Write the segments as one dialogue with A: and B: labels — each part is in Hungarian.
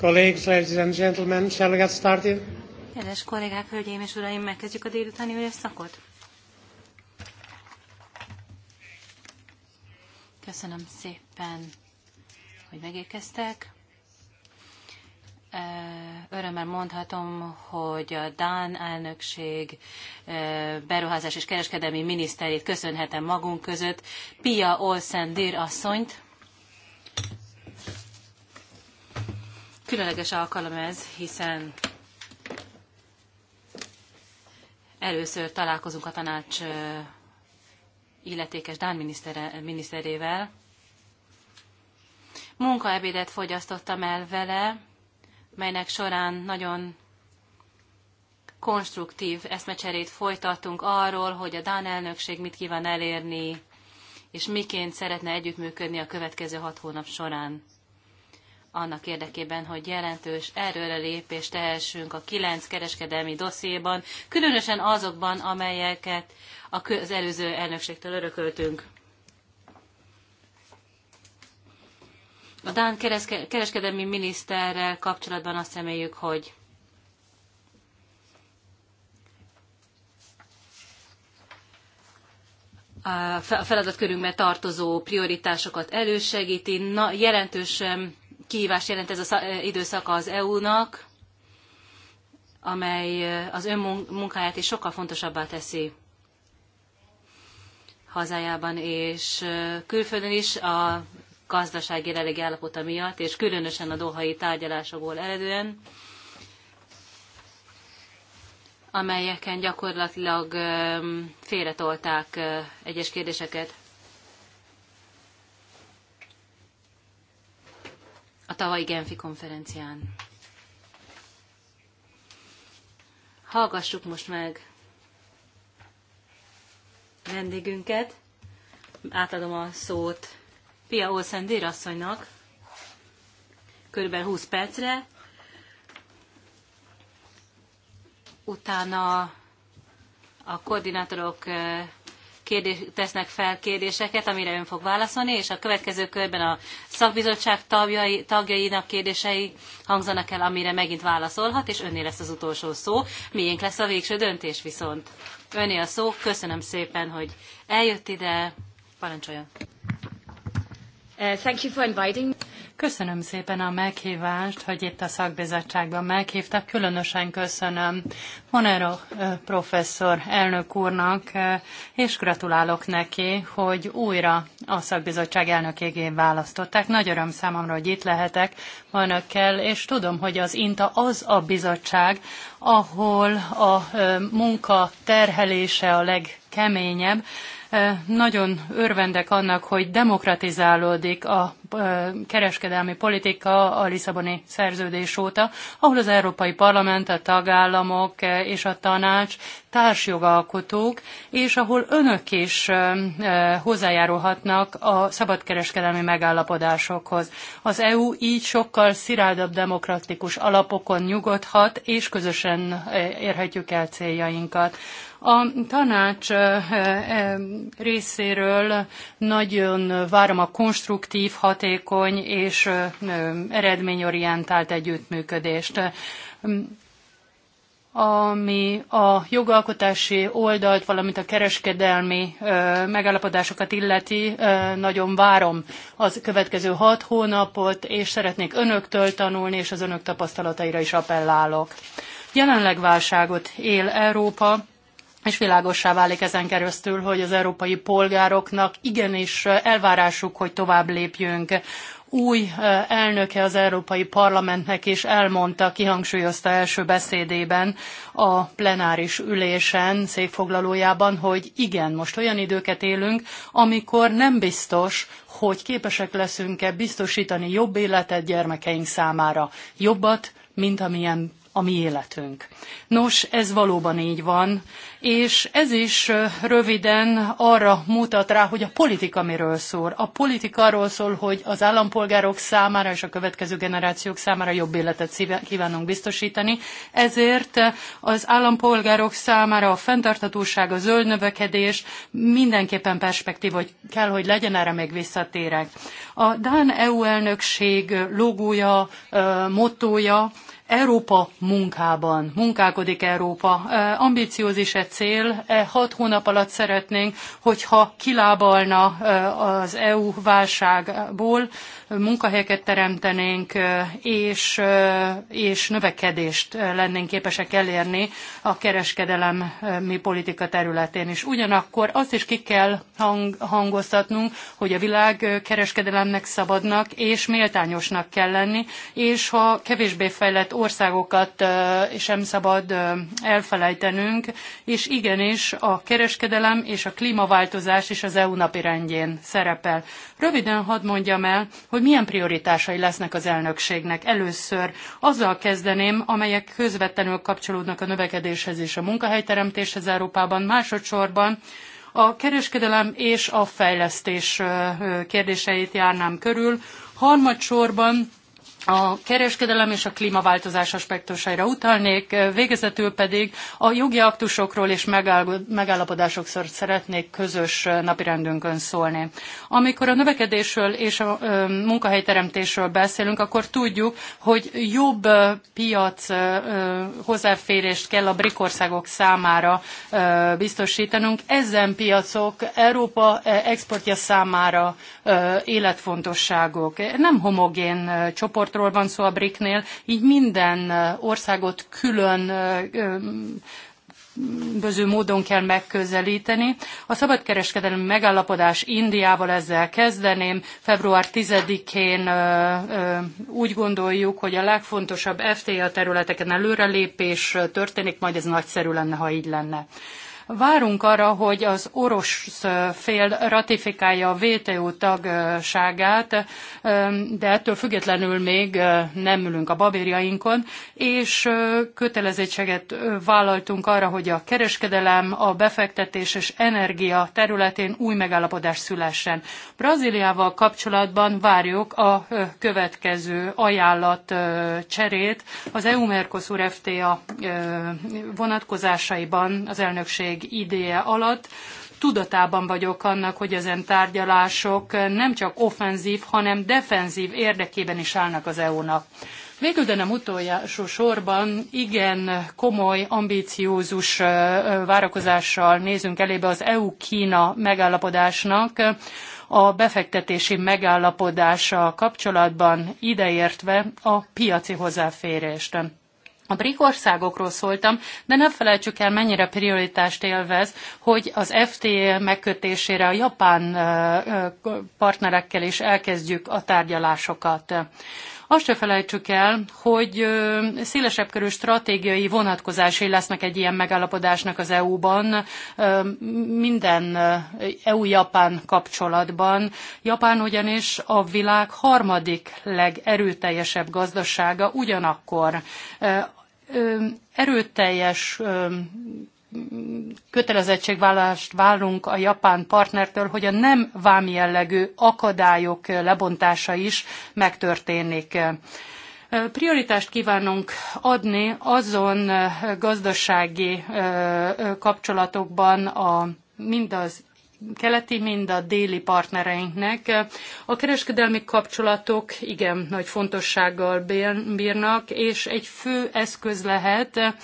A: Colleagues, ladies and gentlemen, shall we get started?
B: Kedves kollégák, hölgyeim és uraim, megkezdjük a délutáni ülés ülésszakot. Köszönöm szépen, hogy megérkeztek. Örömmel mondhatom, hogy a Dán elnökség beruházás és kereskedelmi miniszterét köszönhetem magunk között, Pia Olsen Dir asszonyt, Különleges alkalom ez, hiszen először találkozunk a tanács illetékes Dán miniszterével. Munkaebédet fogyasztottam el vele, melynek során nagyon konstruktív eszmecserét folytattunk arról, hogy a Dán elnökség mit kíván elérni, és miként szeretne együttműködni a következő hat hónap során annak érdekében, hogy jelentős erőrelépést tehessünk a kilenc kereskedelmi dossziéban, különösen azokban, amelyeket az előző elnökségtől örököltünk. A Dán kereskedelmi miniszterrel kapcsolatban azt reméljük, hogy a feladatkörünkben tartozó prioritásokat elősegíti, na, jelentős kihívást jelent ez az időszak az EU-nak, amely az ön munkáját is sokkal fontosabbá teszi hazájában és külföldön is a gazdaság jelenlegi állapota miatt, és különösen a dohai tárgyalásokból eredően, amelyeken gyakorlatilag félretolták egyes kérdéseket. a tavalyi Genfi konferencián. Hallgassuk most meg vendégünket. Átadom a szót Pia Olszen dérasszonynak körülbelül 20 percre. Utána a koordinátorok eh, kérdés, tesznek fel kérdéseket, amire ön fog válaszolni, és a következő körben a szakbizottság tagjai, tagjainak kérdései hangzanak el, amire megint válaszolhat, és önné lesz az utolsó szó. Miénk lesz a végső döntés viszont? Öné a szó, köszönöm szépen, hogy eljött ide, parancsoljon.
A: Uh, thank you for inviting Köszönöm szépen a meghívást, hogy itt a szakbizottságban meghívtak. Különösen köszönöm Monero uh, professzor elnök úrnak, uh, és gratulálok neki, hogy újra a szakbizottság elnökégé választották. Nagy öröm számomra, hogy itt lehetek önökkel, és tudom, hogy az INTA az a bizottság, ahol a munka terhelése a legkeményebb, nagyon örvendek annak, hogy demokratizálódik a kereskedelmi politika a Lisszaboni szerződés óta, ahol az Európai Parlament, a tagállamok és a tanács társjogalkotók, és ahol önök is hozzájárulhatnak a szabadkereskedelmi megállapodásokhoz. Az EU így sokkal sziráldabb demokratikus alapokon nyugodhat, és közösen érhetjük el céljainkat. A tanács részéről nagyon várom a konstruktív, hatékony és eredményorientált együttműködést ami a jogalkotási oldalt, valamint a kereskedelmi megállapodásokat illeti, nagyon várom az következő hat hónapot, és szeretnék önöktől tanulni, és az önök tapasztalataira is appellálok. Jelenleg válságot él Európa, és világossá válik ezen keresztül, hogy az európai polgároknak igenis elvárásuk, hogy tovább lépjünk. Új elnöke az Európai Parlamentnek is elmondta, kihangsúlyozta első beszédében a plenáris ülésen, székfoglalójában, hogy igen, most olyan időket élünk, amikor nem biztos, hogy képesek leszünk-e biztosítani jobb életet gyermekeink számára. Jobbat, mint amilyen a mi életünk. Nos, ez valóban így van, és ez is röviden arra mutat rá, hogy a politika miről szól. A politika arról szól, hogy az állampolgárok számára és a következő generációk számára jobb életet kívánunk biztosítani, ezért az állampolgárok számára a fenntarthatóság, a zöld növekedés mindenképpen perspektíva hogy kell, hogy legyen, erre még visszatérek. A Dán EU elnökség logója, mottója, Európa munkában, munkálkodik Európa. Ambiciózis egy cél, hat hónap alatt szeretnénk, hogyha kilábalna az EU válságból, munkahelyeket teremtenénk, és, és növekedést lennénk képesek elérni a kereskedelem mi politika területén is. Ugyanakkor azt is ki kell hang, hangoztatnunk, hogy a világ kereskedelemnek szabadnak és méltányosnak kell lenni, és ha kevésbé fejlett országokat sem szabad elfelejtenünk, és igenis a kereskedelem és a klímaváltozás is az EU napirendjén szerepel. Röviden hadd mondjam el, hogy hogy milyen prioritásai lesznek az elnökségnek. Először azzal kezdeném, amelyek közvetlenül kapcsolódnak a növekedéshez és a munkahelyteremtéshez Európában, másodszorban a kereskedelem és a fejlesztés kérdéseit járnám körül, harmadsorban a kereskedelem és a klímaváltozás aspektusaira utalnék, végezetül pedig a jogi aktusokról és megállapodásokról szeretnék közös napirendünkön szólni. Amikor a növekedésről és a munkahelyteremtésről beszélünk, akkor tudjuk, hogy jobb piac hozzáférést kell a BRIC országok számára biztosítanunk. Ezen piacok Európa exportja számára életfontosságok. Nem homogén csoport országokról van szó a BRIC-nél, így minden országot külön böző módon kell megközelíteni. A szabadkereskedelmi megállapodás Indiával ezzel kezdeném. Február 10-én úgy gondoljuk, hogy a legfontosabb FTA területeken előrelépés történik, majd ez nagyszerű lenne, ha így lenne. Várunk arra, hogy az orosz fél ratifikálja a WTO tagságát, de ettől függetlenül még nem ülünk a babérjainkon, és kötelezettséget vállaltunk arra, hogy a kereskedelem, a befektetés és energia területén új megállapodás szülessen. Brazíliával kapcsolatban várjuk a következő ajánlat cserét az EU-Mercosur FTA vonatkozásaiban az elnökség elnökség ideje alatt. Tudatában vagyok annak, hogy ezen tárgyalások nem csak offenzív, hanem defenzív érdekében is állnak az EU-nak. Végül, de nem utolsó sorban, igen komoly, ambíciózus várakozással nézünk elébe az EU-Kína megállapodásnak, a befektetési megállapodással kapcsolatban ideértve a piaci hozzáférést a BRIC országokról szóltam, de ne felejtsük el, mennyire prioritást élvez, hogy az FTA e megkötésére a japán partnerekkel is elkezdjük a tárgyalásokat. Azt se felejtsük el, hogy szélesebb körű stratégiai vonatkozásai lesznek egy ilyen megállapodásnak az EU-ban, minden EU-Japán kapcsolatban. Japán ugyanis a világ harmadik legerőteljesebb gazdasága, ugyanakkor erőteljes kötelezettségvállalást várunk a japán partnertől, hogy a nem vámjellegű akadályok lebontása is megtörténik. Prioritást kívánunk adni azon gazdasági kapcsolatokban a mindaz keleti, mind a déli partnereinknek. A kereskedelmi kapcsolatok igen nagy fontossággal bírnak, és egy fő eszköz lehet e,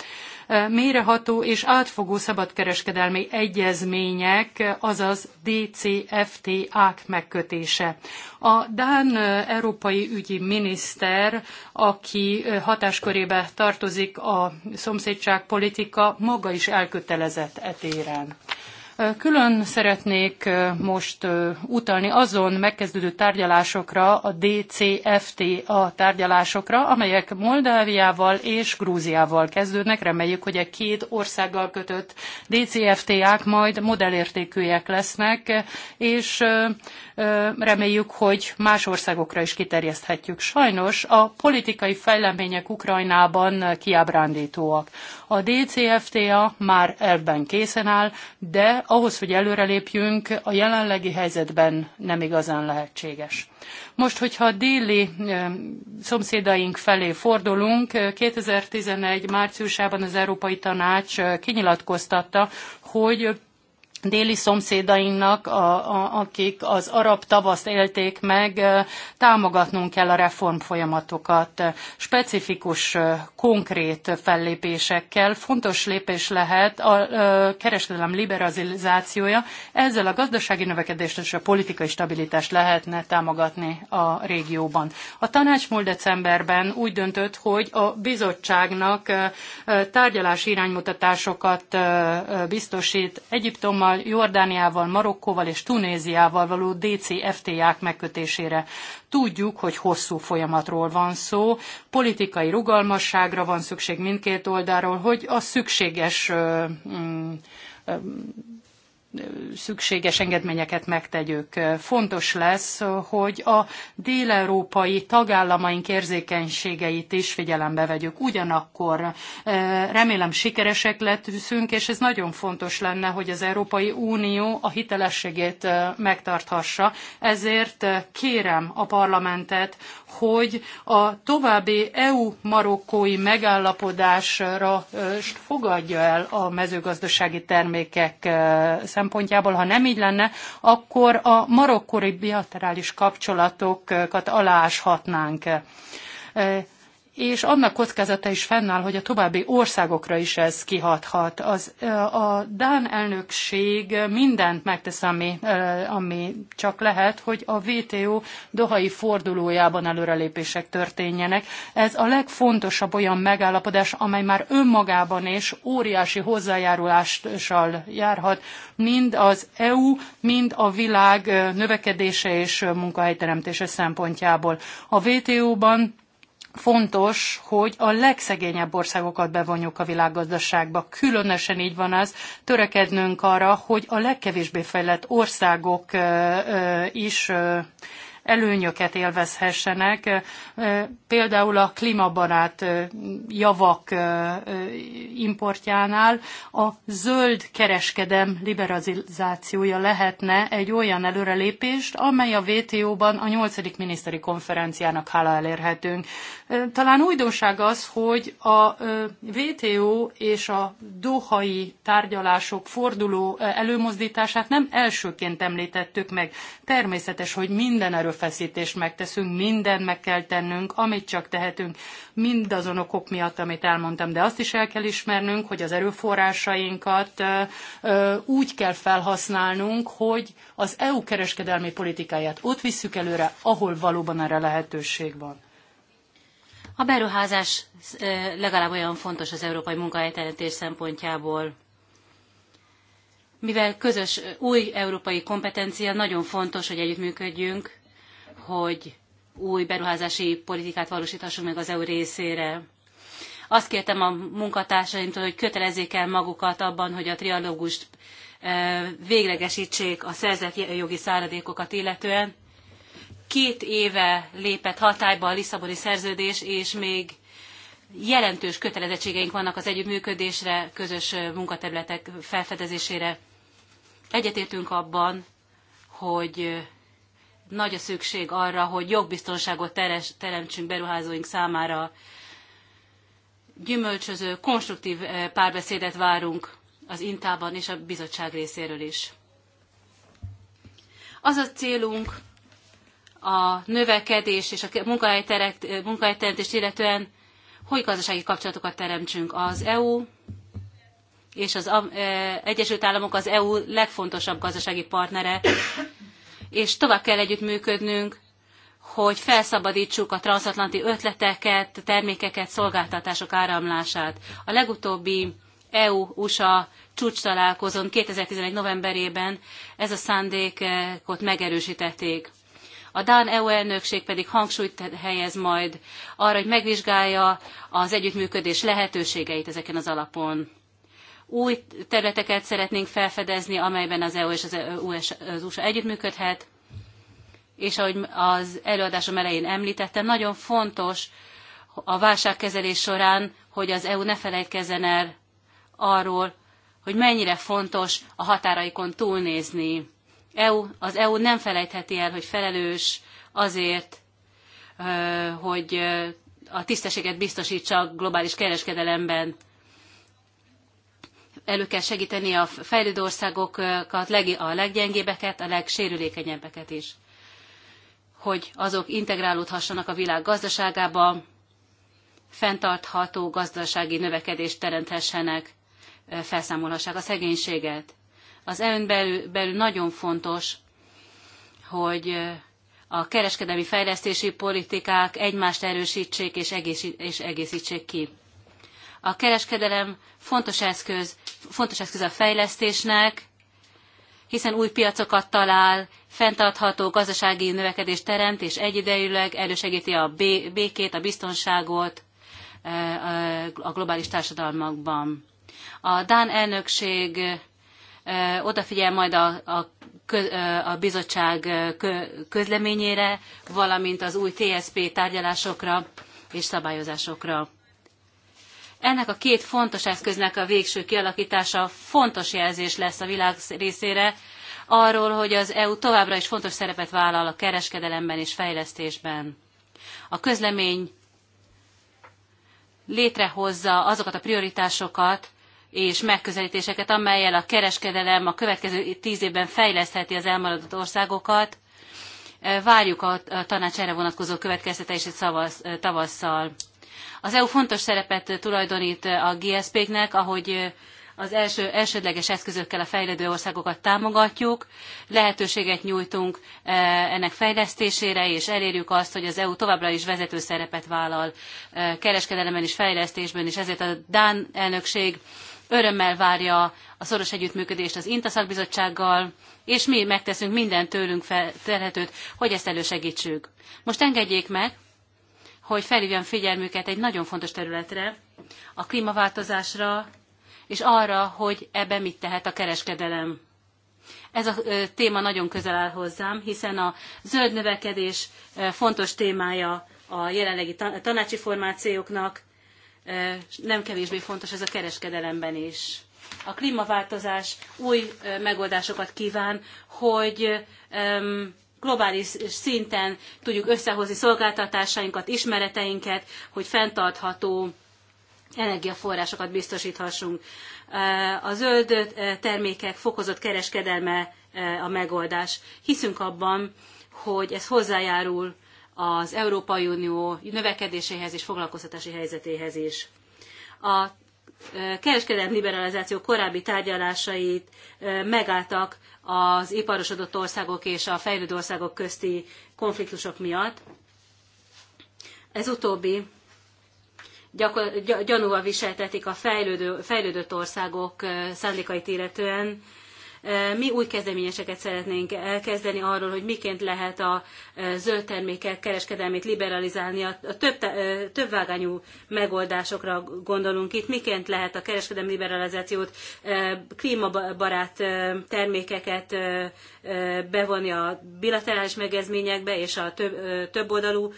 A: méreható és átfogó szabadkereskedelmi egyezmények, azaz DCFTA-k megkötése. A Dán e, európai ügyi miniszter, aki e, hatáskörébe tartozik a szomszédságpolitika, maga is elkötelezett etéren. Külön szeretnék most utalni azon megkezdődő tárgyalásokra, a DCFTA tárgyalásokra, amelyek Moldáviával és Grúziával kezdődnek. Reméljük, hogy a e két országgal kötött DCFTA-k majd modellértékűek lesznek, és reméljük, hogy más országokra is kiterjeszthetjük. Sajnos a politikai fejlemények Ukrajnában kiábrándítóak. A DCFTA már elvben készen áll, de ahhoz, hogy előrelépjünk, a jelenlegi helyzetben nem igazán lehetséges. Most, hogyha a déli szomszédaink felé fordulunk, 2011. márciusában az Európai Tanács kinyilatkoztatta, hogy déli szomszédainknak, a, a, akik az arab tavaszt élték meg, támogatnunk kell a reform folyamatokat. Specifikus, konkrét fellépésekkel fontos lépés lehet a, a kereskedelem liberalizációja, ezzel a gazdasági növekedést és a politikai stabilitást lehetne támogatni a régióban. A tanács múlt decemberben úgy döntött, hogy a bizottságnak tárgyalási iránymutatásokat biztosít Egyiptommal, Egyiptommal, Jordániával, Marokkóval és Tunéziával való DCFTA-k megkötésére. Tudjuk, hogy hosszú folyamatról van szó, politikai rugalmasságra van szükség mindkét oldalról, hogy a szükséges mm, szükséges engedményeket megtegyük. Fontos lesz, hogy a déleurópai tagállamaink érzékenységeit is figyelembe vegyük. Ugyanakkor eh, remélem sikeresek leszünk, és ez nagyon fontos lenne, hogy az Európai Unió a hitelességét eh, megtarthassa. Ezért eh, kérem a parlamentet, hogy a további EU-marokkói megállapodásra fogadja el a mezőgazdasági termékek szempontjából. Ha nem így lenne, akkor a marokkói bilaterális kapcsolatokat aláshatnánk és annak kockázata is fennáll, hogy a további országokra is ez kihathat. Az, a Dán elnökség mindent megtesz, ami, ami csak lehet, hogy a WTO dohai fordulójában előrelépések történjenek. Ez a legfontosabb olyan megállapodás, amely már önmagában és óriási hozzájárulással járhat mind az EU, mind a világ növekedése és munkahelyteremtése szempontjából. A WTO-ban fontos, hogy a legszegényebb országokat bevonjuk a világgazdaságba. Különösen így van az, törekednünk arra, hogy a legkevésbé fejlett országok is előnyöket élvezhessenek, például a klímabarát javak importjánál a zöld kereskedem liberalizációja lehetne egy olyan előrelépést, amely a WTO-ban a 8. miniszteri konferenciának hála elérhetünk. Talán újdonság az, hogy a WTO és a dohai tárgyalások forduló előmozdítását nem elsőként említettük meg. Természetes, hogy minden erő erőfeszítést megteszünk, mindent meg kell tennünk, amit csak tehetünk, mindazon okok miatt, amit elmondtam, de azt is el kell ismernünk, hogy az erőforrásainkat úgy kell felhasználnunk, hogy az EU kereskedelmi politikáját ott visszük előre, ahol valóban erre lehetőség van.
B: A beruházás legalább olyan fontos az európai munkahelyteremtés szempontjából, mivel közös új európai kompetencia, nagyon fontos, hogy együttműködjünk hogy új beruházási politikát valósítassunk meg az EU részére. Azt kértem a munkatársaimtól, hogy kötelezzék el magukat abban, hogy a trialógust e, véglegesítsék a szerzett jogi száradékokat illetően. Két éve lépett hatályba a Lisszaboni szerződés, és még jelentős kötelezettségeink vannak az együttműködésre, közös e, munkaterületek felfedezésére. Egyetértünk abban, hogy e, nagy a szükség arra, hogy jogbiztonságot teres, teremtsünk beruházóink számára. Gyümölcsöző, konstruktív eh, párbeszédet várunk az Intában és a bizottság részéről is. Az a célunk a növekedés és a eh, munkahelyteremtés illetően, hogy gazdasági kapcsolatokat teremtsünk az EU és az eh, Egyesült Államok az EU legfontosabb gazdasági partnere, és tovább kell együttműködnünk, hogy felszabadítsuk a transatlanti ötleteket, termékeket, szolgáltatások áramlását. A legutóbbi EU-USA csúcs találkozón 2011. novemberében ez a szándékot megerősítették. A Dán EU elnökség pedig hangsúlyt helyez majd arra, hogy megvizsgálja az együttműködés lehetőségeit ezeken az alapon új területeket szeretnénk felfedezni, amelyben az EU és az e USA együttműködhet, és ahogy az előadásom elején említettem, nagyon fontos a válságkezelés során, hogy az EU ne felejtkezzen el arról, hogy mennyire fontos a határaikon túlnézni. EU, az EU nem felejtheti el, hogy felelős azért, hogy a tisztességet biztosítsa a globális kereskedelemben elő kell segíteni a fejlődő országokat, a leggyengébbeket, a legsérülékenyebbeket is, hogy azok integrálódhassanak a világ gazdaságába, fenntartható gazdasági növekedést teremthessenek, felszámolhassák a szegénységet. Az EU-n belül, belül nagyon fontos, hogy a kereskedelmi fejlesztési politikák egymást erősítsék és, egész, és egészítsék ki. A kereskedelem fontos eszköz, fontos eszköz a fejlesztésnek, hiszen új piacokat talál, fenntartható gazdasági növekedést teremt, és egyidejűleg elősegíti a békét, a biztonságot e, a globális társadalmakban. A Dán elnökség e, odafigyel majd a, a, e, a bizottság közleményére, valamint az új TSP tárgyalásokra és szabályozásokra. Ennek a két fontos eszköznek a végső kialakítása fontos jelzés lesz a világ részére arról, hogy az EU továbbra is fontos szerepet vállal a kereskedelemben és fejlesztésben. A közlemény létrehozza azokat a prioritásokat és megközelítéseket, amelyel a kereskedelem a következő tíz évben fejlesztheti az elmaradott országokat. Várjuk a tanács erre vonatkozó következtetését tavasszal. Az EU fontos szerepet tulajdonít a GSP-knek, ahogy az első, elsődleges eszközökkel a fejlődő országokat támogatjuk, lehetőséget nyújtunk ennek fejlesztésére, és elérjük azt, hogy az EU továbbra is vezető szerepet vállal kereskedelemben és fejlesztésben, és ezért a Dán elnökség örömmel várja a szoros együttműködést az INTA szakbizottsággal, és mi megteszünk minden tőlünk telhetőt, hogy ezt elősegítsük. Most engedjék meg, hogy felhívjam figyelmüket egy nagyon fontos területre, a klímaváltozásra, és arra, hogy ebben mit tehet a kereskedelem. Ez a téma nagyon közel áll hozzám, hiszen a zöld növekedés fontos témája a jelenlegi tanácsi formációknak, nem kevésbé fontos ez a kereskedelemben is. A klímaváltozás új megoldásokat kíván, hogy globális szinten tudjuk összehozni szolgáltatásainkat, ismereteinket, hogy fenntartható energiaforrásokat biztosíthassunk. A zöld termékek fokozott kereskedelme a megoldás. Hiszünk abban, hogy ez hozzájárul az Európai Unió növekedéséhez és foglalkoztatási helyzetéhez is. A kereskedelmi liberalizáció korábbi tárgyalásait megálltak az iparosodott országok és a fejlődő országok közti konfliktusok miatt. Ez utóbbi gyakor, gyanúval viseltetik a fejlődő, fejlődött országok szándékait illetően, mi új kezdeményeseket szeretnénk elkezdeni arról, hogy miként lehet a zöld termékek kereskedelmét liberalizálni. A több, több vágányú megoldásokra gondolunk itt, miként lehet a kereskedelmi liberalizációt, klímabarát termékeket bevonni a bilaterális megezményekbe és a több, többoldalú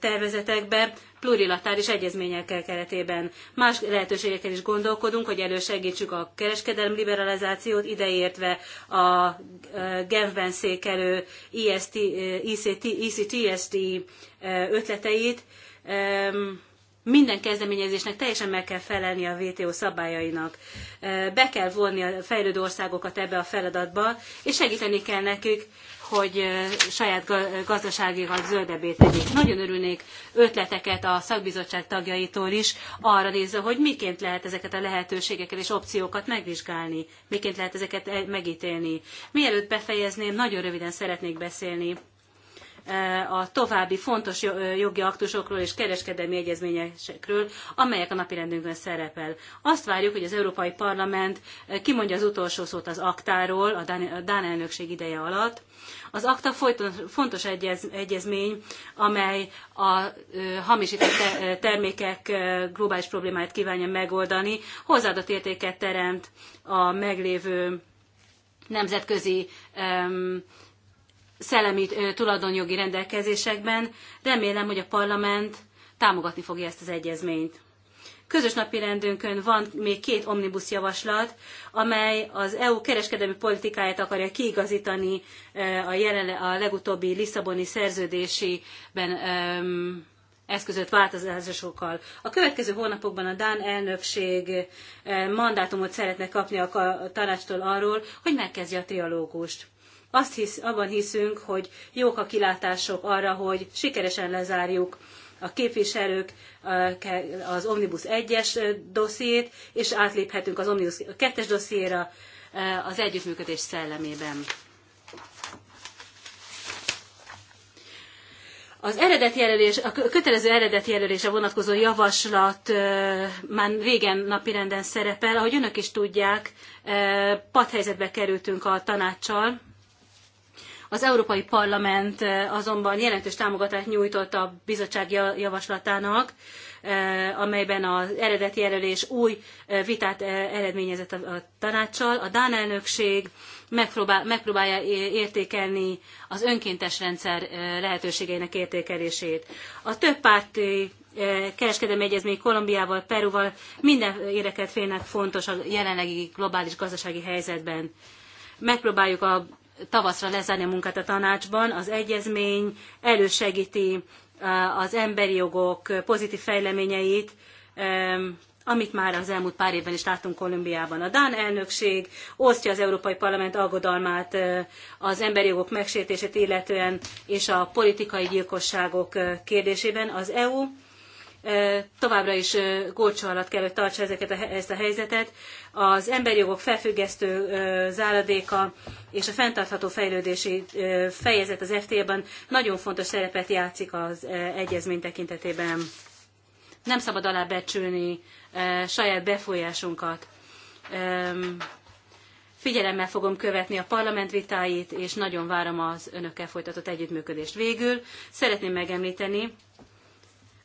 B: tervezetekbe, plurilatáris egyezmények keretében. Más lehetőségekkel is gondolkodunk, hogy elősegítsük a kereskedelmi liberalizációt, ideértve a Genfben székelő ICT, ICTSD ötleteit. Minden kezdeményezésnek teljesen meg kell felelni a WTO szabályainak. Be kell vonni a fejlődő országokat ebbe a feladatba, és segíteni kell nekik hogy saját gazdaságikat zöldebbé tegyék. Nagyon örülnék ötleteket a szakbizottság tagjaitól is arra nézve, hogy miként lehet ezeket a lehetőségeket és opciókat megvizsgálni, miként lehet ezeket eh, megítélni. Mielőtt befejezném, nagyon röviden szeretnék beszélni eh, a további fontos jogi aktusokról és kereskedelmi egyezményekről, amelyek a napirendünkön szerepel. Azt várjuk, hogy az Európai Parlament eh, kimondja az utolsó szót az aktáról a Dán elnökség ideje alatt. Az akta fontos egyez, egyezmény, amely a hamisított termékek globális problémáját kívánja megoldani, hozzáadott értéket teremt a meglévő nemzetközi um, szellemi tulajdonjogi rendelkezésekben. Remélem, hogy a parlament támogatni fogja ezt az egyezményt. Közös napirendünkön van még két omnibus javaslat, amely az EU kereskedelmi politikáját akarja kiigazítani eh, a, jelenle, a legutóbbi Lisszaboni szerződésiben um, eszközött változásokkal. A következő hónapokban a Dán elnökség eh, mandátumot szeretne kapni a tanácstól arról, hogy megkezdje a trialógust. Azt hisz, abban hiszünk, hogy jók a kilátások arra, hogy sikeresen lezárjuk a képviselők az Omnibus 1-es dossziét, és átléphetünk az Omnibus 2-es dossziéra az együttműködés szellemében. Az eredetjelölés, a kötelező eredetjelölése vonatkozó javaslat már régen napirenden szerepel. Ahogy önök is tudják, padhelyzetbe kerültünk a tanácssal, az Európai Parlament azonban jelentős támogatást nyújtott a bizottság javaslatának, amelyben az eredeti jelölés új vitát eredményezett a tanácssal. A Dán elnökség megpróbál, megpróbálja értékelni az önkéntes rendszer lehetőségeinek értékelését. A többpárti kereskedelmi egyezmény Kolumbiával, Peruval minden érdekelt félnek fontos a jelenlegi globális gazdasági helyzetben. Megpróbáljuk a tavaszra lezárni a munkát a tanácsban. Az egyezmény elősegíti az emberi jogok pozitív fejleményeit, amit már az elmúlt pár évben is láttunk Kolumbiában. A Dán elnökség osztja az Európai Parlament aggodalmát az emberi jogok megsértését illetően és a politikai gyilkosságok kérdésében. Az EU továbbra is górcső alatt kell, hogy tartsa ezeket a, ezt a helyzetet. Az emberjogok felfüggesztő záradéka és a fenntartható fejlődési fejezet az FTA-ban nagyon fontos szerepet játszik az egyezmény tekintetében. Nem szabad alábecsülni saját befolyásunkat figyelemmel fogom követni a parlament vitáit, és nagyon várom az önökkel folytatott együttműködést. Végül szeretném megemlíteni,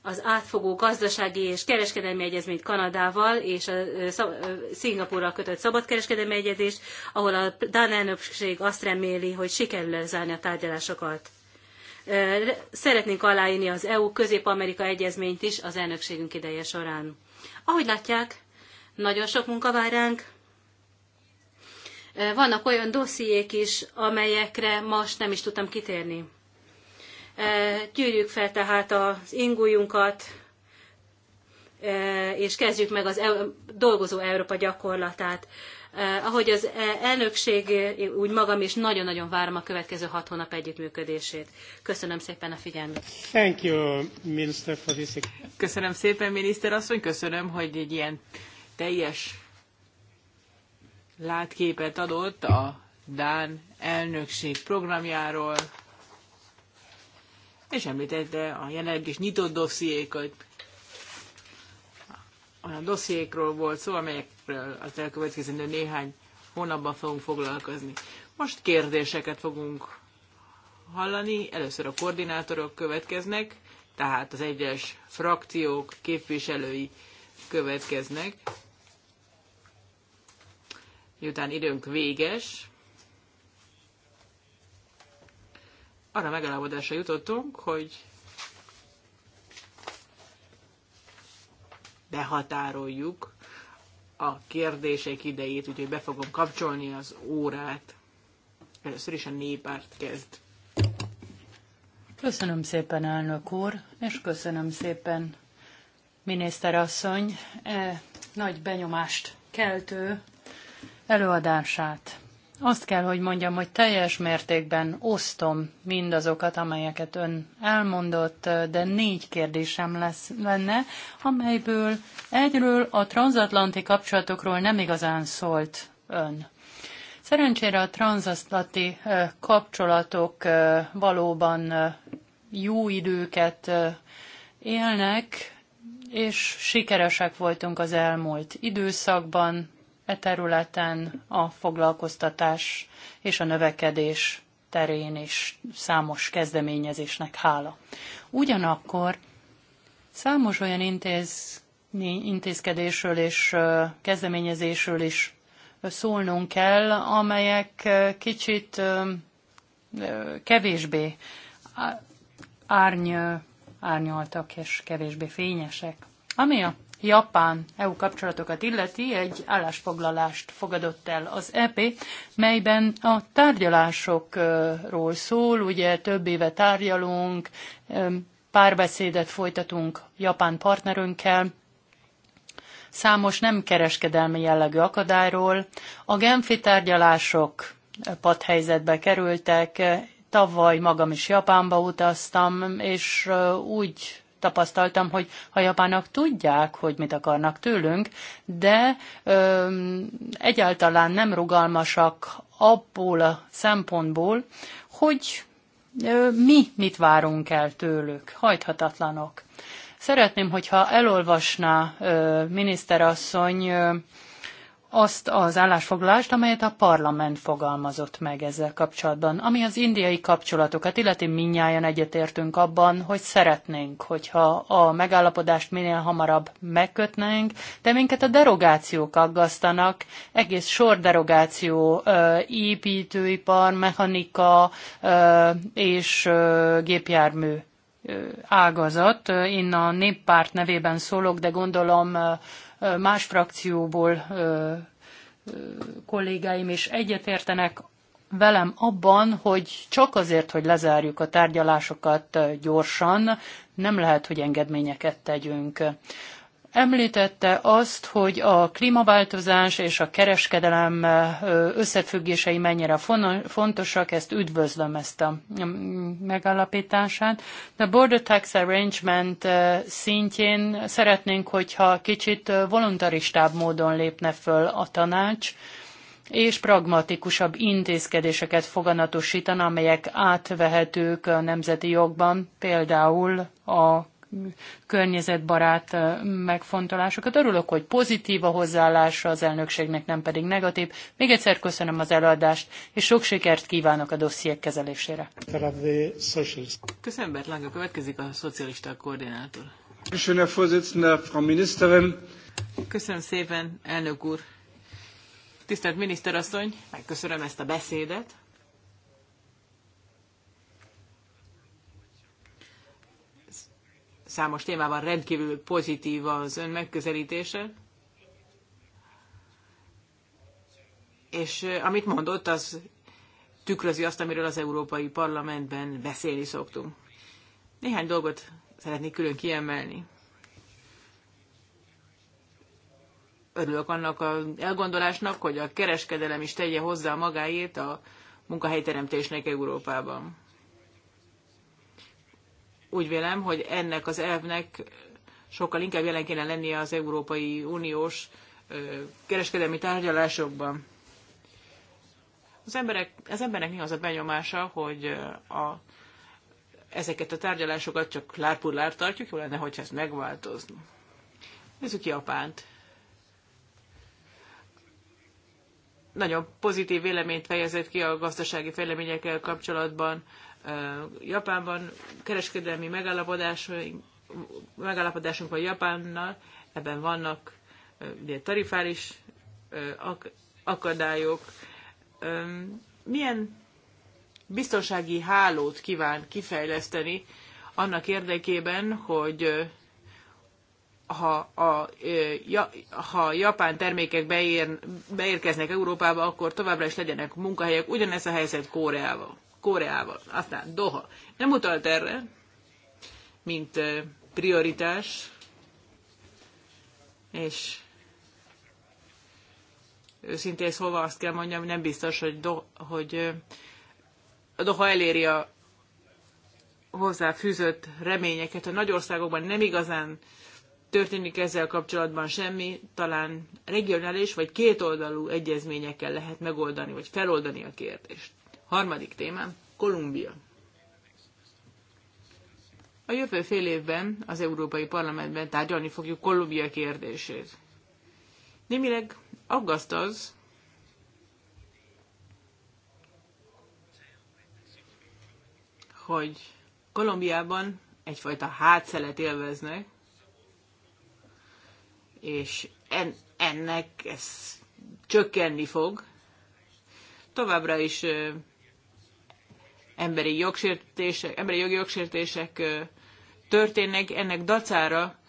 B: az átfogó gazdasági és kereskedelmi egyezményt Kanadával és a Szingapúrral kötött szabadkereskedelmi egyezést, ahol a Dán elnökség azt reméli, hogy sikerül lezárni a tárgyalásokat. Szeretnénk aláírni az EU-Közép-Amerika egyezményt is az elnökségünk ideje során. Ahogy látják, nagyon sok munka vár ránk. Vannak olyan dossziék is, amelyekre most nem is tudtam kitérni Gyűrjük fel tehát az ingújunkat, és kezdjük meg az e, dolgozó Európa gyakorlatát. Ahogy az e, elnökség, úgy magam is nagyon-nagyon várom a következő hat hónap együttműködését. Köszönöm
C: szépen a figyelmet. Thank you, Minister, for this. Köszönöm szépen, miniszter asszony, köszönöm, hogy egy ilyen teljes látképet adott a Dán elnökség programjáról, és említette a jelenleg is nyitott dossziékat. Olyan dossziékról volt szó, amelyekről az elkövetkezendő néhány hónapban fogunk foglalkozni. Most kérdéseket fogunk hallani, először a koordinátorok következnek, tehát az egyes frakciók képviselői következnek. Miután időnk véges, arra megállapodásra jutottunk, hogy behatároljuk a kérdések idejét, úgyhogy be fogom kapcsolni az órát. Először is a népárt kezd.
A: Köszönöm szépen, elnök úr, és köszönöm szépen, miniszterasszony, e, nagy benyomást keltő előadását. Azt kell, hogy mondjam, hogy teljes mértékben osztom mindazokat, amelyeket ön elmondott, de négy kérdésem lesz, lenne, amelyből egyről a transatlanti kapcsolatokról nem igazán szólt ön. Szerencsére a transatlanti kapcsolatok valóban jó időket élnek, és sikeresek voltunk az elmúlt időszakban, E területen a foglalkoztatás és a növekedés terén is számos kezdeményezésnek hála. Ugyanakkor számos olyan intéz, intézkedésről és kezdeményezésről is szólnunk kell, amelyek kicsit kevésbé árny, árnyaltak és kevésbé fényesek. Ami a Japán-EU kapcsolatokat illeti, egy állásfoglalást fogadott el az EP, melyben a tárgyalásokról szól, ugye több éve tárgyalunk, párbeszédet folytatunk japán partnerünkkel, számos nem kereskedelmi jellegű akadályról. A Genfi tárgyalások padhelyzetbe kerültek, tavaly magam is Japánba utaztam, és úgy tapasztaltam, hogy a japánok tudják, hogy mit akarnak tőlünk, de ö, egyáltalán nem rugalmasak abból a szempontból, hogy ö, mi mit várunk el tőlük, hajthatatlanok. Szeretném, hogyha elolvasná ö, miniszterasszony ö, azt az állásfoglalást, amelyet a parlament fogalmazott meg ezzel kapcsolatban. Ami az indiai kapcsolatokat illeti, minnyáján egyetértünk abban, hogy szeretnénk, hogyha a megállapodást minél hamarabb megkötnénk, de minket a derogációk aggasztanak, egész sor derogáció, építőipar, mechanika és gépjármű ágazat. Én a néppárt nevében szólok, de gondolom más frakcióból kollégáim is egyetértenek velem abban, hogy csak azért, hogy lezárjuk a tárgyalásokat gyorsan, nem lehet, hogy engedményeket tegyünk. Említette azt, hogy a klímaváltozás és a kereskedelem összefüggései mennyire fontosak, ezt üdvözlöm ezt a mm, megállapítását. De Border Tax Arrangement szintjén szeretnénk, hogyha kicsit voluntaristább módon lépne föl a tanács, és pragmatikusabb intézkedéseket foganatosítana, amelyek átvehetők a nemzeti jogban, például a környezetbarát megfontolásokat. Örülök, hogy pozitív a hozzáállása az elnökségnek, nem pedig negatív. Még egyszer köszönöm az előadást, és sok sikert kívánok a dossziék kezelésére.
C: Köszönöm, Bert Következik a szocialista koordinátor. Köszönöm szépen, elnök úr. Tisztelt miniszterasszony, megköszönöm ezt a beszédet. számos témában rendkívül pozitív az ön megközelítése. És amit mondott, az tükrözi azt, amiről az Európai Parlamentben beszélni szoktunk. Néhány dolgot szeretnék külön kiemelni. Örülök annak az elgondolásnak, hogy a kereskedelem is tegye hozzá magáét a munkahelyteremtésnek Európában úgy vélem, hogy ennek az elvnek sokkal inkább jelen kéne lennie az Európai Uniós kereskedelmi tárgyalásokban. Az, emberek, az embernek néha az a benyomása, hogy a, ezeket a tárgyalásokat csak lárpullár tartjuk, jó lenne, hogy ez megváltozna. Nézzük Japánt. Nagyon pozitív véleményt fejezett ki a gazdasági fejleményekkel kapcsolatban Japánban kereskedelmi megállapodásunk van Japánnal, ebben vannak ugye, tarifális ak- akadályok. Milyen biztonsági hálót kíván kifejleszteni annak érdekében, hogy ha, a, ja, ha japán termékek beér, beérkeznek Európába, akkor továbbra is legyenek munkahelyek. Ugyanez a helyzet Koreával. Koreával. Aztán Doha. Nem utalt erre, mint prioritás, és őszintén szóval azt kell mondjam, nem biztos, hogy, do, hogy a Doha eléri a hozzá fűzött reményeket. A nagy országokban nem igazán történik ezzel kapcsolatban semmi, talán regionális vagy kétoldalú egyezményekkel lehet megoldani, vagy feloldani a kérdést. Harmadik témám, Kolumbia. A jövő fél évben az Európai Parlamentben tárgyalni fogjuk Kolumbia kérdését. Némileg aggaszt az, hogy Kolumbiában egyfajta hátszelet élveznek, és en, ennek ez csökkenni fog. Továbbra is emberi, jogsértések, emberi jogi jogsértések történnek, ennek dacára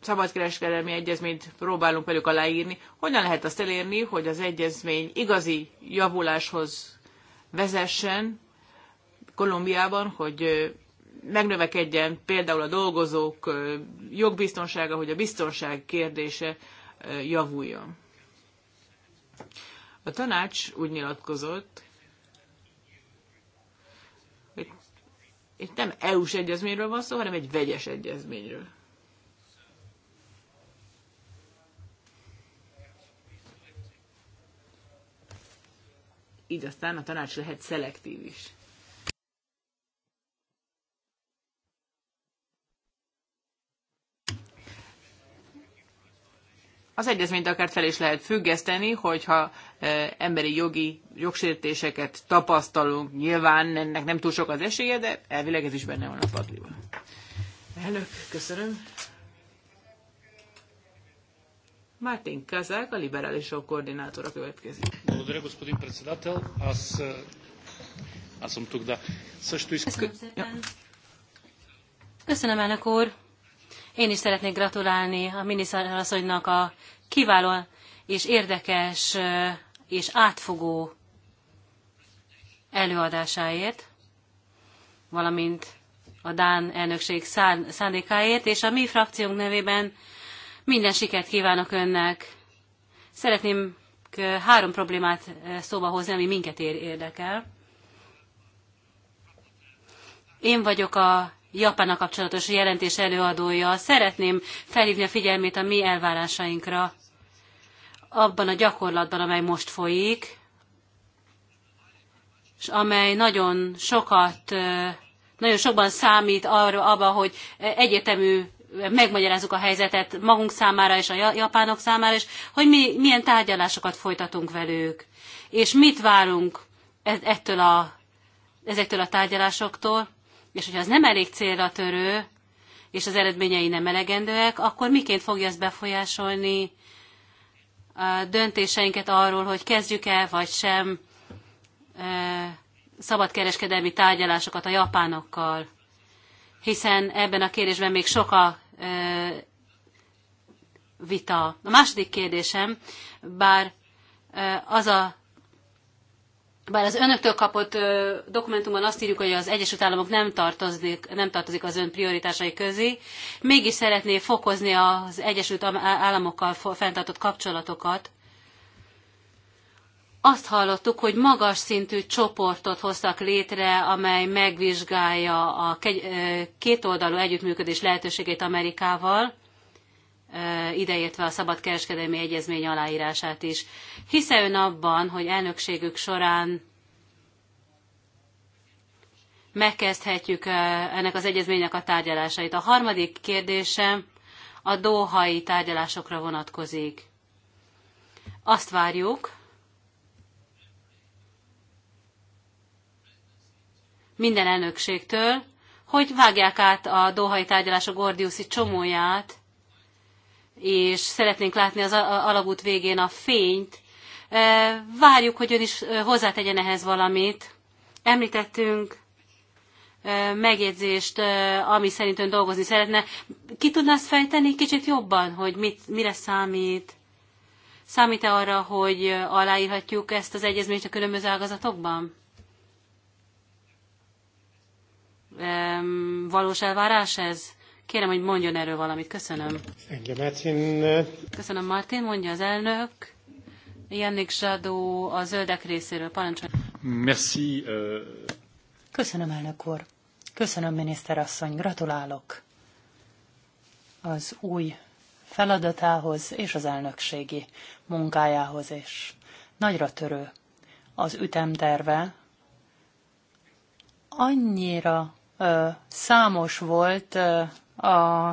C: szabadkereskedelmi egyezményt próbálunk velük aláírni. Hogyan lehet azt elérni, hogy az egyezmény igazi javuláshoz vezessen Kolumbiában, hogy megnövekedjen például a dolgozók jogbiztonsága, hogy a biztonság kérdése javuljon. A tanács úgy nyilatkozott, Itt nem EU-s egyezményről van szó, hanem egy vegyes egyezményről. Így aztán a tanács lehet szelektív is. Az egyezményt akár fel is lehet függeszteni, hogyha e, emberi jogi jogsértéseket tapasztalunk. Nyilván ennek nem túl sok az esélye, de elvileg ez is benne van a pakliban. Elnök, köszönöm. Martin Kazák, a координатора Пилепкези. Благодаря, господин
B: Köszönöm, elnök úr. Én is szeretnék gratulálni a miniszterasszonynak a kiváló és érdekes és átfogó előadásáért, valamint a Dán elnökség szándékáért, és a mi frakciónk nevében minden sikert kívánok önnek. Szeretném három problémát szóba hozni, ami minket érdekel. Én vagyok a Japánnal kapcsolatos jelentés előadója. Szeretném felhívni a figyelmét a mi elvárásainkra abban a gyakorlatban, amely most folyik, és amely nagyon sokat, nagyon sokban számít arra, abba, hogy egyetemű megmagyarázzuk a helyzetet magunk számára és a japánok számára, és hogy mi milyen tárgyalásokat folytatunk velük, és mit várunk e-, ettől a, ezektől a tárgyalásoktól, és hogyha az nem elég célra törő, és az eredményei nem elegendőek, akkor miként fogja ez befolyásolni a döntéseinket arról, hogy kezdjük el vagy sem szabadkereskedelmi tárgyalásokat a japánokkal, hiszen ebben a kérdésben még sok a vita. A második kérdésem, bár az a bár az önöktől kapott dokumentumban azt írjuk, hogy az Egyesült Államok nem tartozik, nem tartozik az ön prioritásai közé, mégis szeretné fokozni az Egyesült Államokkal fenntartott kapcsolatokat. Azt hallottuk, hogy magas szintű csoportot hoztak létre, amely megvizsgálja a kétoldalú együttműködés lehetőségét Amerikával Eh, ideértve a szabadkereskedelmi egyezmény aláírását is. Hisze ön abban, hogy elnökségük során megkezdhetjük eh, ennek az egyezménynek a tárgyalásait. A harmadik kérdésem a dohai tárgyalásokra vonatkozik. Azt várjuk, minden elnökségtől, hogy vágják át a dohai tárgyalások gordiuszi csomóját, és szeretnénk látni az alagút végén a fényt. E, várjuk, hogy ön is e, hozzátegyen ehhez valamit. Említettünk e, megjegyzést, ami szerint ön dolgozni szeretne. Ki tudná ezt fejteni kicsit jobban, hogy mit, mire számít? Számít-e arra, hogy aláírhatjuk ezt az egyezményt a különböző ágazatokban? Valós elvárás ez? Kérem, hogy mondjon erről valamit. Köszönöm. Köszönöm, Martin. Mondja az elnök. Jannik Zsadó a zöldek részéről. Parancsoljon.
C: Merci. Euh,
B: Köszönöm,
A: elnök úr. Köszönöm, miniszter asszony. Gratulálok az új feladatához és az elnökségi munkájához is. Nagyra törő az ütemterve. Annyira ö, számos volt ö, a,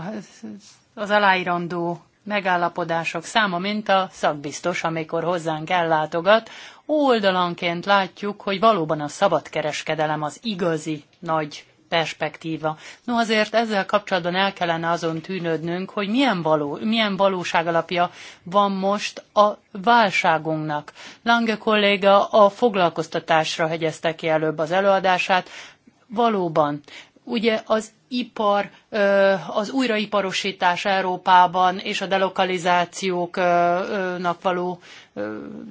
A: az aláírandó megállapodások száma, mint a szakbiztos, amikor hozzánk ellátogat, oldalanként látjuk, hogy valóban a kereskedelem az igazi nagy perspektíva. No azért ezzel kapcsolatban el kellene azon tűnődnünk, hogy milyen, való, milyen valóság alapja van most a válságunknak. Lange kolléga a foglalkoztatásra hegyezte ki előbb az előadását. Valóban, ugye az ipar, az újraiparosítás Európában és a delokalizációknak való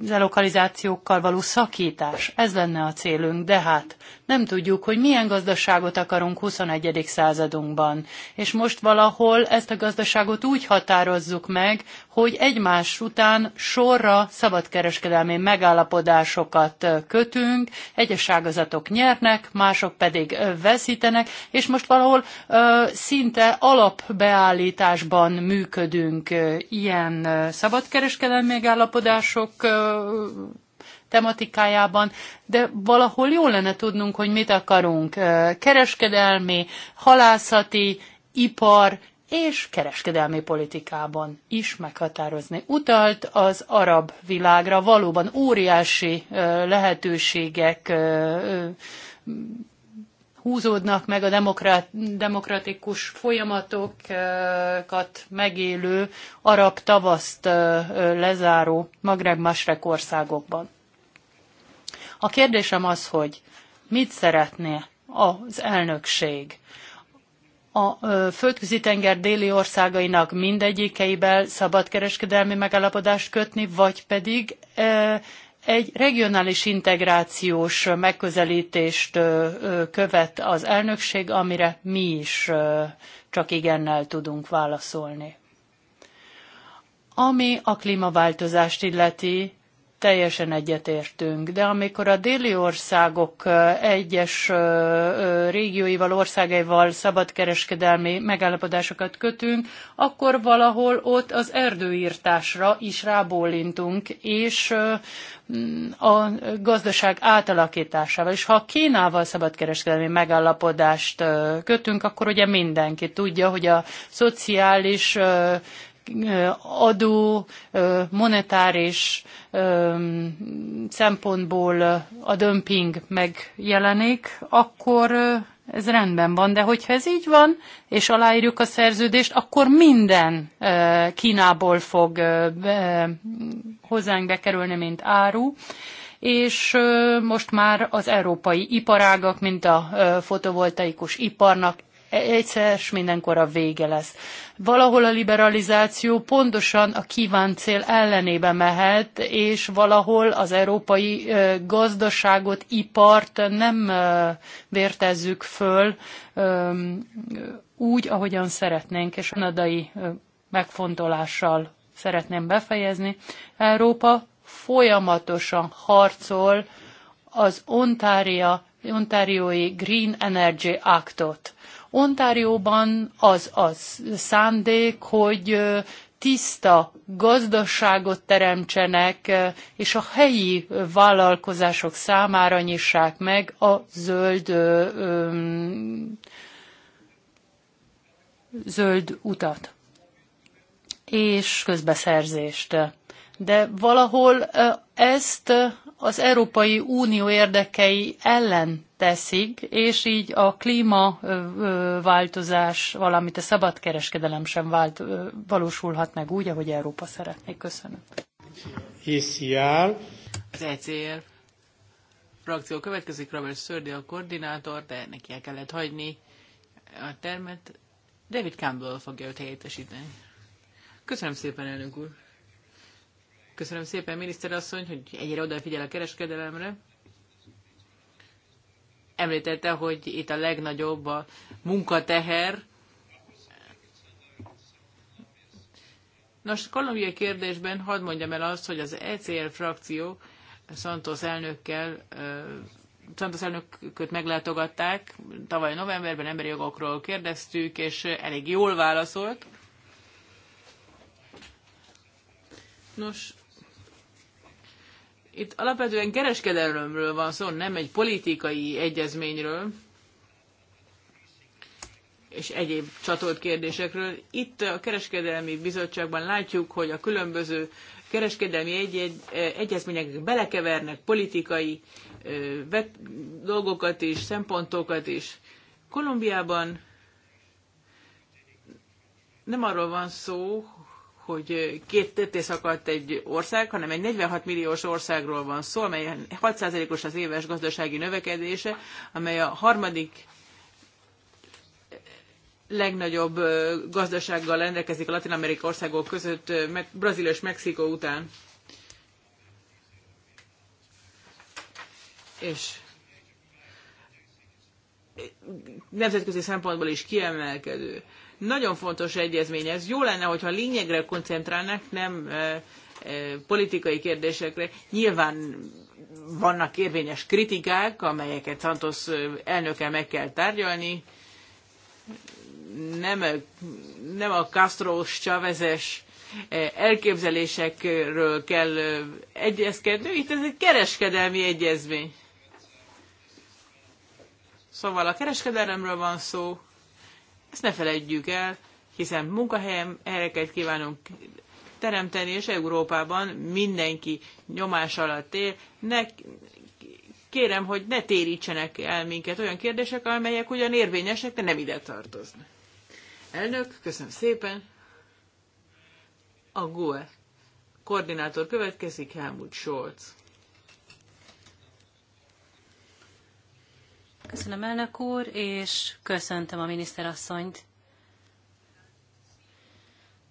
A: delokalizációkkal való szakítás. Ez lenne a célunk, de hát nem tudjuk, hogy milyen gazdaságot akarunk 21. századunkban. És most valahol ezt a gazdaságot úgy határozzuk meg, hogy egymás után sorra szabadkereskedelmi megállapodásokat kötünk, egyes ágazatok nyernek, mások pedig veszítenek, és most valahol szinte alapbeállításban működünk ilyen szabadkereskedelmi megállapodások tematikájában, de valahol jól lenne tudnunk, hogy mit akarunk. Kereskedelmi, halászati, ipar és kereskedelmi politikában is meghatározni. Utalt az arab világra valóban óriási lehetőségek húzódnak meg a demokratikus folyamatokat megélő arab tavaszt lezáró Magreb Masrek országokban. A kérdésem az, hogy mit szeretné az elnökség? a földközi tenger déli országainak mindegyikeivel szabadkereskedelmi megállapodást kötni, vagy pedig egy regionális integrációs megközelítést követ az elnökség, amire mi is csak igennel tudunk válaszolni. Ami a klímaváltozást illeti, teljesen egyetértünk, de amikor a déli országok egyes régióival, országaival szabadkereskedelmi megállapodásokat kötünk, akkor valahol ott az erdőírtásra is rábólintunk, és mm, a gazdaság átalakításával. És ha Kínával szabadkereskedelmi megállapodást kötünk, akkor ugye mindenki tudja, hogy a szociális adó, monetáris szempontból a dömping megjelenik, akkor ez rendben van, de hogyha ez így van, és aláírjuk a szerződést, akkor minden Kínából fog hozzánk bekerülni, mint áru és most már az európai iparágak, mint a fotovoltaikus iparnak e, egyszer mindenkor a vége lesz valahol a liberalizáció pontosan a kívánt cél ellenébe mehet, és valahol az európai gazdaságot, ipart nem vértezzük föl úgy, ahogyan szeretnénk, és kanadai megfontolással szeretném befejezni. Európa folyamatosan harcol az Ontária, Ontáriói Green Energy Actot Ontárióban az a szándék, hogy tiszta gazdaságot teremtsenek, és a helyi vállalkozások számára nyissák meg a zöld, zöld utat és közbeszerzést. De valahol ezt az Európai Unió érdekei ellen teszik, és így a klímaváltozás, valamint a szabadkereskedelem sem vált, valósulhat meg úgy, ahogy Európa szeretné. Köszönöm.
C: ECR. Az ECR frakció következik, Robert Szördi a koordinátor, de neki el kellett hagyni a termet. David Campbell fogja őt helyettesíteni. Köszönöm szépen, elnök úr. Köszönöm szépen, miniszter asszony, hogy egyre odafigyel a kereskedelemre Említette, hogy itt a legnagyobb a munkateher. Nos, kolumbiai kérdésben hadd mondjam el azt, hogy az ECL frakció Santos elnökkel Santos elnököt meglátogatták, tavaly novemberben emberi jogokról kérdeztük, és elég jól válaszolt. Nos, itt alapvetően kereskedelemről van szó, nem egy politikai egyezményről, és egyéb csatolt kérdésekről. Itt a kereskedelmi bizottságban látjuk, hogy a különböző kereskedelmi egy- egy- egyezmények belekevernek politikai vet- dolgokat is, szempontokat is. Kolumbiában nem arról van szó, hogy két tetté szakadt egy ország, hanem egy 46 milliós országról van szó, amely 6%-os az éves gazdasági növekedése, amely a harmadik legnagyobb gazdasággal rendelkezik a Latin Amerika országok között, Brazil és Mexikó után. És nemzetközi szempontból is kiemelkedő. Nagyon fontos egyezmény ez. Jó lenne, hogyha lényegre koncentrálnak, nem e, e, politikai kérdésekre. Nyilván vannak érvényes kritikák, amelyeket Santos e, elnöke meg kell tárgyalni. Nem, nem a Castro-s, elképzelésekről kell egyezkedni. Itt ez egy kereskedelmi egyezmény. Szóval a kereskedelemről van szó, ezt ne felejtjük el, hiszen munkahelyem helyeket kívánunk teremteni, és Európában mindenki nyomás alatt él. Ne, kérem, hogy ne térítsenek el minket olyan kérdések, amelyek ugyan érvényesek, de nem ide tartoznak. Elnök, köszönöm szépen. A GUE koordinátor következik, Helmut Scholz.
B: Köszönöm, elnök úr, és köszöntöm a miniszterasszonyt.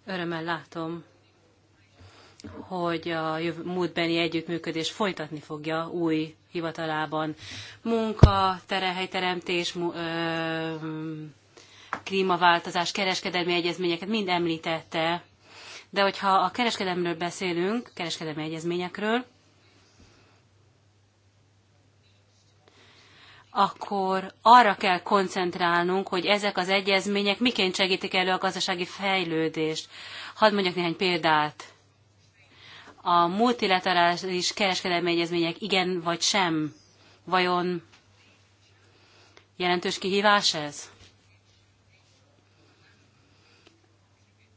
B: Örömmel látom, hogy a múltbeni együttműködés folytatni fogja új hivatalában. Munka, terehelyteremtés, klímaváltozás, kereskedelmi egyezményeket mind említette, de hogyha a kereskedelmről beszélünk, kereskedelmi egyezményekről, akkor arra kell koncentrálnunk, hogy ezek az egyezmények miként segítik elő a gazdasági fejlődést. Hadd mondjak néhány példát. A multilaterális kereskedelmi egyezmények igen vagy sem, vajon jelentős kihívás ez?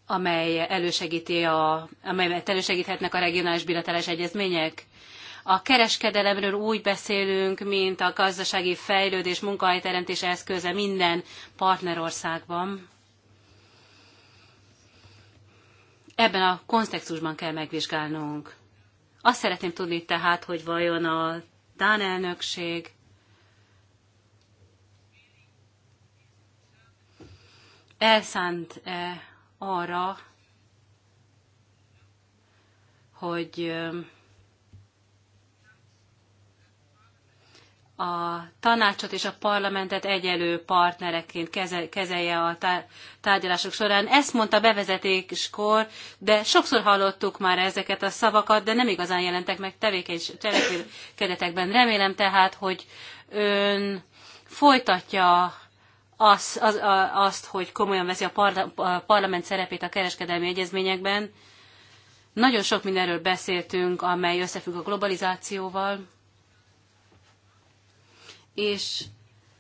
B: amely elősegíti a, amelyet elősegíthetnek a regionális bilaterális egyezmények? A kereskedelemről úgy beszélünk, mint a gazdasági fejlődés, munkahelyteremtés eszköze minden partnerországban. Ebben a kontextusban kell megvizsgálnunk. Azt szeretném tudni tehát, hogy vajon a Dán elnökség elszánt-e arra, hogy a tanácsot és a parlamentet egyelő partnereként kezelje a tárgyalások során. Ezt mondta bevezetéskor, de sokszor hallottuk már ezeket a szavakat, de nem igazán jelentek meg tevékenység Remélem tehát, hogy ön folytatja azt, az, azt hogy komolyan veszi a, parla, a parlament szerepét a kereskedelmi egyezményekben. Nagyon sok mindenről beszéltünk, amely összefügg a globalizációval és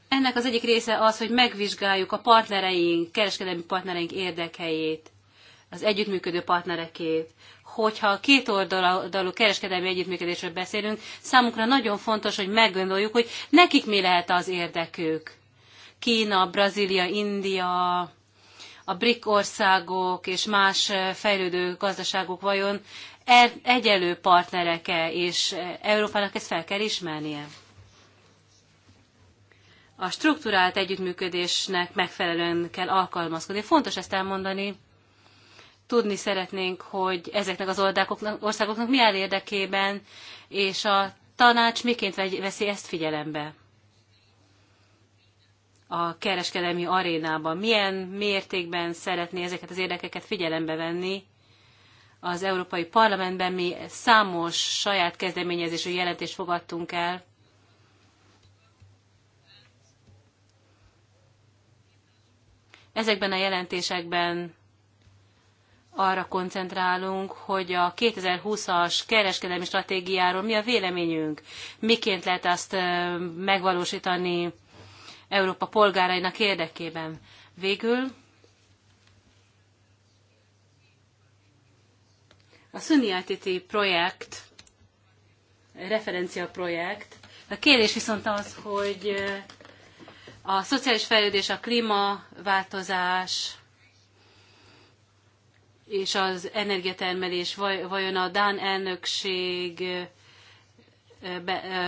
B: ennek az egyik része az, hogy megvizsgáljuk a partnereink, kereskedelmi partnereink érdekeit, az együttműködő partnerekét. Hogyha két oldalú kereskedelmi együttműködésről beszélünk, számukra nagyon fontos, hogy meggondoljuk, hogy nekik mi lehet az érdekük. Kína, Brazília, India, a BRIC országok és más fejlődő gazdaságok vajon e-, egyelő partnereke, és Európának ezt fel kell ismernie a struktúrált együttműködésnek megfelelően kell alkalmazkodni. Fontos ezt elmondani. Tudni szeretnénk, hogy ezeknek az országoknak mi áll érdekében, és a tanács miként veszi ezt figyelembe a kereskedelmi arénában. Milyen mértékben szeretné ezeket az érdekeket figyelembe venni? Az Európai Parlamentben mi számos saját kezdeményezésű jelentést fogadtunk el Ezekben a jelentésekben arra koncentrálunk, hogy a 2020-as kereskedelmi stratégiáról mi a véleményünk, miként lehet azt megvalósítani Európa polgárainak érdekében. Végül a Sunni projekt, referencia projekt. A kérdés viszont az, hogy a szociális fejlődés, a klímaváltozás és az energiatermelés, vajon a Dán elnökség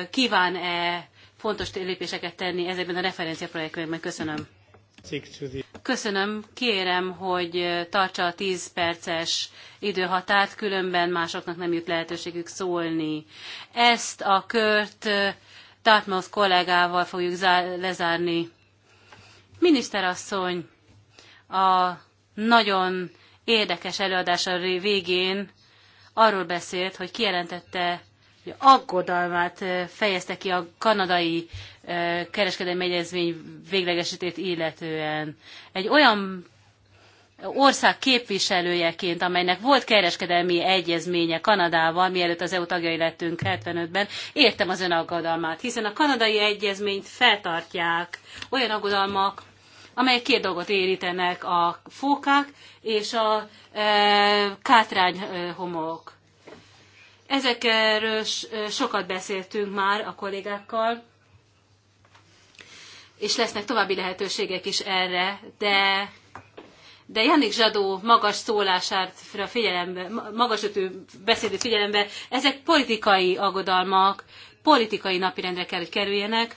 B: kíván-e fontos lépéseket tenni ezekben a referenciaprojektekben? Köszönöm. Köszönöm, kérem, hogy tartsa a 10 perces időhatárt, különben másoknak nem jut lehetőségük szólni. Ezt a kört Dartmouth kollégával fogjuk zár, lezárni. Miniszterasszony a nagyon érdekes előadása végén arról beszélt, hogy kijelentette, hogy aggodalmát fejezte ki a kanadai kereskedelmi egyezmény véglegesítét illetően. Egy olyan ország képviselőjeként, amelynek volt kereskedelmi egyezménye Kanadával, mielőtt az EU tagjai lettünk 75-ben, értem az ön aggodalmát, hiszen a kanadai egyezményt feltartják olyan aggodalmak, amelyek két dolgot érítenek, a fókák és a e, kátrányhomok. E, Ezekről e, sokat beszéltünk már a kollégákkal, és lesznek további lehetőségek is erre, de de Janik Zsadó magas szólását figyelembe, magas ötő beszédét figyelembe, ezek politikai aggodalmak, politikai napirendre kell, hogy kerüljenek.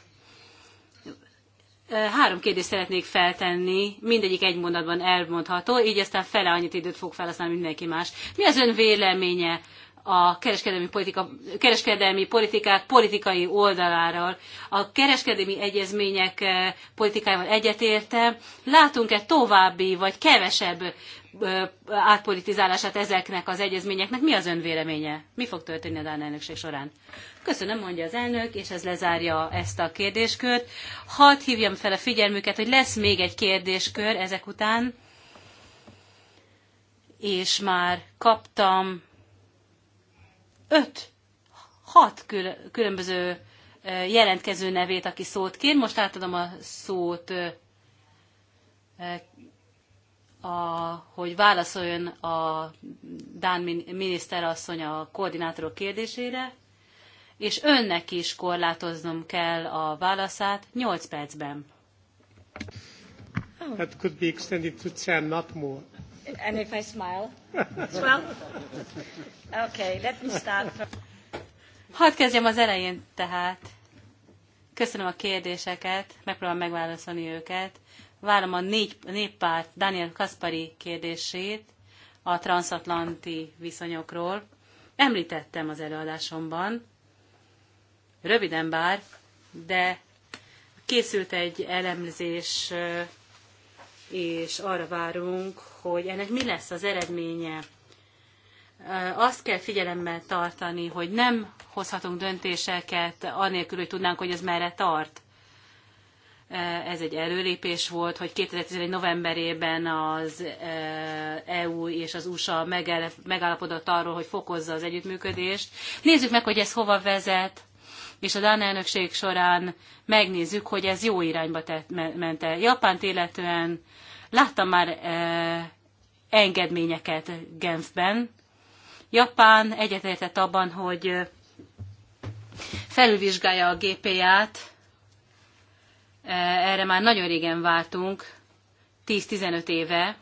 B: Három kérdést szeretnék feltenni, mindegyik egy mondatban elmondható, így aztán fele annyit időt fog felhasználni mindenki más. Mi az ön véleménye a kereskedelmi, politika, kereskedelmi politikák politikai oldaláról. A kereskedelmi egyezmények eh, politikájával egyetérte. Látunk-e további vagy kevesebb eh, átpolitizálását ezeknek az egyezményeknek? Mi az ön véleménye? Mi fog történni a Dán elnökség során? Köszönöm, mondja az elnök, és ez lezárja ezt a kérdéskört. Hadd hívjam fel a figyelmüket, hogy lesz még egy kérdéskör ezek után, és már kaptam öt, hat különböző jelentkező nevét, aki szót kér. Most átadom a szót, a, hogy válaszoljon a Dán miniszterasszony a koordinátorok kérdésére, és önnek is korlátoznom kell a válaszát 8 percben.
A: That could be extended to 10, not more.
B: And if I smile as well? Okay, let me start Hadd kezdjem az elején tehát. Köszönöm a kérdéseket, megpróbálom megválaszolni őket. Várom a négy, néppárt Daniel Kaspari kérdését a transatlanti viszonyokról. Említettem az előadásomban, röviden bár, de készült egy elemzés és arra várunk, hogy ennek mi lesz az eredménye. Azt kell figyelemmel tartani, hogy nem hozhatunk döntéseket anélkül, hogy tudnánk, hogy ez merre tart. Ez egy előlépés volt, hogy 2011. novemberében az EU és az USA megállapodott arról, hogy fokozza az együttműködést. Nézzük meg, hogy ez hova vezet és a Dán elnökség során megnézzük, hogy ez jó irányba ment el. Japánt illetően láttam már eh, engedményeket Genfben. Japán egyetértett abban, hogy felülvizsgálja a GPA-t, e, erre már nagyon régen vártunk, 10-15 éve,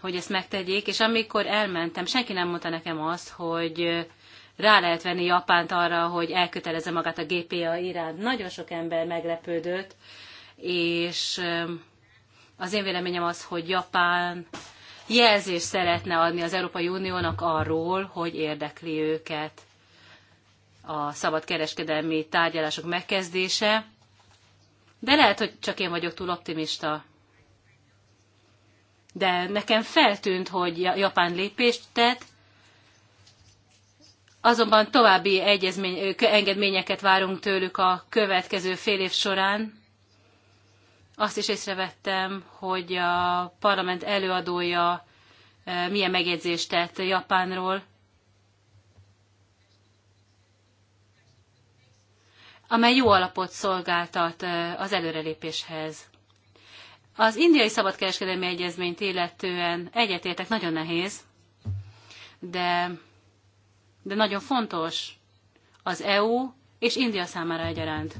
B: hogy ezt megtegyék, és amikor elmentem, senki nem mondta nekem azt, hogy rá lehet venni Japánt arra, hogy elkötelezze magát a GPA iránt. Nagyon sok ember meglepődött, és az én véleményem az, hogy Japán jelzést szeretne adni az Európai Uniónak arról, hogy érdekli őket a szabadkereskedelmi tárgyalások megkezdése, de lehet, hogy csak én vagyok túl optimista. De nekem feltűnt, hogy Japán lépést tett, Azonban további egyezmény, engedményeket várunk tőlük a következő fél év során. Azt is észrevettem, hogy a parlament előadója milyen megjegyzést tett Japánról. amely jó alapot szolgáltat az előrelépéshez. Az indiai szabadkereskedelmi egyezményt illetően egyetértek, nagyon nehéz, de de nagyon fontos az EU és India számára egyaránt.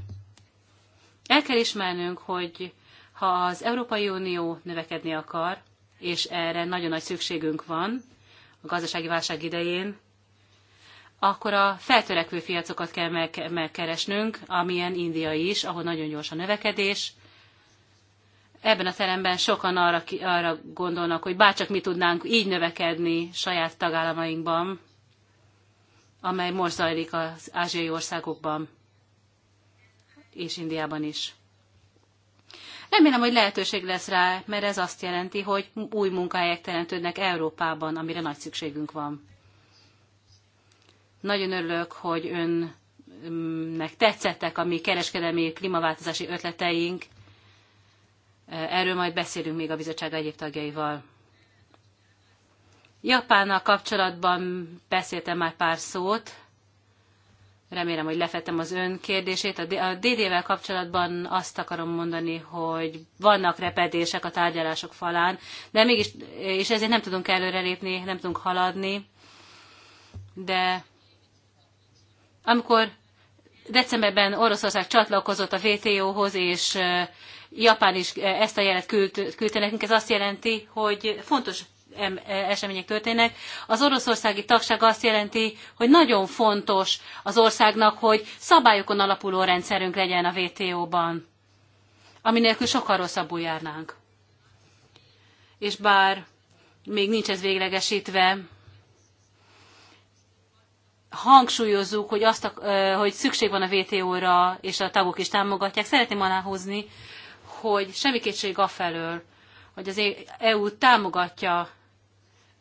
B: El kell ismernünk, hogy ha az Európai Unió növekedni akar, és erre nagyon nagy szükségünk van a gazdasági válság idején, akkor a feltörekvő piacokat kell megkeresnünk, amilyen India is, ahol nagyon gyors a növekedés. Ebben a teremben sokan arra, arra gondolnak, hogy bárcsak mi tudnánk így növekedni saját tagállamainkban, amely most zajlik az ázsiai országokban és Indiában is. Remélem, hogy lehetőség lesz rá, mert ez azt jelenti, hogy új munkahelyek teremtődnek Európában, amire nagy szükségünk van. Nagyon örülök, hogy önnek tetszettek a mi kereskedelmi klímaváltozási ötleteink. Erről majd beszélünk még a bizottság egyéb tagjaival. Japánnal kapcsolatban beszéltem már pár szót, remélem, hogy lefettem az ön kérdését. A DD-vel kapcsolatban azt akarom mondani, hogy vannak repedések a tárgyalások falán, de mégis, és ezért nem tudunk előrelépni, nem tudunk haladni, de amikor decemberben Oroszország csatlakozott a WTO-hoz, és Japán is ezt a jelet küldte nekünk, ez azt jelenti, hogy fontos E, események történnek. Az oroszországi tagság azt jelenti, hogy nagyon fontos az országnak, hogy szabályokon alapuló rendszerünk legyen a WTO-ban, ami nélkül sokkal rosszabbul járnánk. És bár még nincs ez véglegesítve, hangsúlyozzuk, hogy, azt a, e, hogy szükség van a WTO-ra, és a tagok is támogatják. Szeretném aláhozni, hogy semmi kétség afelől, hogy az EU támogatja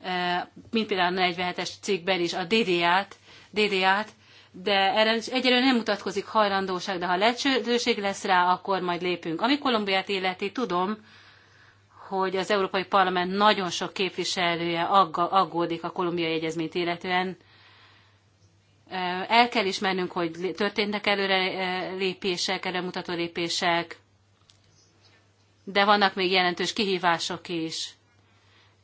B: E, mint például a 47-es cikkben is a DDA-t, DDA-t de erre egyelőre nem mutatkozik hajlandóság, de ha lehetőség lesz rá, akkor majd lépünk. Ami Kolumbiát illeti, tudom, hogy az Európai Parlament nagyon sok képviselője aggódik a kolumbiai egyezményt illetően. E, el kell ismernünk, hogy történtek előre e, lépések, mutató lépések, de vannak még jelentős kihívások is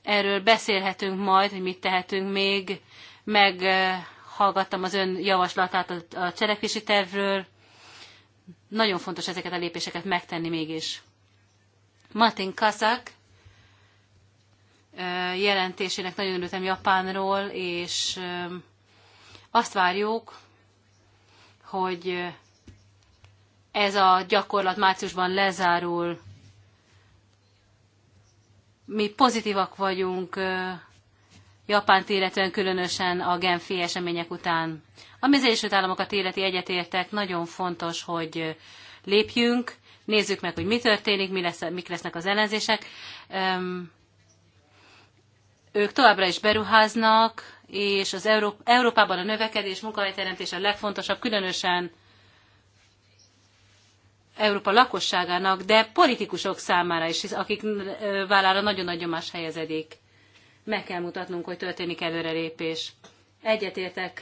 B: erről beszélhetünk majd, hogy mit tehetünk még. Meghallgattam eh, az ön javaslatát a cselekvési tervről. Nagyon fontos ezeket a lépéseket megtenni mégis. Martin Kazak eh, jelentésének nagyon örültem Japánról, és eh, azt várjuk, hogy ez a gyakorlat márciusban lezárul, mi pozitívak vagyunk Japánt életen, különösen a Genfi események után. a az Egyesült Államokat életi egyetértek, nagyon fontos, hogy lépjünk, nézzük meg, hogy mi történik, mi lesz, mik lesznek az ellenzések. ők továbbra is beruháznak, és az Európ- Európában a növekedés, munkahelyteremtés a legfontosabb, különösen Európa lakosságának, de politikusok számára is, akik vállára nagyon nagy nyomás helyezedik. Meg kell mutatnunk, hogy történik előrelépés. Egyetértek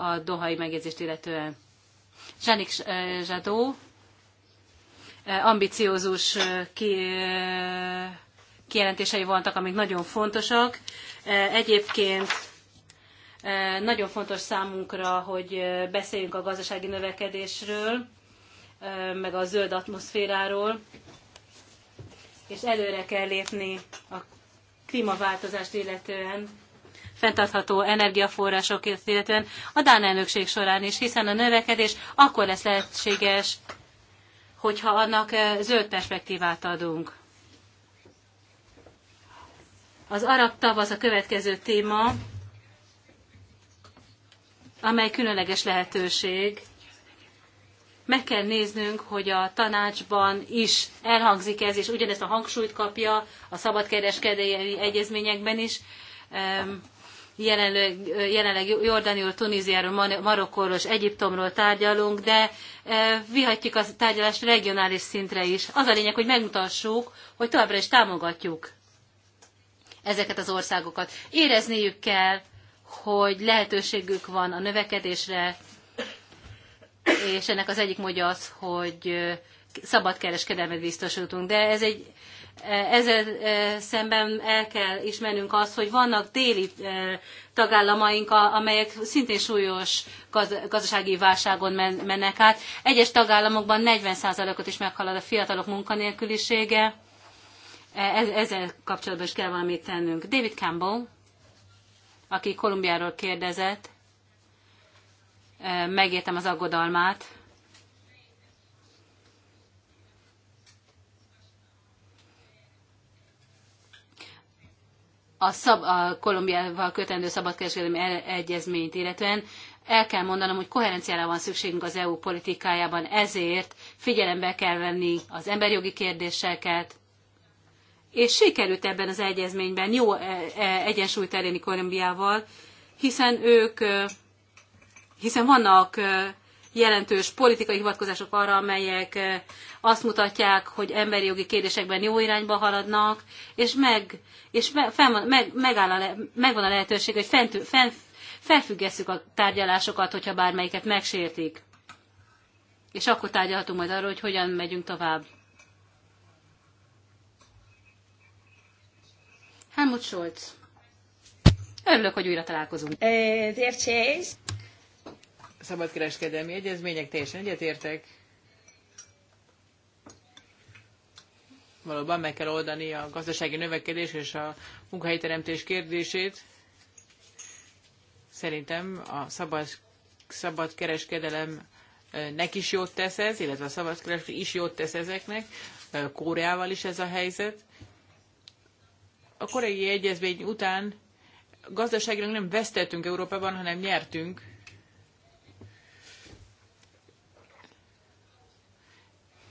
B: a dohai megjegyzést illetően. Zsánik Zsadó, ambiciózus kijelentései voltak, amik nagyon fontosak. Egyébként nagyon fontos számunkra, hogy beszéljünk a gazdasági növekedésről, meg a zöld atmoszféráról, és előre kell lépni a klímaváltozást illetően, fenntartható energiaforrásokért illetően a Dán elnökség során is, hiszen a növekedés akkor lesz lehetséges, hogyha annak zöld perspektívát adunk. Az arab tavasz a következő téma, amely különleges lehetőség meg kell néznünk, hogy a tanácsban is elhangzik ez, és ugyanezt a hangsúlyt kapja a szabadkereskedelmi egyezményekben is. Jelenleg, jelenleg Jordániról, Tunéziáról, Marokkóról és Egyiptomról tárgyalunk, de e, vihatjuk a tárgyalást regionális szintre is. Az a lényeg, hogy megmutassuk, hogy továbbra is támogatjuk ezeket az országokat. Érezniük kell, hogy lehetőségük van a növekedésre, és ennek az egyik módja az, hogy szabad kereskedelmet biztosítunk. De ez egy, e, ezzel e, szemben el kell ismernünk azt, hogy vannak déli e, tagállamaink, amelyek szintén súlyos gazdasági válságon mennek át. Egyes tagállamokban 40%-ot is meghalad a fiatalok munkanélkülisége. Ezzel kapcsolatban is kell valamit tennünk. David Campbell, aki Kolumbiáról kérdezett, megértem az aggodalmát. A, szab, a Kolumbiával kötendő szabadkereskedelmi e- egyezményt illetően el kell mondanom, hogy koherenciára van szükségünk az EU politikájában, ezért figyelembe kell venni az emberjogi kérdéseket, és sikerült ebben az egyezményben jó e- e- egyensúlyt elérni Kolumbiával, hiszen ők hiszen vannak jelentős politikai hivatkozások arra, amelyek azt mutatják, hogy emberi jogi kérdésekben jó irányba haladnak, és, meg, és fel, meg, megáll a, megvan a lehetőség, hogy fent, felfüggesszük a tárgyalásokat, hogyha bármelyiket megsértik. És akkor tárgyalhatunk majd arról, hogy hogyan megyünk tovább. Helmut Scholz. Örülök, hogy újra
C: találkozunk. Uh, eh, Chase szabadkereskedelmi egyezmények, teljesen egyetértek. Valóban meg kell oldani a gazdasági növekedés és a munkahelyteremtés kérdését. Szerintem a szabad, szabad kereskedelem nek is jót tesz ez, illetve a kereskedelem is jót tesz ezeknek. Kóreával is ez a helyzet. A koreai egyezmény után gazdaságilag nem vesztettünk Európában, hanem nyertünk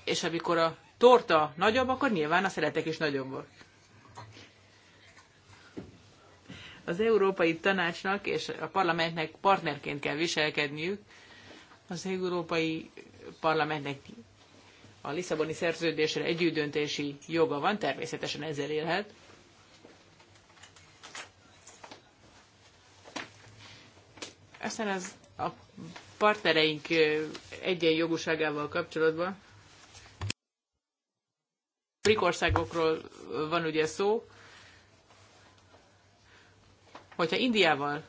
C: és amikor a torta nagyobb, akkor nyilván a szeretek is nagyobbak. Az Európai Tanácsnak és a parlamentnek partnerként kell viselkedniük. Az Európai Parlamentnek a Lisszaboni szerződésre együttdöntési joga van, természetesen ezzel élhet. Aztán az a partnereink egyenjogúságával kapcsolatban BRIC országokról van ugye szó, hogyha Indiával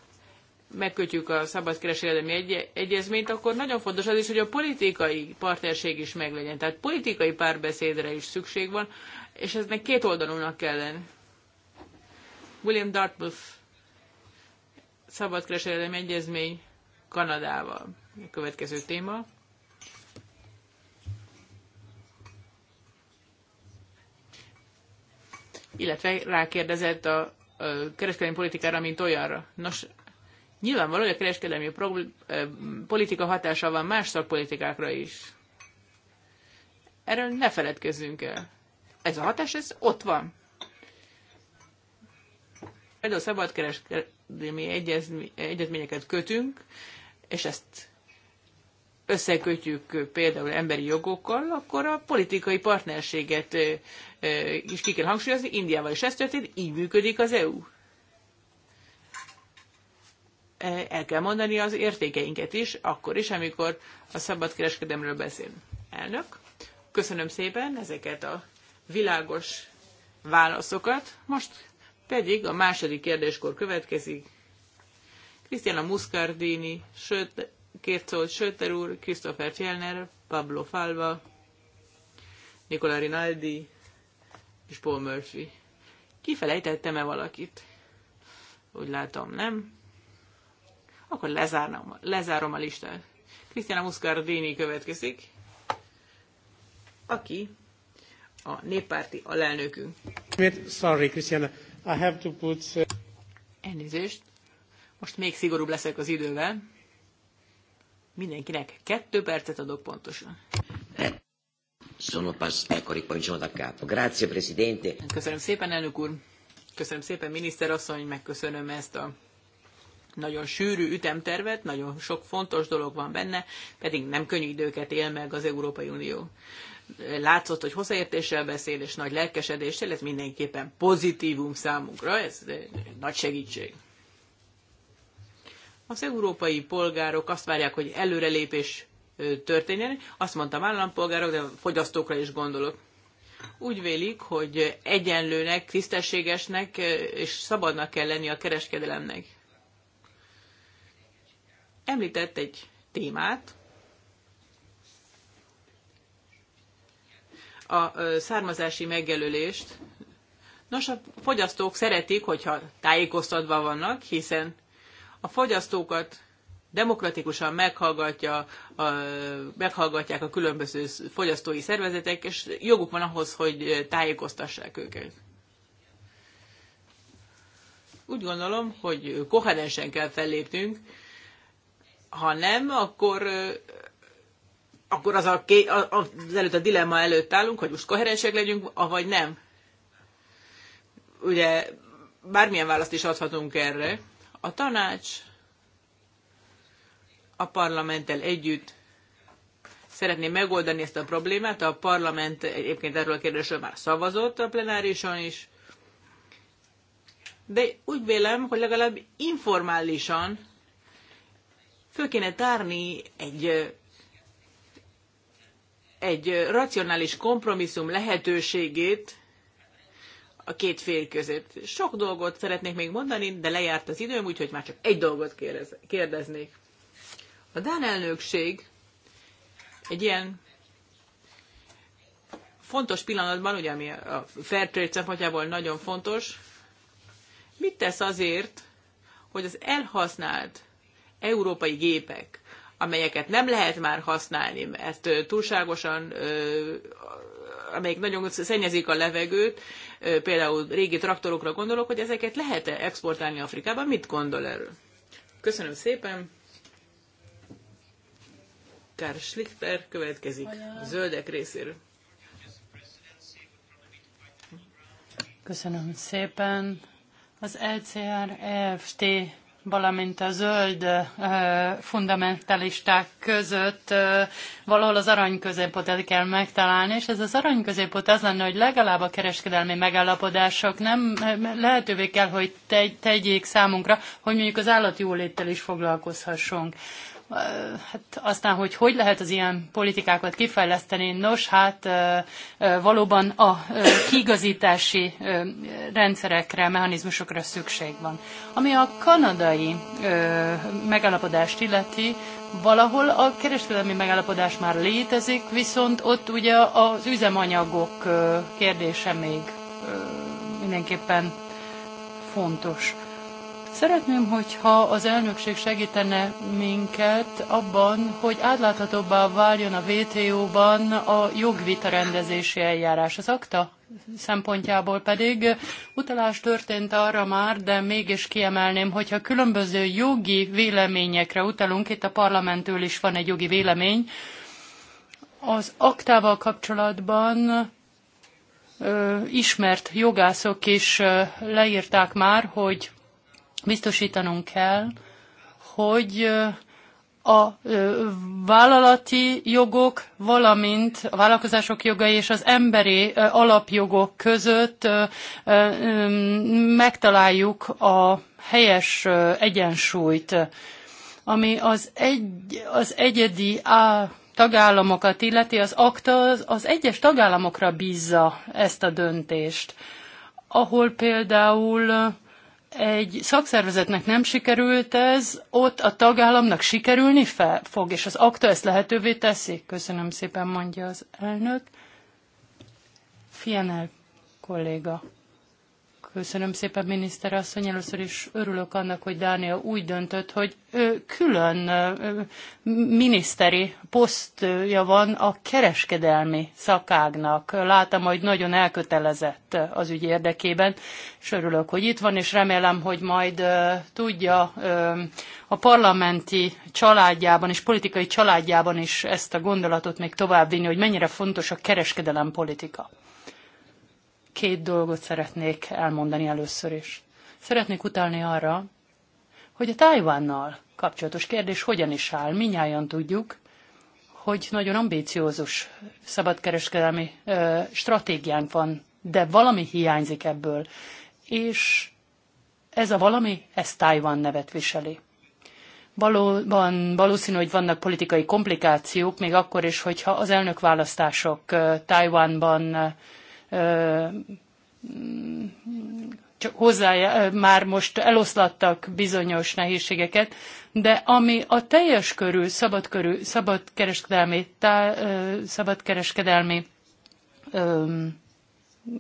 C: megkötjük a szabadkereskedelmi egy- egyezményt, akkor nagyon fontos az is, hogy a politikai partnerség is meglegyen. Tehát politikai párbeszédre is szükség van, és eznek két oldalúnak kell lenni. William Dartmouth szabadkereskedelmi egyezmény Kanadával. A következő téma. illetve rákérdezett a, a kereskedelmi politikára, mint olyanra. Nos, nyilvánvaló, hogy a kereskedelmi politika hatása van más szakpolitikákra is. Erről ne feledkezzünk el. Ez a hatás, ez ott van. Például szabadkereskedelmi egyezményeket kötünk, és ezt összekötjük például emberi jogokkal, akkor a politikai partnerséget is ki kell hangsúlyozni. Indiával is ez történt, így működik az EU. E, el kell mondani az értékeinket is, akkor is, amikor a szabadkereskedemről beszél. Elnök, köszönöm szépen ezeket a világos válaszokat. Most pedig a második kérdéskor következik. Krisztiana Muscardini, sőt, két Söter úr, Christopher Fjellner, Pablo Falva, Nicola Rinaldi és Paul Murphy. Kifelejtettem-e valakit? Úgy látom, nem? Akkor lezárnom, lezárom a listát. Krisztiana Muscardini következik, aki a néppárti alelnökünk. Sorry, Krisztiana, I have to put... Uh, Elnézést. Most még szigorúbb leszek az idővel. Mindenkinek kettő percet adok pontosan. Sono pas, ecco, ricominciamo da capo. Grazie, Presidente. Köszönöm szépen, elnök úr. Köszönöm szépen, miniszter asszony, megköszönöm ezt a nagyon sűrű ütemtervet, nagyon sok fontos dolog van benne, pedig nem könnyű időket él meg az Európai Unió. Látszott, hogy hozzáértéssel beszél, és nagy lelkesedéssel, ez mindenképpen pozitívum számunkra, ez nagy segítség. Az európai polgárok azt várják, hogy előrelépés történjen. Azt mondtam állampolgárok, de fogyasztókra is gondolok. Úgy vélik, hogy egyenlőnek, tisztességesnek és szabadnak kell lenni a kereskedelemnek. Említett egy témát, a származási megjelölést. Nos, a fogyasztók szeretik, hogyha tájékoztatva vannak, hiszen a fogyasztókat demokratikusan meghallgatja, a, meghallgatják a különböző fogyasztói szervezetek, és joguk van ahhoz, hogy tájékoztassák őket. Úgy gondolom, hogy koherensen kell fellépnünk, ha nem, akkor akkor az, a, az előtt a dilemma előtt állunk, hogy most koherensek legyünk, avagy nem. Ugye bármilyen választ is adhatunk erre, a tanács a parlamenttel együtt szeretné megoldani ezt a problémát. A parlament egyébként erről a kérdésről már szavazott a plenárison is. De úgy vélem, hogy legalább informálisan föl kéne tárni egy, egy racionális kompromisszum lehetőségét a két fél között. Sok dolgot szeretnék még mondani, de lejárt az időm, úgyhogy már csak egy dolgot kérdez, kérdeznék. A Dán elnökség egy ilyen fontos pillanatban, ugye ami a fair trade szempontjából nagyon fontos, mit tesz azért, hogy az elhasznált európai gépek, amelyeket nem lehet már használni, mert túlságosan, amelyek nagyon szennyezik a levegőt, például régi traktorokra gondolok, hogy ezeket lehet-e exportálni Afrikába, mit gondol erről? Köszönöm szépen! Kár Schlichter következik a zöldek részéről.
A: Köszönöm szépen. Az LCR EFT valamint a zöld fundamentalisták között valahol az arany középutat kell megtalálni, és ez az arany középút az lenne, hogy legalább a kereskedelmi megállapodások nem lehetővé kell, hogy tegyék számunkra, hogy mondjuk az állatjóléttel is foglalkozhassunk hát aztán, hogy hogy lehet az ilyen politikákat kifejleszteni, nos, hát valóban a kiigazítási rendszerekre, mechanizmusokra szükség van. Ami a kanadai megállapodást illeti, valahol a kereskedelmi megállapodás már létezik, viszont ott ugye az üzemanyagok kérdése még mindenképpen fontos. Szeretném, hogyha az elnökség segítene minket abban, hogy átláthatóbbá váljon a WTO-ban a jogvita rendezési eljárás. Az akta szempontjából pedig utalás történt arra már, de mégis kiemelném, hogyha különböző jogi véleményekre utalunk, itt a parlamentől is van egy jogi vélemény, az aktával kapcsolatban ismert jogászok is leírták már, hogy biztosítanunk kell, hogy a vállalati jogok, valamint a vállalkozások jogai és az emberi alapjogok között megtaláljuk a helyes egyensúlyt, ami az, egy, az egyedi á, tagállamokat illeti, az akta az, az egyes tagállamokra bízza ezt a döntést, ahol például egy szakszervezetnek nem sikerült ez, ott a tagállamnak sikerülni fel fog, és az akta ezt lehetővé teszi. Köszönöm szépen, mondja az elnök. Fienel kolléga. Köszönöm szépen, miniszter asszony. Először is örülök annak, hogy Dánia úgy döntött, hogy külön miniszteri posztja van a kereskedelmi szakágnak. Látom, hogy nagyon elkötelezett az ügy érdekében, és örülök, hogy itt van, és remélem, hogy majd tudja a parlamenti családjában és politikai családjában is ezt a gondolatot még továbbvinni, hogy mennyire fontos a kereskedelem politika. Két dolgot szeretnék elmondani először is. Szeretnék utalni arra, hogy a Tájvánnal kapcsolatos kérdés hogyan is áll. Minnyáján tudjuk, hogy nagyon ambíciózus szabadkereskedelmi ö, stratégiánk van, de valami hiányzik ebből. És ez a valami, ez Tájván nevet viseli. Valóban valószínű, hogy vannak politikai komplikációk, még akkor is, hogyha az elnökválasztások Tájvánban csak hozzá már most eloszlattak bizonyos nehézségeket, de ami a teljes körű, szabad körű, szabad kereskedelmi, tá, szabad kereskedelmi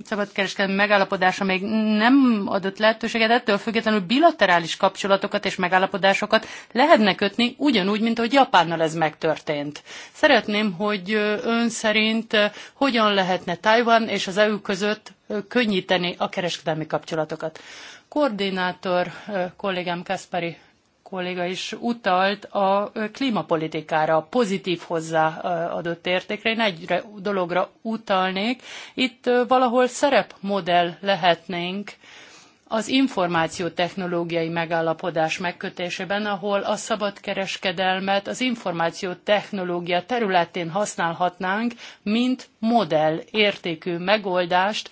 A: szabadkereskedelmi megállapodása még nem adott lehetőséget, ettől függetlenül bilaterális kapcsolatokat és megállapodásokat lehetne kötni, ugyanúgy, mint ahogy Japánnal ez megtörtént. Szeretném, hogy ön szerint eh, hogyan lehetne Tajvan és az EU között eh, könnyíteni a kereskedelmi kapcsolatokat. Koordinátor eh, kollégám Kaspari kolléga is utalt a klímapolitikára, a pozitív hozzáadott értékre. Én egy dologra utalnék. Itt valahol szerepmodell lehetnénk, az információtechnológiai megállapodás megkötésében, ahol a szabadkereskedelmet az információtechnológia területén használhatnánk, mint modell értékű megoldást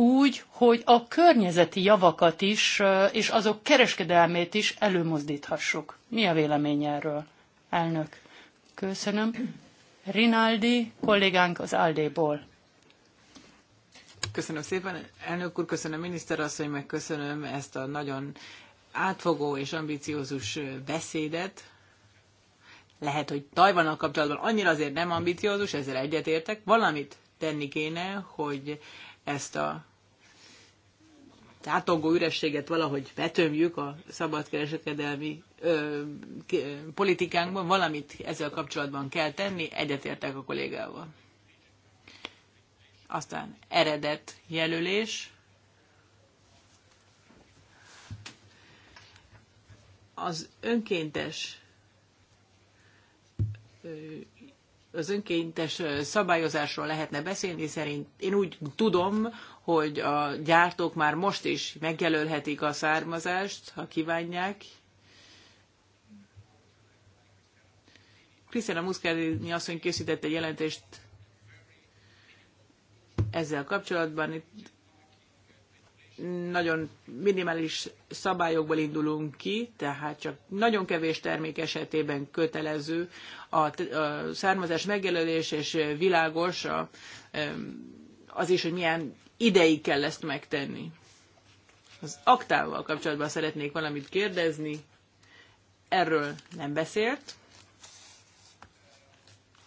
A: úgy, hogy a környezeti javakat is, és azok kereskedelmét is előmozdíthassuk. Mi a vélemény erről, elnök? Köszönöm.
C: Rinaldi kollégánk az Aldéból. Köszönöm szépen, elnök úr, köszönöm miniszter asszony, meg köszönöm ezt a nagyon átfogó és ambiciózus beszédet. Lehet, hogy Tajvannal kapcsolatban annyira azért nem ambiciózus, ezzel egyetértek. Valamit tenni kéne, hogy ezt a tátongó ürességet valahogy betömjük a szabadkereskedelmi politikánkban, valamit ezzel kapcsolatban kell tenni, egyetértek a kollégával. Aztán eredet jelölés. Az önkéntes az önkéntes szabályozásról lehetne beszélni, szerint én úgy tudom, hogy a gyártók már most is megjelölhetik a származást, ha kívánják. Krisztina Muszkerini asszony készített egy jelentést ezzel kapcsolatban. Itt nagyon minimális szabályokból indulunk ki, tehát csak nagyon kevés termék esetében kötelező a, a származás megjelölés, és világos a, az is, hogy milyen ideig kell ezt megtenni. Az aktával kapcsolatban szeretnék valamit kérdezni. Erről nem beszélt,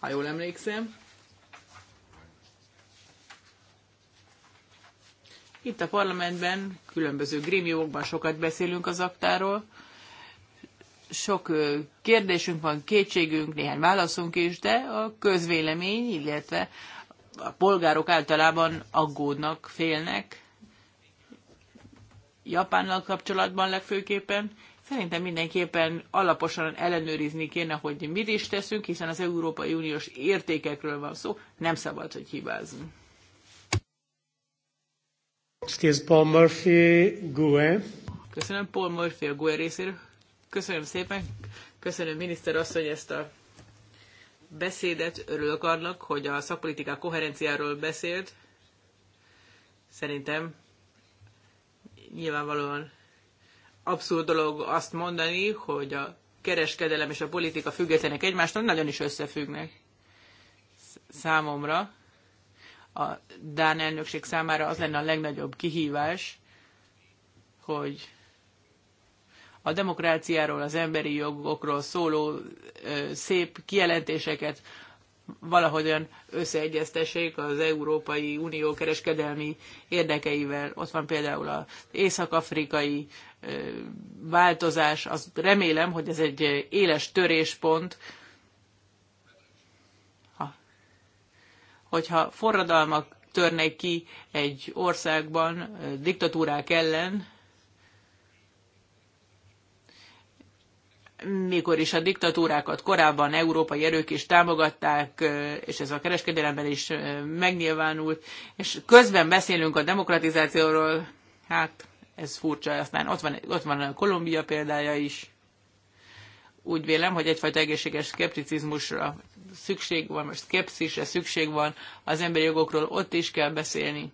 C: ha jól emlékszem. Itt a parlamentben, különböző grémiókban sokat beszélünk az aktáról. Sok kérdésünk van, kétségünk, néhány válaszunk is, de a közvélemény, illetve a polgárok általában aggódnak, félnek, Japánnal kapcsolatban legfőképpen. Szerintem mindenképpen alaposan ellenőrizni kéne, hogy mit is teszünk, hiszen az Európai Uniós értékekről van szó, nem szabad, hogy hibázunk.
A: Paul Murphy, GUE.
C: Köszönöm Paul Murphy a GUE részéről. Köszönöm szépen. Köszönöm miniszter asszony ezt a beszédet, örülök annak, hogy a szakpolitikák koherenciáról beszélt. Szerintem nyilvánvalóan abszurd dolog azt mondani, hogy a kereskedelem és a politika függetlenek egymástól, nagyon is összefüggnek számomra. A Dán elnökség számára az lenne a legnagyobb kihívás, hogy a demokráciáról, az emberi jogokról szóló szép kijelentéseket valahogyan összeegyeztessék az Európai Unió kereskedelmi érdekeivel. Ott van például az észak-afrikai változás. Azt remélem, hogy ez egy éles töréspont, ha, hogyha forradalmak törnek ki egy országban diktatúrák ellen, mikor is a diktatúrákat korábban európai erők is támogatták, és ez a kereskedelemben is megnyilvánult, és közben beszélünk a demokratizációról, hát ez furcsa, aztán ott van, ott van a Kolumbia példája is. Úgy vélem, hogy egyfajta egészséges szkepticizmusra szükség van, most szkepszisre szükség van, az emberi jogokról ott is kell beszélni.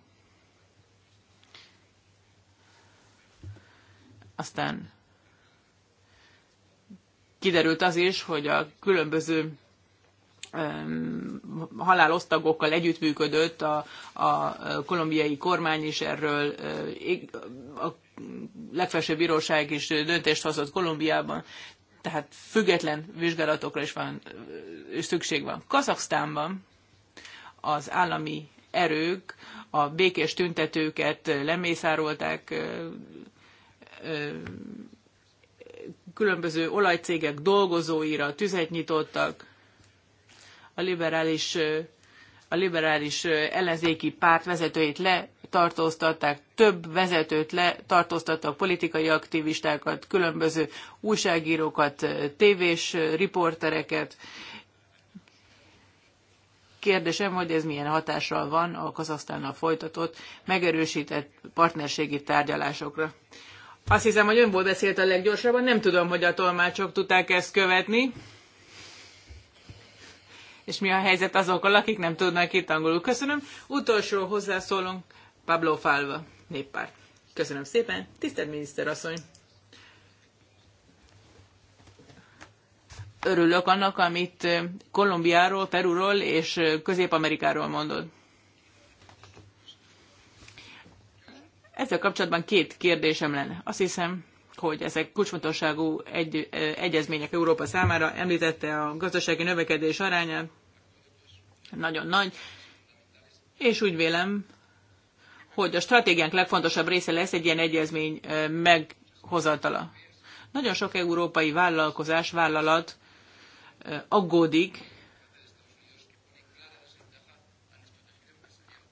C: Aztán kiderült az is, hogy a különböző halálosztagokkal együttműködött a, a kolumbiai kormány is erről, a legfelsőbb bíróság is döntést hozott Kolumbiában, tehát független vizsgálatokra is, van, is szükség van. Kazaksztánban az állami erők a békés tüntetőket lemészárolták, különböző olajcégek dolgozóira tüzet nyitottak, a liberális, a liberális ellenzéki párt vezetőit letartóztatták, több vezetőt letartóztattak, politikai aktivistákat, különböző újságírókat, tévés riportereket. Kérdésem, hogy ez milyen hatással van a Kazasztánnal folytatott, megerősített partnerségi tárgyalásokra. Azt hiszem, hogy önból beszélt a leggyorsabban, nem tudom, hogy a tolmácsok tudták ezt követni. És mi a helyzet azokkal, akik nem tudnak itt angolul. Köszönöm. Utolsó hozzászólunk, Pablo Falva, néppárt. Köszönöm szépen. Tisztelt miniszterasszony! Örülök annak, amit Kolumbiáról, Perúról és Közép-Amerikáról mondod. Ezzel kapcsolatban két kérdésem lenne. Azt hiszem, hogy ezek kulcsfontosságú egy, egyezmények Európa számára. Említette a gazdasági növekedés arányát, nagyon nagy, és úgy vélem, hogy a stratégiánk legfontosabb része lesz egy ilyen egyezmény meghozatala. Nagyon sok európai vállalkozás, vállalat aggódik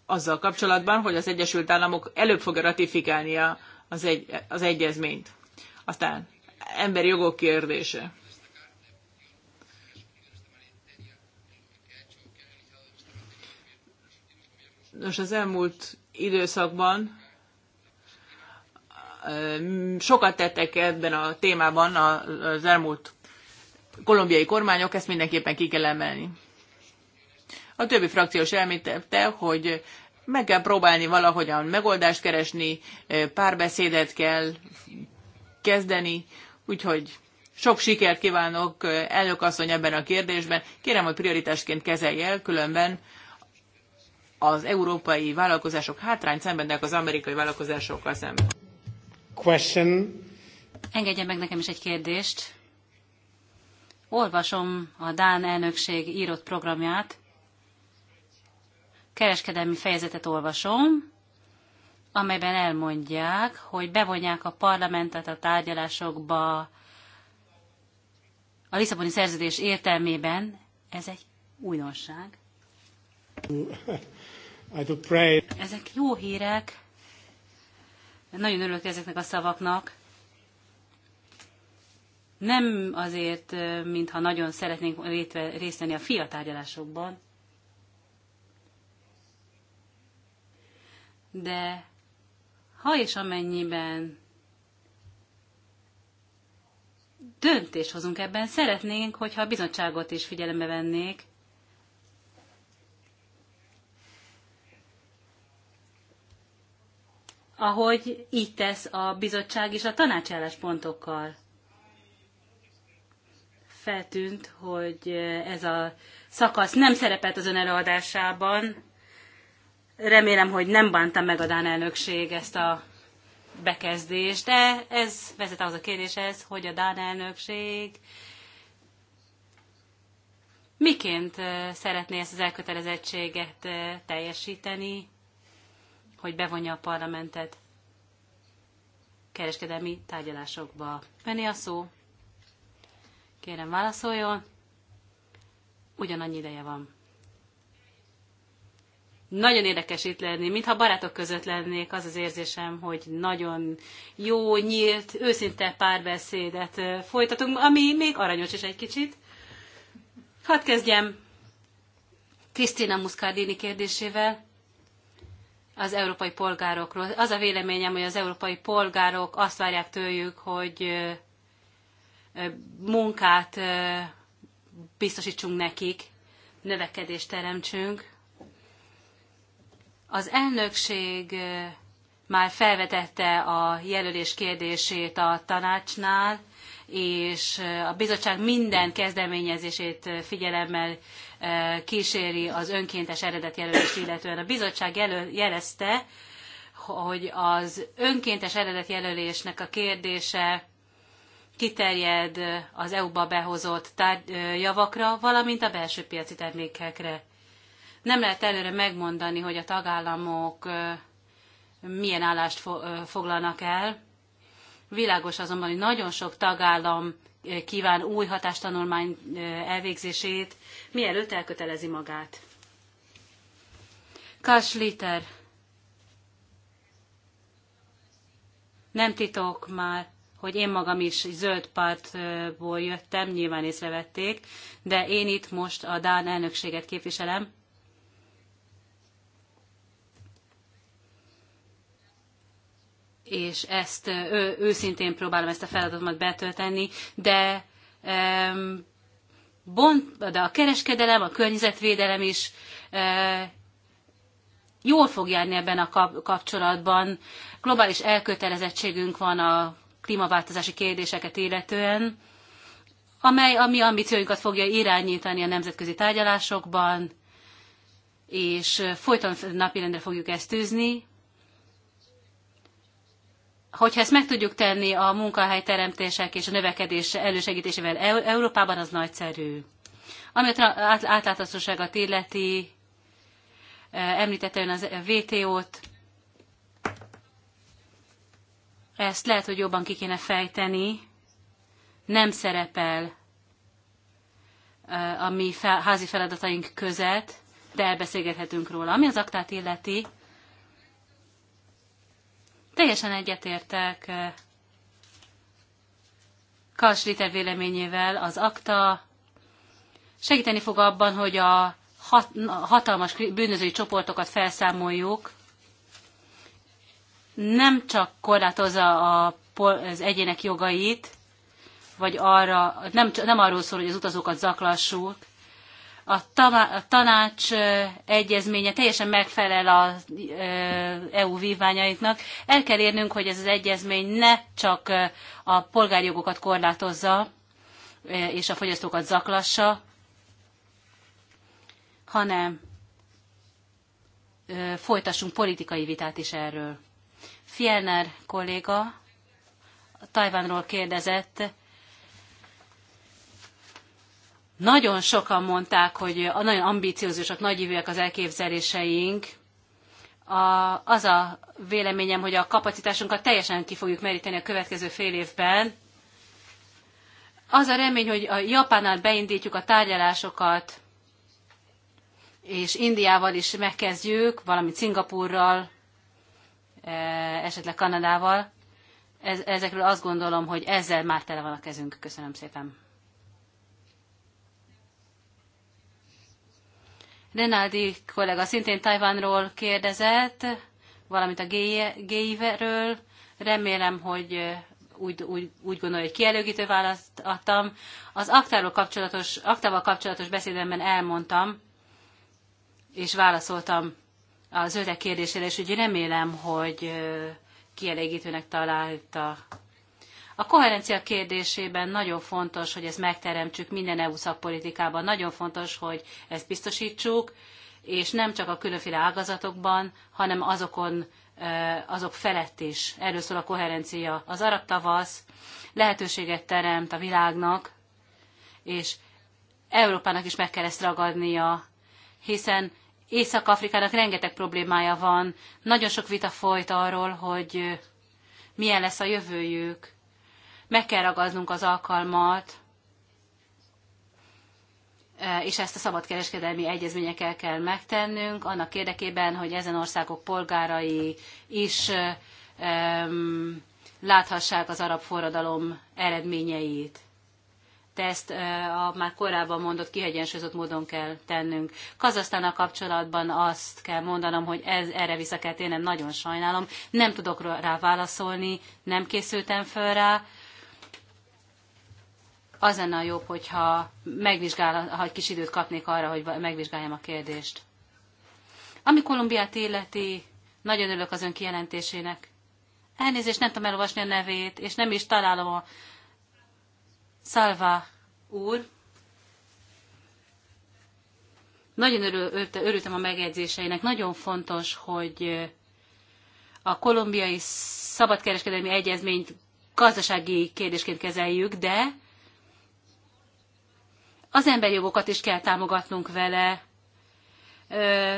C: azzal kapcsolatban, hogy az Egyesült Államok előbb fogja ratifikálni az, egy, az egyezményt. Aztán emberi jogok kérdése. Nos, az elmúlt időszakban sokat tettek ebben a témában az elmúlt kolumbiai kormányok, ezt mindenképpen ki kell emelni. A többi frakció is elmítette, hogy meg kell próbálni valahogyan megoldást keresni, párbeszédet kell kezdeni, úgyhogy sok sikert kívánok elnök asszony ebben a kérdésben. Kérem, hogy prioritásként kezelje el, különben az európai vállalkozások hátrányt szenvednek az amerikai vállalkozásokkal szemben.
B: Question. Engedje meg nekem is egy kérdést. Olvasom a Dán elnökség írott programját, kereskedelmi fejezetet olvasom, amelyben elmondják, hogy bevonják a parlamentet a tárgyalásokba a Lisszaboni szerződés értelmében. Ez egy újdonság. Ezek jó hírek. Nagyon örülök ezeknek a szavaknak. Nem azért, mintha nagyon szeretnénk részt venni a fiatárgyalásokban, de ha és amennyiben döntést hozunk ebben, szeretnénk, hogyha a bizottságot is figyelembe vennék, ahogy így tesz a bizottság és a tanácsállás pontokkal. Feltűnt, hogy ez a szakasz nem szerepelt az ön előadásában, Remélem, hogy nem bánta meg a Dán elnökség ezt a bekezdést, de ez vezet az a kérdéshez, hogy a Dán elnökség miként szeretné ezt az elkötelezettséget teljesíteni, hogy bevonja a parlamentet kereskedelmi tárgyalásokba. Venni a szó. Kérem válaszoljon. Ugyanannyi ideje van. Nagyon érdekes itt lenni, mintha barátok között lennék, az az érzésem, hogy nagyon jó, nyílt, őszinte párbeszédet folytatunk, ami még aranyos is egy kicsit. Hadd kezdjem Krisztina Muscardini kérdésével az európai polgárokról. Az a véleményem, hogy az európai polgárok azt várják tőlük, hogy munkát biztosítsunk nekik, növekedést teremtsünk. Az elnökség már felvetette a jelölés kérdését a tanácsnál, és a bizottság minden kezdeményezését figyelemmel kíséri az önkéntes eredetjelölést illetően. A bizottság jelezte, hogy az önkéntes eredetjelölésnek a kérdése kiterjed az EU-ba behozott javakra, valamint a belső piaci termékekre. Nem lehet előre megmondani, hogy a tagállamok milyen állást foglalnak el. Világos azonban, hogy nagyon sok tagállam kíván új hatástanulmány elvégzését, mielőtt elkötelezi magát. Karl Schlitter. Nem titok már, hogy én magam is zöld pártból jöttem, nyilván észrevették, de én itt most a Dán elnökséget képviselem, és ezt ő, őszintén próbálom ezt a feladatomat betölteni, de, um, bont, de a kereskedelem, a környezetvédelem is uh, jól fog járni ebben a kap, kapcsolatban. Globális elkötelezettségünk van a klímaváltozási kérdéseket illetően, amely a mi ambícióinkat fogja irányítani a nemzetközi tárgyalásokban, és folyton napirendre fogjuk ezt tűzni, Hogyha ezt meg tudjuk tenni a munkahelyteremtések és a növekedés elősegítésével Európában, az nagyszerű. Ami a átláthatóságot illeti, e, említette ön az VTO-t, ezt lehet, hogy jobban ki kéne fejteni, nem szerepel e, a mi házi feladataink között, de elbeszélgethetünk róla. Ami az aktát illeti, Teljesen egyetértek eh, Kalsliter véleményével az akta segíteni fog abban, hogy a hat, hatalmas bűnözői csoportokat felszámoljuk, nem csak korlátozza a, az egyének jogait, vagy arra, nem, nem arról szól, hogy az utazókat zaklassuk, a tanács egyezménye teljesen megfelel az EU vívványainknak. El kell érnünk, hogy ez az egyezmény ne csak a polgárjogokat korlátozza és a fogyasztókat zaklassa, hanem folytassunk politikai vitát is erről. Fielner kolléga Tajvanról kérdezett, nagyon sokan mondták, hogy a nagyon ambíciózusak, nagyívűek az elképzeléseink. A, az a véleményem, hogy a kapacitásunkat teljesen ki fogjuk meríteni a következő fél évben. Az a remény, hogy a Japánnal beindítjuk a tárgyalásokat, és Indiával is megkezdjük, valamint Szingapurral, e, esetleg Kanadával. ezekről azt gondolom, hogy ezzel már tele van a kezünk. Köszönöm szépen. Renaldi kollega szintén Tajvánról kérdezett, valamint a GI-ről. Remélem, hogy úgy, úgy, úgy gondolja, hogy kielőgítő választ adtam. Az aktával kapcsolatos, aktával kapcsolatos beszédemben elmondtam, és válaszoltam a zöldek kérdésére, és úgy remélem, hogy kielégítőnek találta a koherencia kérdésében nagyon fontos, hogy ezt megteremtsük minden EU szakpolitikában, nagyon fontos, hogy ezt biztosítsuk, és nem csak a különféle ágazatokban, hanem azokon, eh, azok felett is. Erről szól a koherencia. Az arab tavasz lehetőséget teremt a világnak, és Európának is meg kell ezt ragadnia, hiszen Észak-Afrikának rengeteg problémája van, nagyon sok vita folyt arról, hogy eh, milyen lesz a jövőjük, meg kell ragaznunk az alkalmat, e, és ezt a szabadkereskedelmi egyezményekkel kell megtennünk, annak érdekében, hogy ezen országok polgárai is um, láthassák az arab forradalom eredményeit. De ezt e, a már korábban mondott kihegyensúlyozott módon kell tennünk. Kazasztánnal kapcsolatban azt kell mondanom, hogy ez, erre vissza kell térnem, nagyon sajnálom. Nem tudok rá válaszolni, nem készültem föl rá az lenne a jobb, hogyha megvizsgál, ha egy kis időt kapnék arra, hogy megvizsgáljam a kérdést. Ami Kolumbiát illeti, nagyon örülök az ön kijelentésének. Elnézést, nem tudom elolvasni a nevét, és nem is találom a Szalva úr. Nagyon örül, örültem a megjegyzéseinek. Nagyon fontos, hogy eh, a kolumbiai szabadkereskedelmi egyezményt gazdasági kérdésként kezeljük, de az emberi jogokat is kell támogatnunk vele.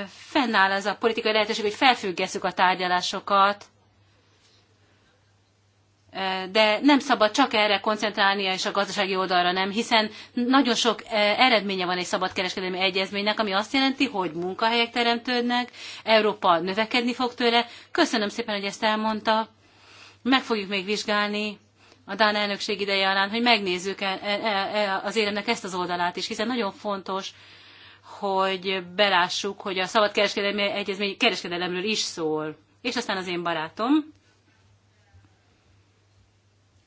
B: Fennáll ez a politikai lehetőség, hogy felfüggesszük a tárgyalásokat, de nem szabad csak erre koncentrálnia és a gazdasági oldalra nem, hiszen nagyon sok eredménye van egy szabadkereskedelmi egyezménynek, ami azt jelenti, hogy munkahelyek teremtődnek, Európa növekedni fog tőle. Köszönöm szépen, hogy ezt elmondta. Meg fogjuk még vizsgálni a Dán elnökség ideje alán, hogy megnézzük e, e, e, az éremnek ezt az oldalát is, hiszen nagyon fontos, hogy belássuk, hogy a szabadkereskedelmi egyezmény kereskedelemről is szól. És aztán az én barátom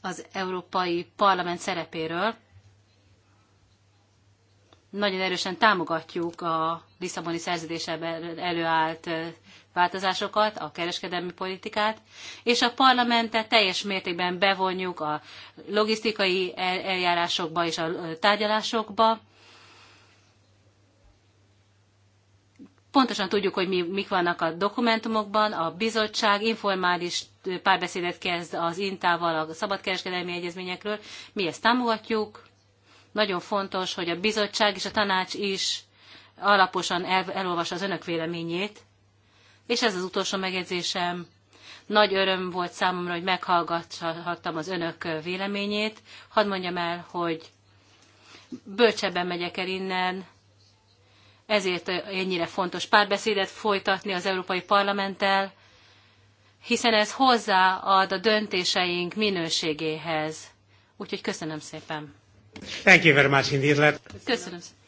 B: az Európai Parlament szerepéről. Nagyon erősen támogatjuk a Lisszaboni szerződésben előállt változásokat, a kereskedelmi politikát, és a parlamentet teljes mértékben bevonjuk a logisztikai eljárásokba és a tárgyalásokba. Pontosan tudjuk, hogy mi, mik vannak a dokumentumokban. A bizottság informális párbeszédet kezd az Intával a szabadkereskedelmi egyezményekről. Mi ezt támogatjuk. Nagyon fontos, hogy a bizottság és a tanács is alaposan el, elolvassa az önök véleményét és ez az utolsó megjegyzésem. Nagy öröm volt számomra, hogy meghallgathattam az önök véleményét. Hadd mondjam el, hogy bölcsebben megyek el innen, ezért ennyire fontos párbeszédet folytatni az Európai Parlamenttel, hiszen ez hozzáad a döntéseink minőségéhez. Úgyhogy köszönöm szépen. Thank you very much Köszönöm szépen.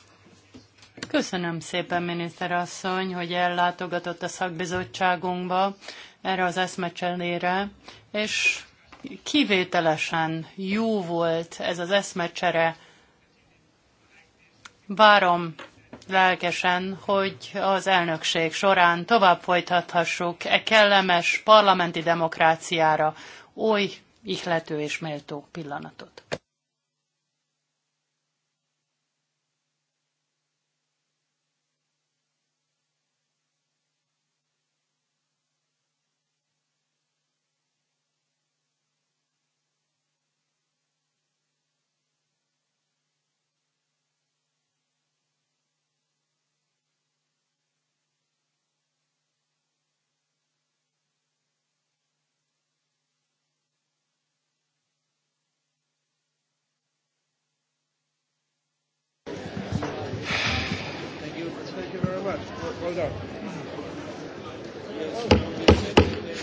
B: Köszönöm
A: szépen, miniszter asszony, hogy ellátogatott a szakbizottságunkba erre az eszmecselére, és kivételesen jó volt ez az eszmecsere. Várom lelkesen, hogy az elnökség során tovább folytathassuk e kellemes parlamenti demokráciára oly ihlető és méltó pillanatot.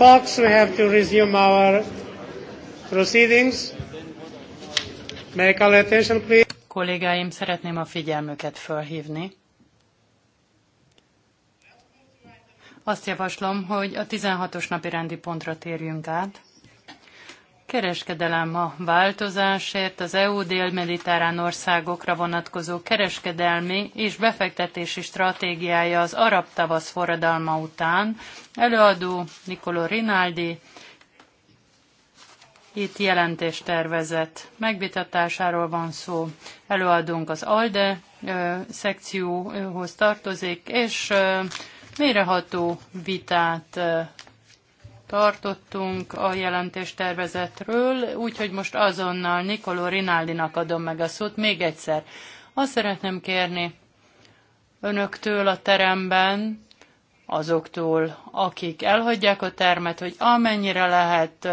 A: Fox, we have to resume our proceedings. Medical attention, please. Kollégáim, szeretném a figyelmüket felhívni. Azt javaslom, hogy a 16-os napi rendi pontra térjünk át kereskedelem a változásért az EU dél-mediterrán országokra vonatkozó kereskedelmi és befektetési stratégiája az arab tavasz forradalma után. Előadó Nicolo Rinaldi itt jelentést tervezett megvitatásáról van szó. Előadunk az ALDE ö, szekcióhoz tartozik, és ö, méreható vitát tartottunk a jelentéstervezetről úgyhogy most azonnal Nikoló Rinaldinak adom meg a szót még egyszer. Azt szeretném kérni önöktől a teremben, azoktól, akik elhagyják a termet, hogy amennyire lehet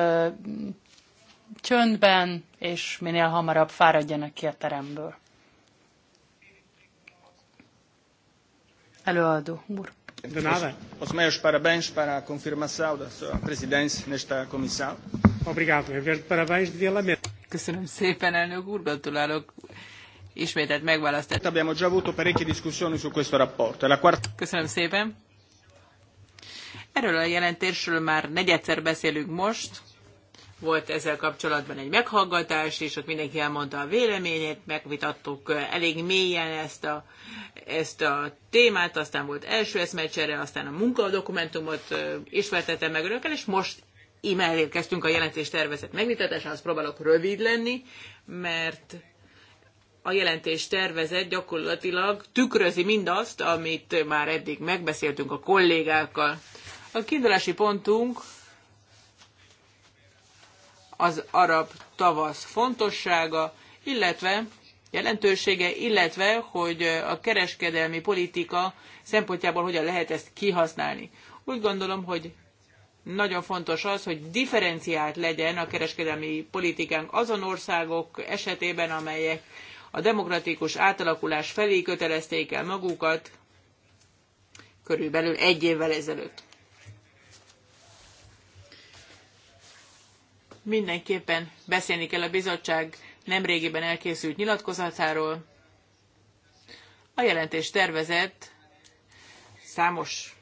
A: csöndben, és minél hamarabb fáradjanak ki a teremből. Előadó úr.
C: De nada. Os meus parabéns para a confirmação da sua presidência nesta comissão. Obrigado. Em de Köszönöm szépen, elnök úr, gratulálok ismételt megválasztott. Abbiamo già avuto parecchie discussioni su questo rapporto. La quarta... Köszönöm szépen. Erről a jelentésről már negyedszer beszélünk most. Volt ezzel kapcsolatban egy meghallgatás, és ott mindenki elmondta a véleményét, megvitattuk elég mélyen ezt a, ezt a témát, aztán volt első eszmecsere, aztán a munkadokumentumot ismertettem meg önökkel, és most íme elérkeztünk a jelentés tervezet azt próbálok rövid lenni, mert a jelentés tervezet gyakorlatilag tükrözi mindazt, amit már eddig megbeszéltünk a kollégákkal. A kiindulási pontunk az arab tavasz fontossága, illetve jelentősége, illetve hogy a kereskedelmi politika szempontjából hogyan lehet ezt kihasználni. Úgy gondolom, hogy nagyon fontos az, hogy differenciált legyen a kereskedelmi politikánk azon országok esetében, amelyek a demokratikus átalakulás felé kötelezték el magukat körülbelül egy évvel ezelőtt. Mindenképpen beszélni kell a bizottság nemrégiben elkészült nyilatkozatáról. A jelentés tervezett számos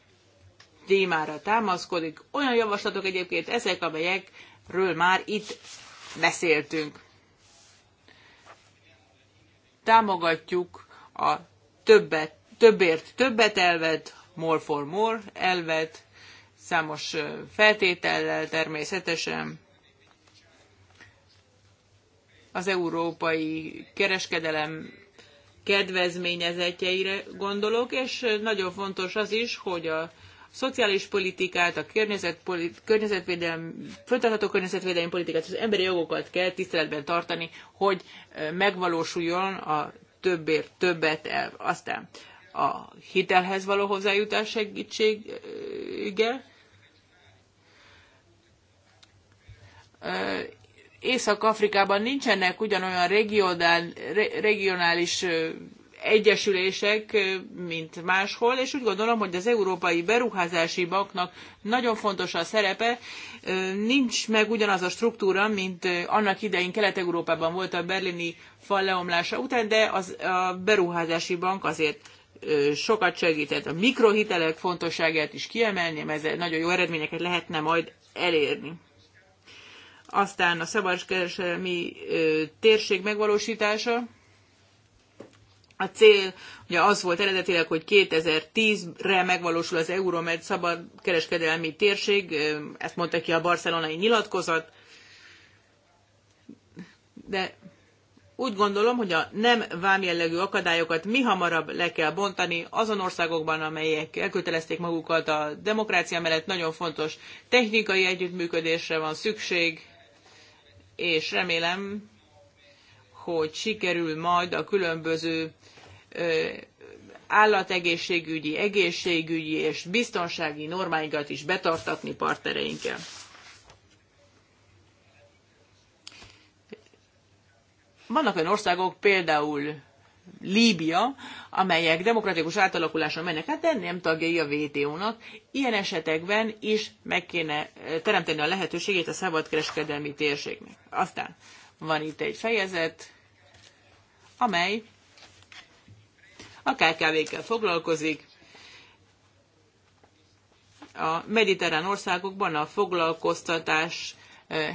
C: témára támaszkodik. Olyan javaslatok egyébként ezek, amelyekről már itt beszéltünk. Támogatjuk a többet, többért többet elvet, more for more elvet, számos feltétellel természetesen az európai kereskedelem kedvezményezetjeire gondolok, és nagyon fontos az is, hogy a szociális politikát, a környezetpolit, környezetvédelmi, föntartható környezetvédelmi politikát, az emberi jogokat kell tiszteletben tartani, hogy megvalósuljon a többért többet elv. Aztán a hitelhez való hozzájutás segítsége, Észak-Afrikában nincsenek ugyanolyan regionális egyesülések, mint máshol, és úgy gondolom, hogy az Európai Beruházási Banknak nagyon fontos a szerepe, nincs meg ugyanaz a struktúra, mint annak idején Kelet-Európában volt a berlini fal leomlása után, de az, a Beruházási Bank azért sokat segített. A mikrohitelek fontosságát is kiemelném, ezzel nagyon jó eredményeket lehetne majd elérni. Aztán a szabadkereskedelmi térség megvalósítása. A cél ugye az volt eredetileg, hogy 2010-re megvalósul az Euromed szabadkereskedelmi térség, ezt mondta ki a barcelonai nyilatkozat, de úgy gondolom, hogy a nem vámjellegű akadályokat mi hamarabb le kell bontani azon országokban, amelyek elkötelezték magukat a demokrácia mellett. Nagyon fontos technikai együttműködésre van szükség, és remélem, hogy sikerül majd a különböző állategészségügyi, egészségügyi és biztonsági normáikat is betartatni partnereinkkel. Vannak olyan országok, például Líbia, amelyek demokratikus átalakuláson mennek hát de nem tagjai a WTO-nak. Ilyen esetekben is meg kéne eh, teremteni a lehetőségét a szabadkereskedelmi térségnek. Aztán van itt egy fejezet, amely a KKV-kkel foglalkozik. A mediterrán országokban a foglalkoztatás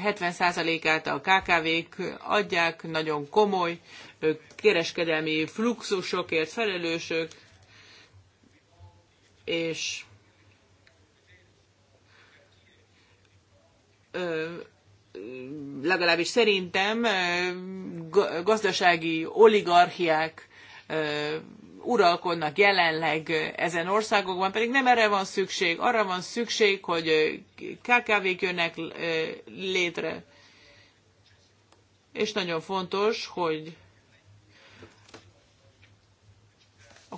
C: 70%-át eh, a KKV-k adják, nagyon komoly ők kereskedelmi fluxusokért felelősök, és legalábbis szerintem gazdasági oligarchiák uralkodnak jelenleg ezen országokban, pedig nem erre van szükség, arra van szükség, hogy KKV-k jönnek létre. És nagyon fontos, hogy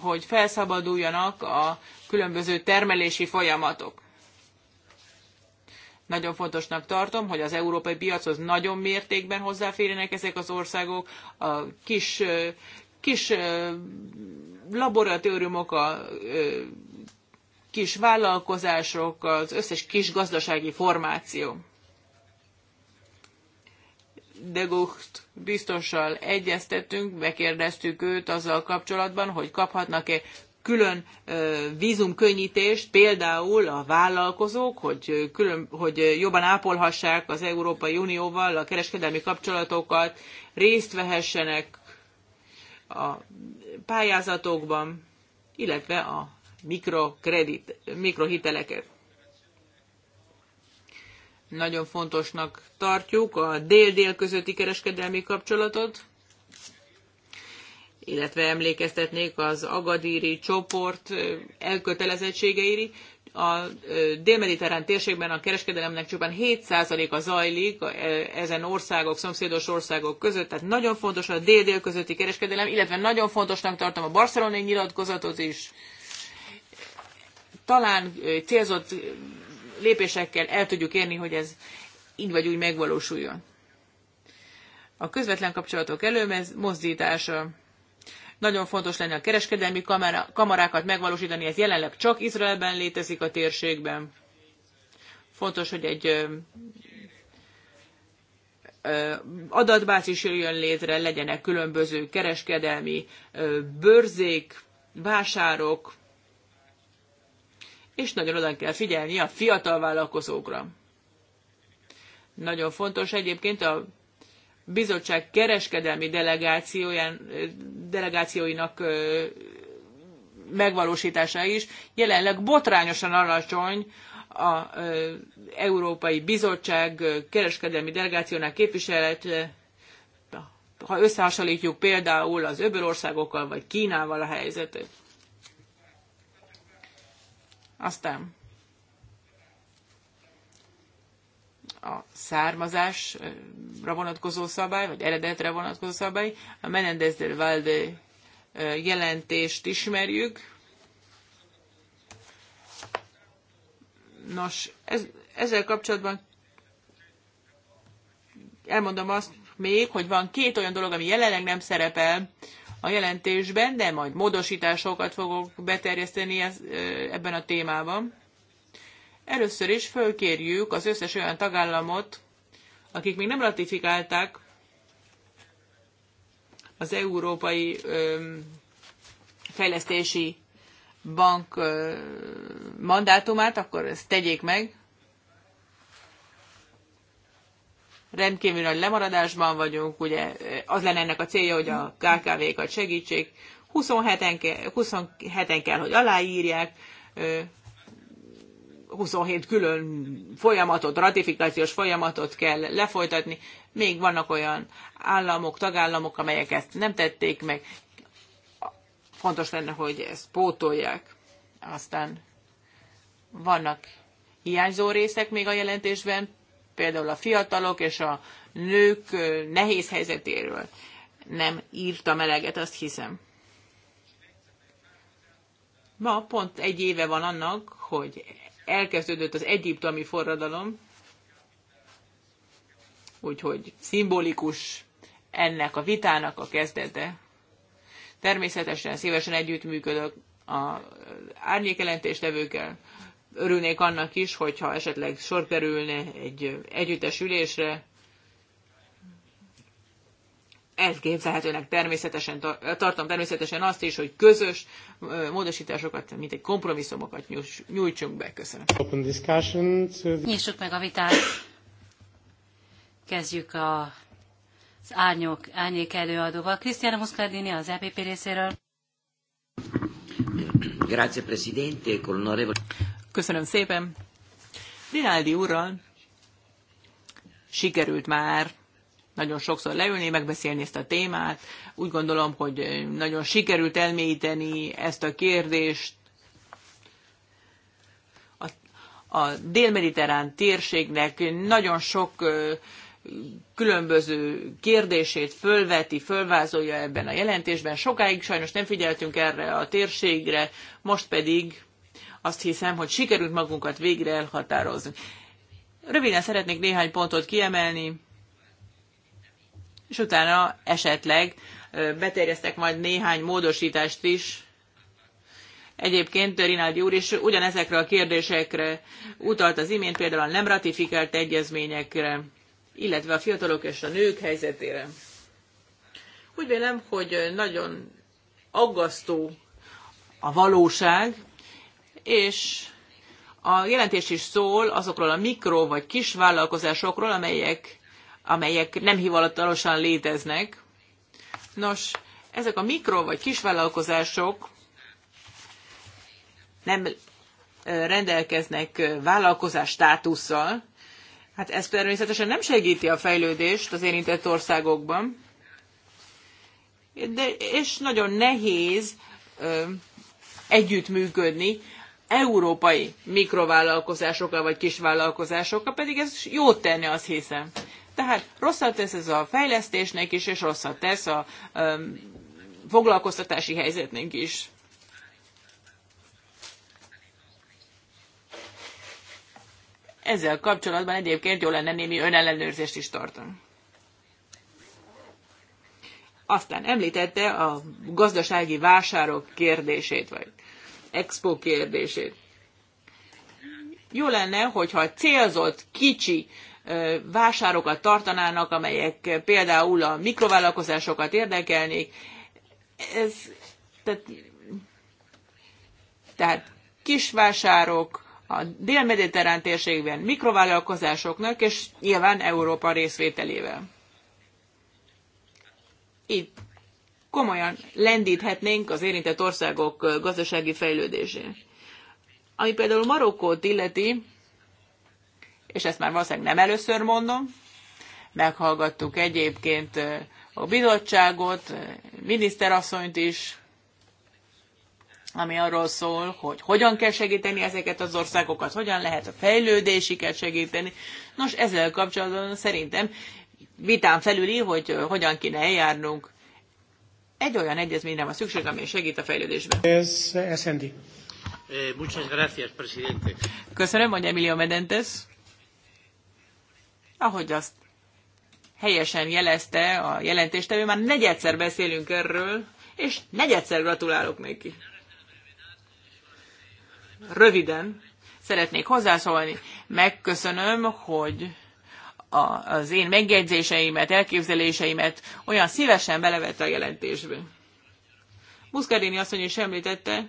C: hogy felszabaduljanak a különböző termelési folyamatok. Nagyon fontosnak tartom, hogy az európai piachoz nagyon mértékben hozzáférjenek ezek az országok, a kis, kis laboratóriumok, a kis vállalkozások, az összes kis gazdasági formáció de Gucht biztossal egyeztettünk, megkérdeztük őt azzal kapcsolatban, hogy kaphatnak-e külön vízumkönnyítést, például a vállalkozók, hogy, külön, hogy jobban ápolhassák az Európai Unióval a kereskedelmi kapcsolatokat, részt vehessenek a pályázatokban, illetve a mikrokredit, mikrohiteleket nagyon fontosnak tartjuk a dél-dél közötti kereskedelmi kapcsolatot, illetve emlékeztetnék az Agadíri csoport elkötelezettségeiri. A dél-mediterrán térségben a kereskedelemnek csupán 7%-a zajlik ezen országok, szomszédos országok között, tehát nagyon fontos a dél-dél közötti kereskedelem, illetve nagyon fontosnak tartom a barcelonai nyilatkozatot is. Talán célzott lépésekkel el tudjuk érni, hogy ez így vagy úgy megvalósuljon. A közvetlen kapcsolatok előmez mozdítása. Nagyon fontos lenne a kereskedelmi kamara, kamarákat megvalósítani, ez jelenleg csak Izraelben létezik a térségben. Fontos, hogy egy adatbázis jön létre, legyenek különböző kereskedelmi bőrzék, vásárok, és nagyon oda kell figyelni a fiatal vállalkozókra. Nagyon fontos egyébként a bizottság kereskedelmi delegációján, delegációinak megvalósítása is. Jelenleg botrányosan alacsony a Európai Bizottság kereskedelmi delegációnak képviselet, ha összehasonlítjuk például az öbölországokkal vagy Kínával a helyzetet. Aztán a származásra vonatkozó szabály, vagy eredetre vonatkozó szabály, a Menendez del Valde jelentést ismerjük. Nos, ez, ezzel kapcsolatban elmondom azt még, hogy van két olyan dolog, ami jelenleg nem szerepel a jelentésben, de majd módosításokat fogok beterjeszteni ebben a témában. Először is fölkérjük az összes olyan tagállamot, akik még nem ratifikálták az Európai Fejlesztési Bank mandátumát, akkor ezt tegyék meg. rendkívül nagy lemaradásban vagyunk, ugye az lenne ennek a célja, hogy a KKV-kat segítsék, 27-en, ke, 27 kell, hogy aláírják, 27 külön folyamatot, ratifikációs folyamatot kell lefolytatni. Még vannak olyan államok, tagállamok, amelyek ezt nem tették meg. Fontos lenne, hogy ezt pótolják. Aztán vannak hiányzó részek még a jelentésben, például a fiatalok és a nők nehéz helyzetéről nem írta meleget, azt hiszem. Ma pont egy éve van annak, hogy elkezdődött az egyiptomi forradalom, úgyhogy szimbolikus ennek a vitának a kezdete. Természetesen szívesen együttműködök az árnyékelentéstevőkkel, örülnék annak is, hogyha esetleg sor kerülne egy együttes ülésre. Elképzelhetőnek természetesen tartom természetesen azt is, hogy közös módosításokat, mint egy kompromisszumokat nyújtsunk be. Köszönöm. Nyissuk meg a vitát.
B: Kezdjük a, az árnyok, árnyék előadóval. Krisztián Muscardini az EPP részéről.
C: Grazie Presidente, con Köszönöm szépen. Rinaldi úrral sikerült már nagyon sokszor leülni, megbeszélni ezt a témát. Úgy gondolom, hogy nagyon sikerült elmélyíteni ezt a kérdést. A, a dél-mediterrán térségnek nagyon sok különböző kérdését fölveti, fölvázolja ebben a jelentésben. Sokáig sajnos nem figyeltünk erre a térségre, most pedig azt hiszem, hogy sikerült magunkat végre elhatározni. Röviden szeretnék néhány pontot kiemelni, és utána esetleg beterjesztek majd néhány módosítást is. Egyébként Rinaldi úr is ugyanezekre a kérdésekre utalt az imént, például a nem ratifikált egyezményekre, illetve a fiatalok és a nők helyzetére. Úgy vélem, hogy nagyon aggasztó a valóság, és a jelentés is szól azokról a mikro vagy kis vállalkozásokról, amelyek, amelyek nem hivatalosan léteznek. Nos, ezek a mikro vagy kis vállalkozások nem rendelkeznek vállalkozás státusszal, hát ez természetesen nem segíti a fejlődést az érintett országokban, de, és nagyon nehéz ö, együttműködni európai mikrovállalkozásokkal vagy kisvállalkozásokkal, pedig ez jót tenne, azt hiszem. Tehát rosszat tesz ez a fejlesztésnek is, és rosszat tesz a um, foglalkoztatási helyzetnek is. Ezzel kapcsolatban egyébként jó lenne némi önellenőrzést is tartani. Aztán említette a gazdasági vásárok kérdését, vagy Expo kérdését. Jó lenne, hogyha célzott, kicsi vásárokat tartanának, amelyek például a mikrovállalkozásokat érdekelnék. Ez, tehát, tehát vásárok a dél-mediterrán térségben mikrovállalkozásoknak, és nyilván Európa részvételével. Itt komolyan lendíthetnénk az érintett országok gazdasági fejlődését. Ami például Marokkót illeti, és ezt már valószínűleg nem először mondom, meghallgattuk egyébként a bizottságot, miniszterasszonyt is, ami arról szól, hogy hogyan kell segíteni ezeket az országokat, hogyan lehet a fejlődésiket segíteni. Nos, ezzel kapcsolatban szerintem vitán felüli, hogy hogyan kéne eljárnunk egy olyan egyezményre van szükség, ami segít a fejlődésben. Ez SND. Eh,
A: muchas gracias, presidente.
C: Köszönöm, hogy Emilio Medentes. Ahogy azt helyesen jelezte a jelentéstevő, már negyedszer beszélünk erről, és negyedszer gratulálok neki. Röviden szeretnék hozzászólni. Megköszönöm, hogy a, az én megjegyzéseimet, elképzeléseimet olyan szívesen belevette a jelentésbe. Muscadini asszony is említette,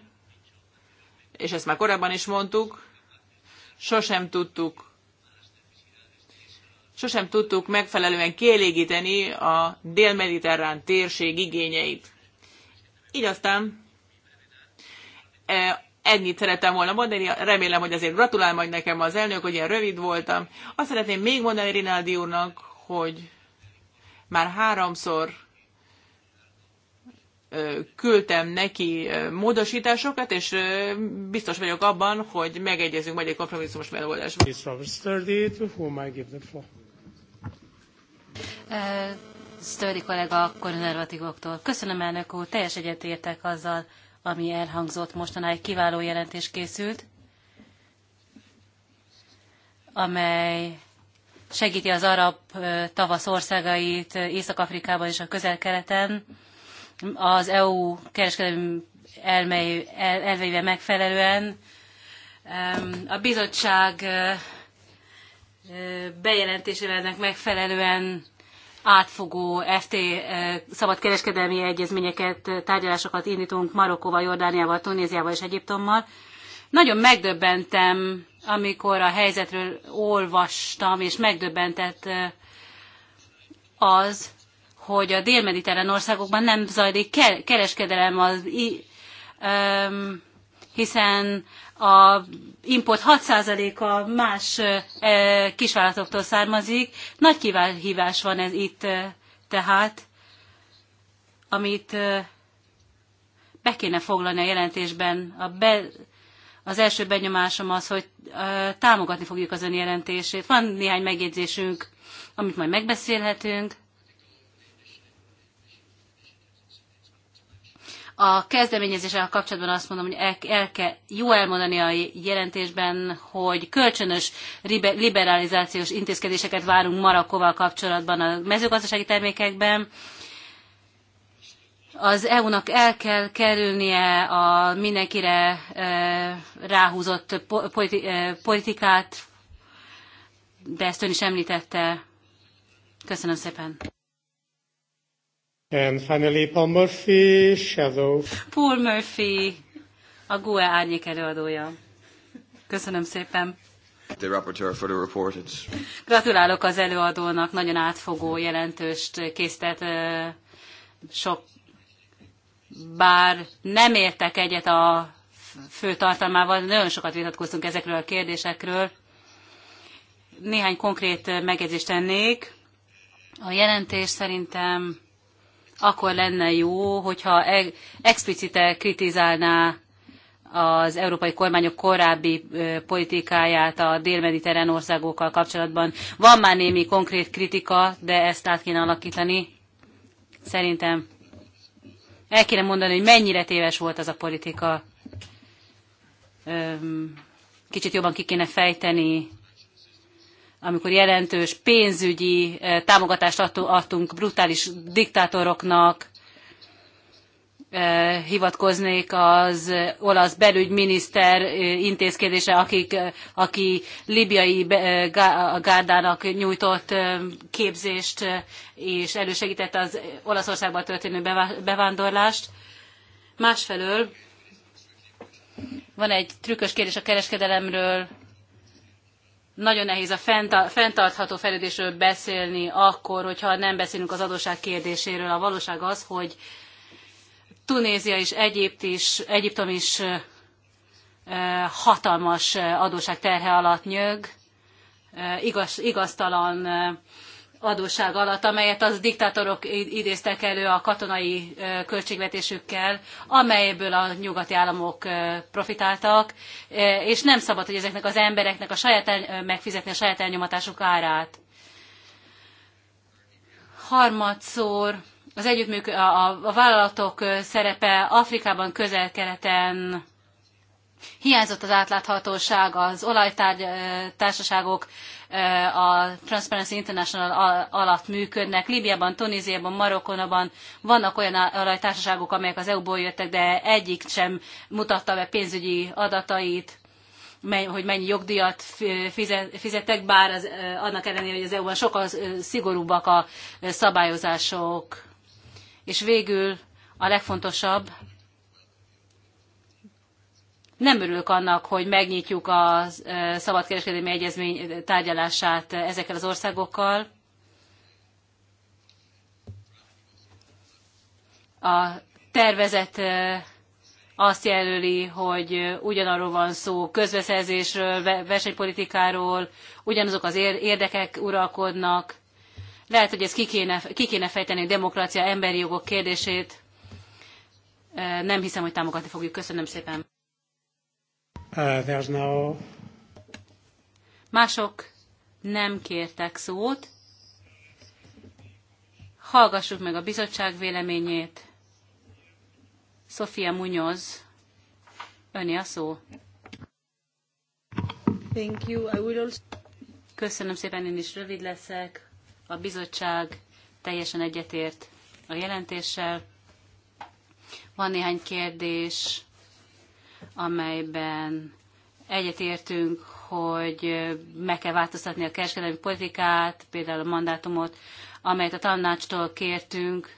C: és ezt már korábban is mondtuk, sosem tudtuk sosem tudtuk megfelelően kielégíteni a dél-mediterrán térség igényeit. Így aztán e, ennyit szerettem volna mondani, remélem, hogy azért gratulál majd nekem az elnök, hogy ilyen rövid voltam. Azt szeretném még mondani Rinaldi úrnak, hogy már háromszor küldtem neki módosításokat, és biztos vagyok abban, hogy megegyezünk majd egy kompromisszumos megoldásban.
B: Sturdy kollega konzervatívoktól. Köszönöm elnök úr, teljes egyetértek azzal, ami elhangzott mostanáig kiváló jelentés készült, amely segíti az arab tavasz országait Észak-Afrikában és a közel-keleten az EU kereskedelmi elveivel megfelelően. A bizottság bejelentésének megfelelően átfogó FT eh, szabadkereskedelmi egyezményeket, eh, tárgyalásokat indítunk Marokkóval, Jordániával, Tunéziával és Egyiptommal. Nagyon megdöbbentem, amikor a helyzetről olvastam, és megdöbbentett eh, az, hogy a délmediterrán országokban nem zajlik kereskedelem az, ehm, hiszen a import 6%-a más kisvállalatoktól származik. Nagy kihívás van ez itt tehát, amit be kéne foglalni a jelentésben. A be, az első benyomásom az, hogy támogatni fogjuk az ön jelentését. Van néhány megjegyzésünk, amit majd megbeszélhetünk. A kezdeményezéssel kapcsolatban azt mondom, hogy el, el kell, jó elmondani a jelentésben, hogy kölcsönös liberalizációs intézkedéseket várunk Marakóval kapcsolatban a mezőgazdasági termékekben. Az EU-nak el kell kerülnie a mindenkire ráhúzott politikát, de ezt ön is említette. Köszönöm szépen. And finally,
A: Paul Murphy, Shadow.
B: Paul Murphy, a GUE árnyék előadója. Köszönöm szépen. The rapporteur for the report. It's... Gratulálok az előadónak, nagyon átfogó jelentőst készített sok, bár nem értek egyet a fő tartalmával, nagyon sokat vitatkoztunk ezekről a kérdésekről. Néhány konkrét megjegyzést tennék. A jelentés szerintem akkor lenne jó, hogyha explicite kritizálná az európai kormányok korábbi politikáját a dél-mediterrán országokkal kapcsolatban. Van már némi konkrét kritika, de ezt át kéne alakítani. Szerintem el kéne mondani, hogy mennyire téves volt az a politika. Kicsit jobban ki kéne fejteni amikor jelentős pénzügyi eh, támogatást adtunk brutális diktátoroknak, eh, hivatkoznék az eh, olasz belügyminiszter intézkedése, akik, aki libiai gárdának nyújtott képzést és elősegítette az Olaszországba történő bevándorlást. Másfelől van egy trükkös kérdés a kereskedelemről, nagyon nehéz a fenntartható fejlődésről beszélni akkor, hogyha nem beszélünk az adóság kérdéséről. A valóság az, hogy Tunézia és Egyipt is, Egyiptom is hatalmas adóság terhe alatt nyög, igaz, igaztalan adósság alatt, amelyet az diktátorok idéztek elő a katonai költségvetésükkel, amelyből a nyugati államok profitáltak, és nem szabad, hogy ezeknek az embereknek a saját el, megfizetni a saját elnyomatásuk árát. Harmadszor az együttműk, a, a vállalatok szerepe Afrikában, közel-keleten, hiányzott az átláthatóság, az olajtársaságok a Transparency International alatt működnek. Líbiában, Tunéziában, Marokkonban vannak olyan olajtársaságok, amelyek az EU-ból jöttek, de egyik sem mutatta be pénzügyi adatait hogy mennyi jogdíjat fizettek, bár az, annak ellenére, hogy az EU-ban sokkal szigorúbbak a szabályozások. És végül a legfontosabb, nem örülök annak, hogy megnyitjuk a e, szabadkereskedelmi egyezmény tárgyalását ezekkel az országokkal. A tervezet e, azt jelöli, hogy ugyanarról van szó közbeszerzésről, versenypolitikáról, ugyanazok az érdekek uralkodnak. Lehet, hogy ezt ki kéne, ki kéne fejteni a demokrácia, emberi jogok kérdését. E, nem hiszem, hogy támogatni fogjuk. Köszönöm szépen.
A: Uh, there's no...
B: Mások nem kértek szót. Hallgassuk meg a bizottság véleményét. Sofia Munoz, öné a szó. Thank you. I will also... Köszönöm szépen, én is rövid leszek. A bizottság teljesen egyetért a jelentéssel. Van néhány kérdés, amelyben egyetértünk, hogy meg kell változtatni a kereskedelmi politikát, például a mandátumot, amelyet a tanácstól kértünk.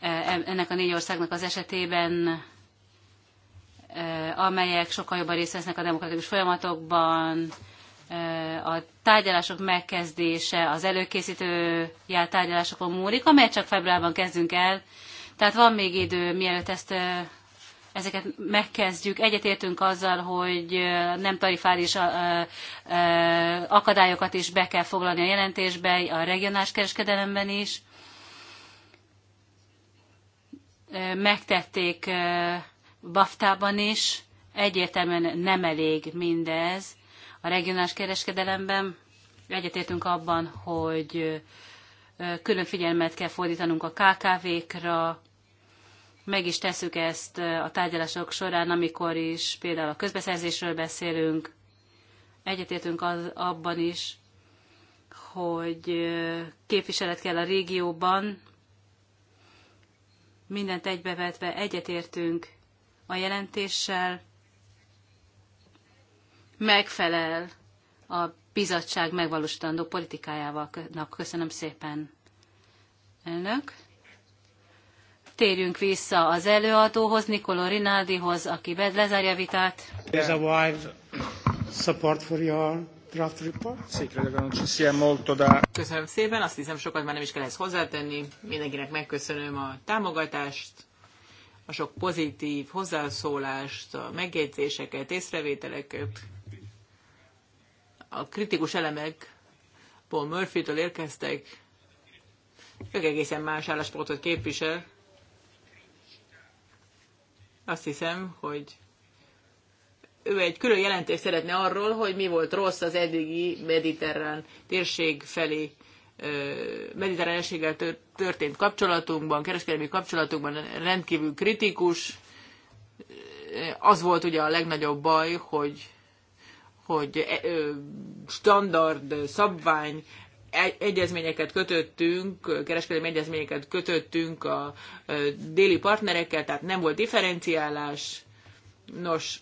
B: E, e, ennek a négy országnak az esetében e, amelyek sokkal jobban részt vesznek a demokratikus folyamatokban, a tárgyalások megkezdése, az előkészítő tárgyalásokon múlik, amelyet csak februárban kezdünk el. Tehát van még idő, mielőtt ezt ezeket megkezdjük. Egyetértünk azzal, hogy nem tarifális akadályokat is be kell foglalni a jelentésbe, a regionális kereskedelemben is. Megtették Baftában is, egyértelműen nem elég mindez a regionális kereskedelemben. Egyetértünk abban, hogy külön figyelmet kell fordítanunk a KKV-kra, meg is tesszük ezt a tárgyalások során, amikor is például a közbeszerzésről beszélünk. Egyetértünk az, abban is, hogy képviselet kell a régióban, mindent egybevetve egyetértünk a jelentéssel, megfelel a bizottság megvalósítandó politikájával. Köszönöm szépen, elnök térjünk vissza az előadóhoz, Nikoló Rinaldihoz, aki lezárja a vitát.
A: There's a wide support for your draft report. Sì, credo
C: che non ci sia molto da... Köszönöm szépen, azt hiszem sokat már nem is kell ezt hozzátenni. Mindenkinek megköszönöm a támogatást, a sok pozitív hozzászólást, a megjegyzéseket, észrevételeket. A kritikus elemek Paul Murphy-től érkeztek, ők egészen más álláspontot képvisel. Azt hiszem, hogy ő egy külön jelentést szeretne arról, hogy mi volt rossz az eddigi mediterrán térség felé mediterránséggel történt kapcsolatunkban, kereskedelmi kapcsolatunkban rendkívül kritikus. Az volt ugye a legnagyobb baj, hogy hogy standard szabvány egyezményeket kötöttünk, kereskedelmi egyezményeket kötöttünk a déli partnerekkel, tehát nem volt differenciálás. Nos,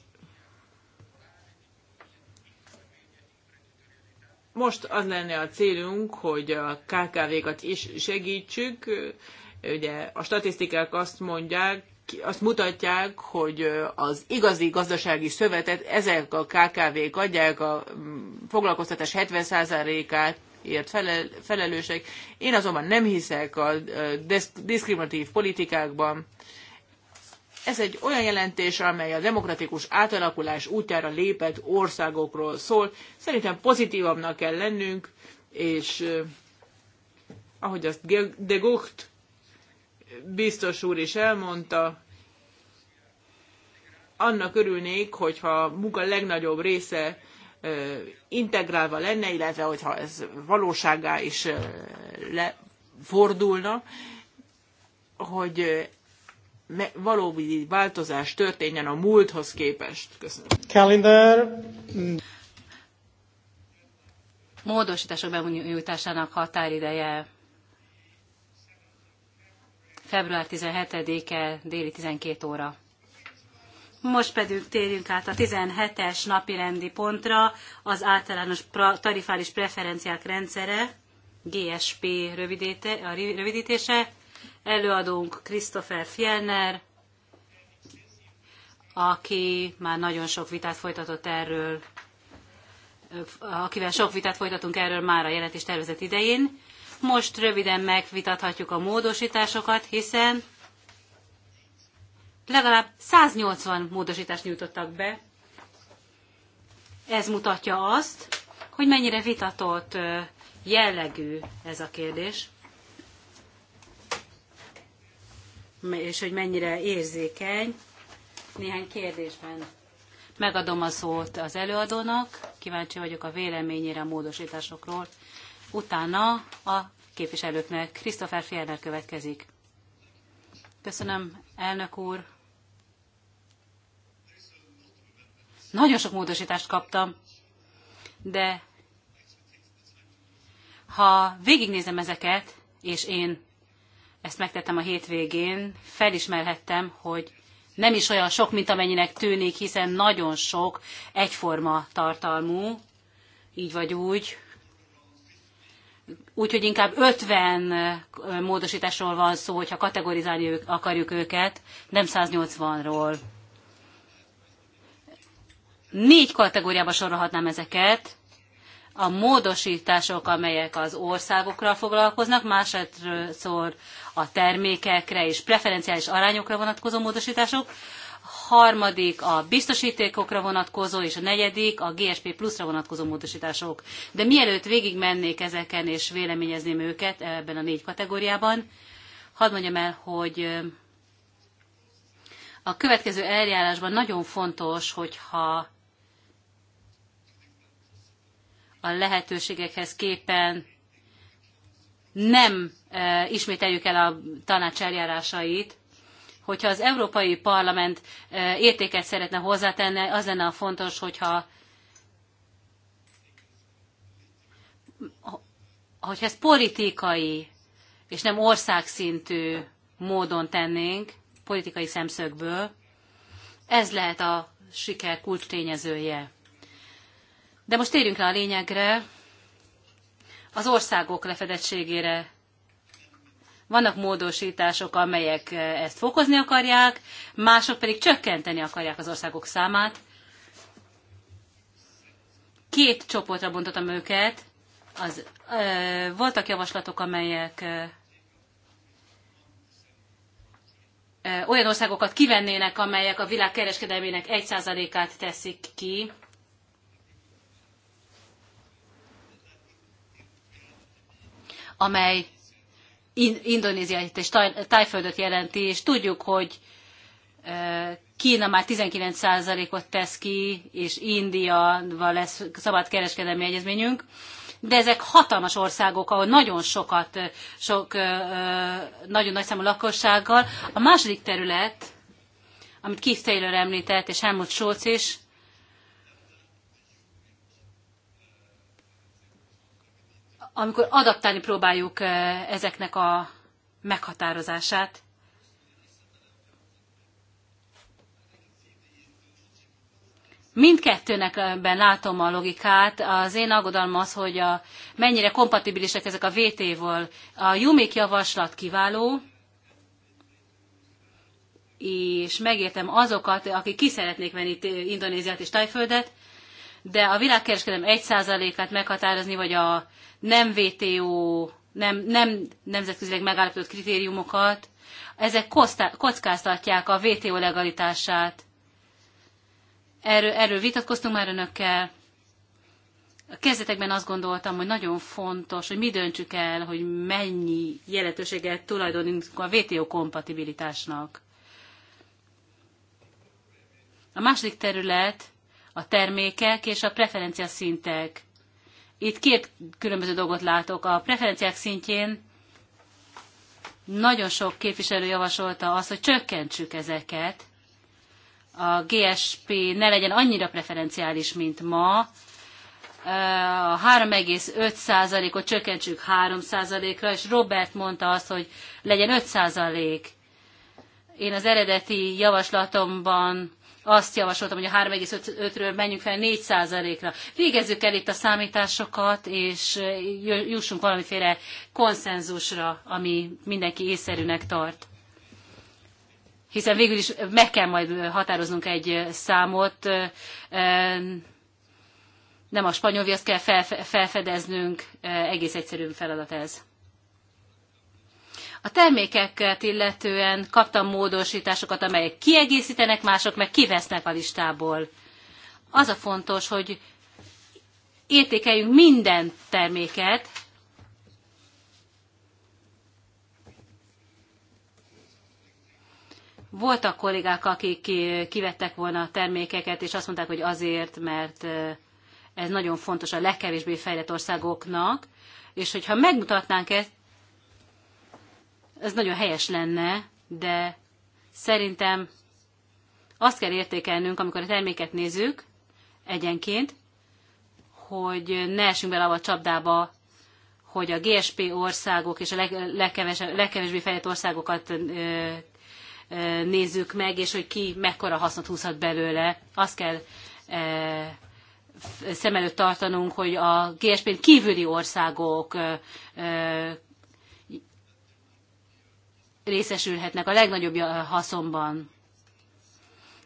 C: most az lenne a célunk, hogy a KKV-kat is segítsük. Ugye a statisztikák azt mondják, azt mutatják, hogy az igazi gazdasági szövetet ezek a KKV-k adják a foglalkoztatás 70%-át ért felelősek. Én azonban nem hiszek a diszkriminatív politikákban. Ez egy olyan jelentés, amely a demokratikus átalakulás útjára lépett országokról szól. Szerintem pozitívabbnak kell lennünk, és ahogy azt de Gucht biztos úr is elmondta, annak örülnék, hogyha a munka legnagyobb része integrálva lenne, illetve hogyha ez valóságá is lefordulna, hogy valódi változás történjen a múlthoz képest. Köszönöm.
B: Calendar. Módosítások benyújtásának határideje február 17-e déli 12 óra. Most pedig térjünk át a 17-es rendi pontra, az általános tarifális preferenciák rendszere, GSP rövidíte, a rövidítése. Előadunk Christopher Fjellner, aki már nagyon sok vitát folytatott erről, akivel sok vitát folytatunk erről már a jelentés tervezet idején. Most röviden megvitathatjuk a módosításokat, hiszen legalább 180 módosítást nyújtottak be. Ez mutatja azt, hogy mennyire vitatott jellegű ez a kérdés, és hogy mennyire érzékeny néhány kérdésben. Megadom a szót az előadónak, kíváncsi vagyok a véleményére a módosításokról. Utána a képviselőknek Christopher Fierner következik. Köszönöm, elnök úr! Nagyon sok módosítást kaptam, de ha végignézem ezeket, és én ezt megtettem a hétvégén, felismerhettem, hogy nem is olyan sok, mint amennyinek tűnik, hiszen nagyon sok egyforma tartalmú, így vagy úgy. Úgyhogy inkább 50 módosításról van szó, hogyha kategorizálni akarjuk őket, nem 180-ról. Négy kategóriába sorolhatnám ezeket. A módosítások, amelyek az országokra foglalkoznak, másodszor a termékekre és preferenciális arányokra vonatkozó módosítások, harmadik a biztosítékokra vonatkozó, és a negyedik a GSP pluszra vonatkozó módosítások. De mielőtt végigmennék ezeken, és véleményezném őket ebben a négy kategóriában, hadd mondjam el, hogy a következő eljárásban nagyon fontos, hogyha a lehetőségekhez képen nem e, ismételjük el a tanács eljárásait, hogyha az Európai Parlament e, értéket szeretne hozzátenni, az lenne a fontos, hogyha hogyha ezt politikai és nem országszintű módon tennénk, politikai szemszögből, ez lehet a siker kulcs tényezője. De most térjünk rá a lényegre, az országok lefedettségére. Vannak módosítások, amelyek eh, ezt fokozni akarják, mások pedig csökkenteni akarják az országok számát. Két csoportra bontottam őket. Az, ö, eh, voltak javaslatok, amelyek ö, eh, olyan országokat kivennének, amelyek a világ kereskedelmének 1%-át teszik ki, amely Indonéziát és Tájföldöt jelenti, és tudjuk, hogy Kína már 19%-ot tesz ki, és Indiával lesz szabad kereskedelmi egyezményünk, de ezek hatalmas országok, ahol nagyon sokat, sok, nagyon nagy számú lakossággal. A második terület, amit Keith Taylor említett, és Helmut Schulz is, amikor adaptálni próbáljuk eh, ezeknek a meghatározását. ben látom a logikát. Az én aggodalom az, hogy a, mennyire kompatibilisek ezek a VT-val. A Jumik javaslat kiváló, és megértem azokat, akik ki szeretnék venni Indonéziát és Tajföldet, de a világkereskedelem 1%-át meghatározni, vagy a nem VTO, nem, nem nemzetközileg megállapított kritériumokat, ezek kockáztatják a VTO legalitását. Erről, erről vitatkoztunk már önökkel. A kezdetekben azt gondoltam, hogy nagyon fontos, hogy mi döntsük el, hogy mennyi jelentőséget tulajdonítunk a VTO kompatibilitásnak. A második terület a termékek és a preferencia szintek. Itt két különböző dolgot látok. A preferenciák szintjén nagyon sok képviselő javasolta azt, hogy csökkentsük ezeket. A GSP ne legyen annyira preferenciális, mint ma. A 3,5%-ot csökkentsük 3%-ra, és Robert mondta azt, hogy legyen 5%. Én az eredeti javaslatomban azt javasoltam, hogy a 3,5-ről menjünk fel 4%-ra. Végezzük el itt a számításokat, és jussunk valamiféle konszenzusra, ami mindenki észszerűnek tart hiszen végül is meg kell majd határoznunk egy számot, nem a spanyol viaszt kell felfedeznünk, egész egyszerű feladat ez. A termékeket illetően kaptam módosításokat, amelyek kiegészítenek, mások meg kivesznek a listából. Az a fontos, hogy értékeljünk minden terméket, voltak kollégák, akik kivettek volna a termékeket, és azt mondták, hogy azért, mert ez nagyon fontos a legkevésbé fejlett országoknak, és hogyha megmutatnánk ezt, ez nagyon helyes lenne, de szerintem azt kell értékelnünk, amikor a terméket nézzük egyenként, hogy ne esünk bele a csapdába, hogy a GSP országok és a legkeves, legkevésbé fejlett országokat nézzük meg, és hogy ki mekkora hasznot húzhat belőle. Azt kell szem előtt tartanunk, hogy a GSP-n kívüli országok részesülhetnek a legnagyobb haszonban.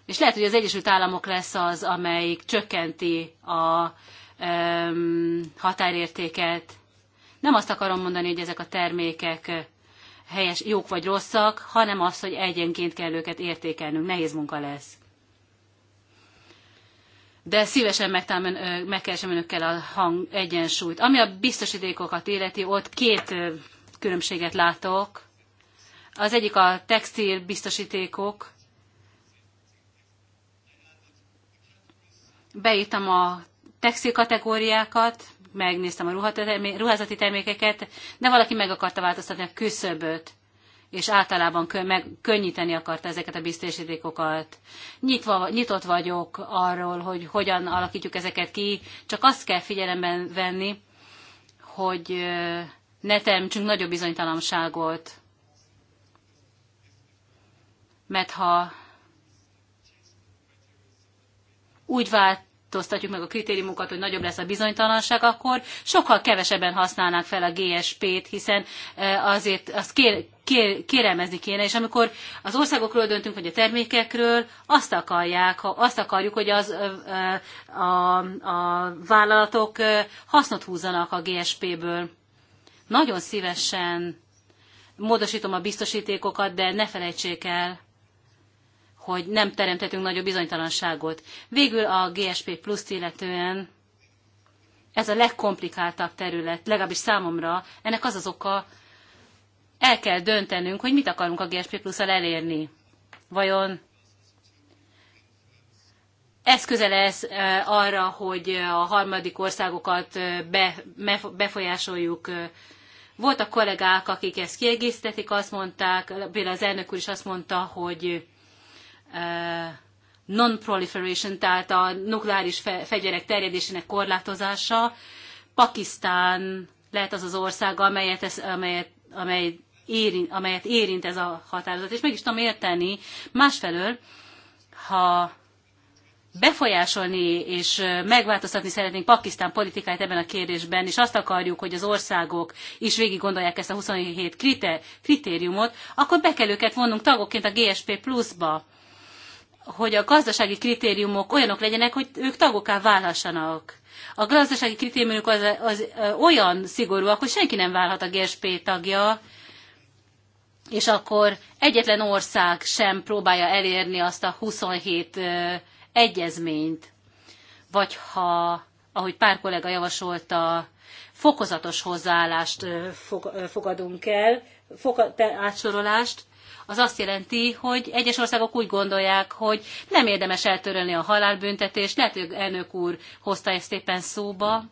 B: És lehet, hogy az Egyesült Államok lesz az, amelyik csökkenti a um, határértéket. Nem azt akarom mondani, hogy ezek a termékek helyes, jók vagy rosszak, hanem azt, hogy egyenként kell őket értékelnünk. Nehéz munka lesz. De szívesen megtám, megkeresem önökkel a hang egyensúlyt. Ami a biztosítékokat illeti, ott két különbséget látok. Az egyik a textil biztosítékok. Beírtam a textil kategóriákat, megnéztem a ruházati termékeket, de valaki meg akarta változtatni a küszöböt és általában kö, meg, könnyíteni akarta ezeket a biztosítékokat. Nyitva, nyitott vagyok arról, hogy hogyan alakítjuk ezeket ki, csak azt kell figyelemben venni, hogy ne teremtsünk nagyobb bizonytalanságot mert ha úgy változtatjuk meg a kritériumokat, hogy nagyobb lesz a bizonytalanság, akkor sokkal kevesebben használnák fel a GSP-t, hiszen e, azért azt kér, kér, kérelmezni kéne, és amikor az országokról döntünk, hogy a termékekről, azt akarják, azt akarjuk, hogy az, a, a vállalatok hasznot húzzanak a GSP-ből. Nagyon szívesen módosítom a biztosítékokat, de ne felejtsék el, hogy nem teremtetünk nagyobb bizonytalanságot. Végül a GSP pluszt illetően ez a legkomplikáltabb terület, legalábbis számomra, ennek az az oka, el kell döntenünk, hogy mit akarunk a GSP plusz elérni. Vajon közel ez arra, hogy a harmadik országokat e, befolyásoljuk. E, voltak kollégák, akik ezt kiegészítették, azt mondták, például az elnök úr is azt mondta, hogy Uh, non-proliferation, tehát a nukleáris fegyverek terjedésének korlátozása. Pakisztán lehet az az ország, amelyet, ez, amelyet, amely érint, amelyet érint ez a határozat. És meg is tudom érteni, másfelől, ha befolyásolni és megváltoztatni szeretnénk Pakisztán politikáját ebben a kérdésben, és azt akarjuk, hogy az országok is végig gondolják ezt a 27 kritériumot, akkor be kell őket vonnunk tagokként a GSP pluszba hogy a gazdasági kritériumok olyanok legyenek, hogy ők tagoká válhassanak. A gazdasági kritériumok az, az olyan szigorúak, hogy senki nem válhat a GSP tagja, és akkor egyetlen ország sem próbálja elérni azt a 27 egyezményt. Vagy ha, ahogy pár kollega javasolta, fokozatos hozzáállást fogadunk el, átsorolást, az azt jelenti, hogy egyes országok úgy gondolják, hogy nem érdemes eltörölni a halálbüntetést, lehet, hogy elnök úr hozta ezt éppen szóba.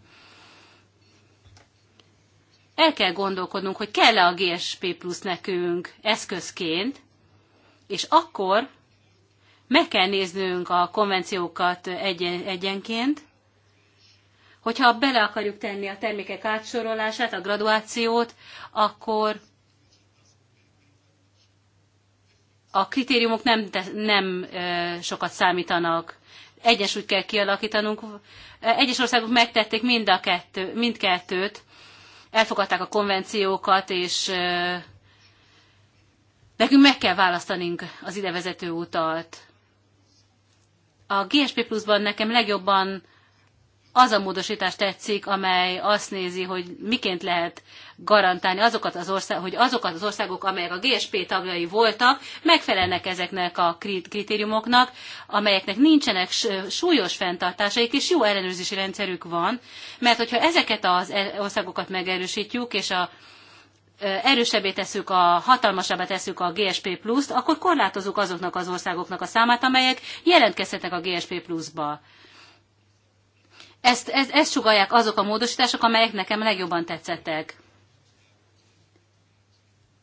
B: El kell gondolkodnunk, hogy kell-e a GSP plusz nekünk eszközként, és akkor meg kell néznünk a konvenciókat egy- egyenként, hogyha bele akarjuk tenni a termékek átsorolását, a graduációt, akkor a kritériumok nem, nem sokat számítanak. Egyesült kell kialakítanunk. Egyes országok megtették mind a kettő, mindkettőt, elfogadták a konvenciókat, és nekünk meg kell választanunk az idevezető utat. A GSP pluszban ban nekem legjobban az a módosítás tetszik, amely azt nézi, hogy miként lehet garantálni azokat az országok, hogy azokat az országok, amelyek a GSP tagjai voltak, megfelelnek ezeknek a kritériumoknak, amelyeknek nincsenek súlyos fenntartásaik, és jó ellenőrzési rendszerük van, mert hogyha ezeket az e-, országokat megerősítjük, és a e, erősebbé tesszük, a hatalmasabbá tesszük a GSP pluszt, akkor korlátozunk azoknak az országoknak a számát, amelyek jelentkezhetnek a GSP pluszba. Ezt, ezt, ezt sugalják azok a módosítások, amelyek nekem legjobban tetszettek.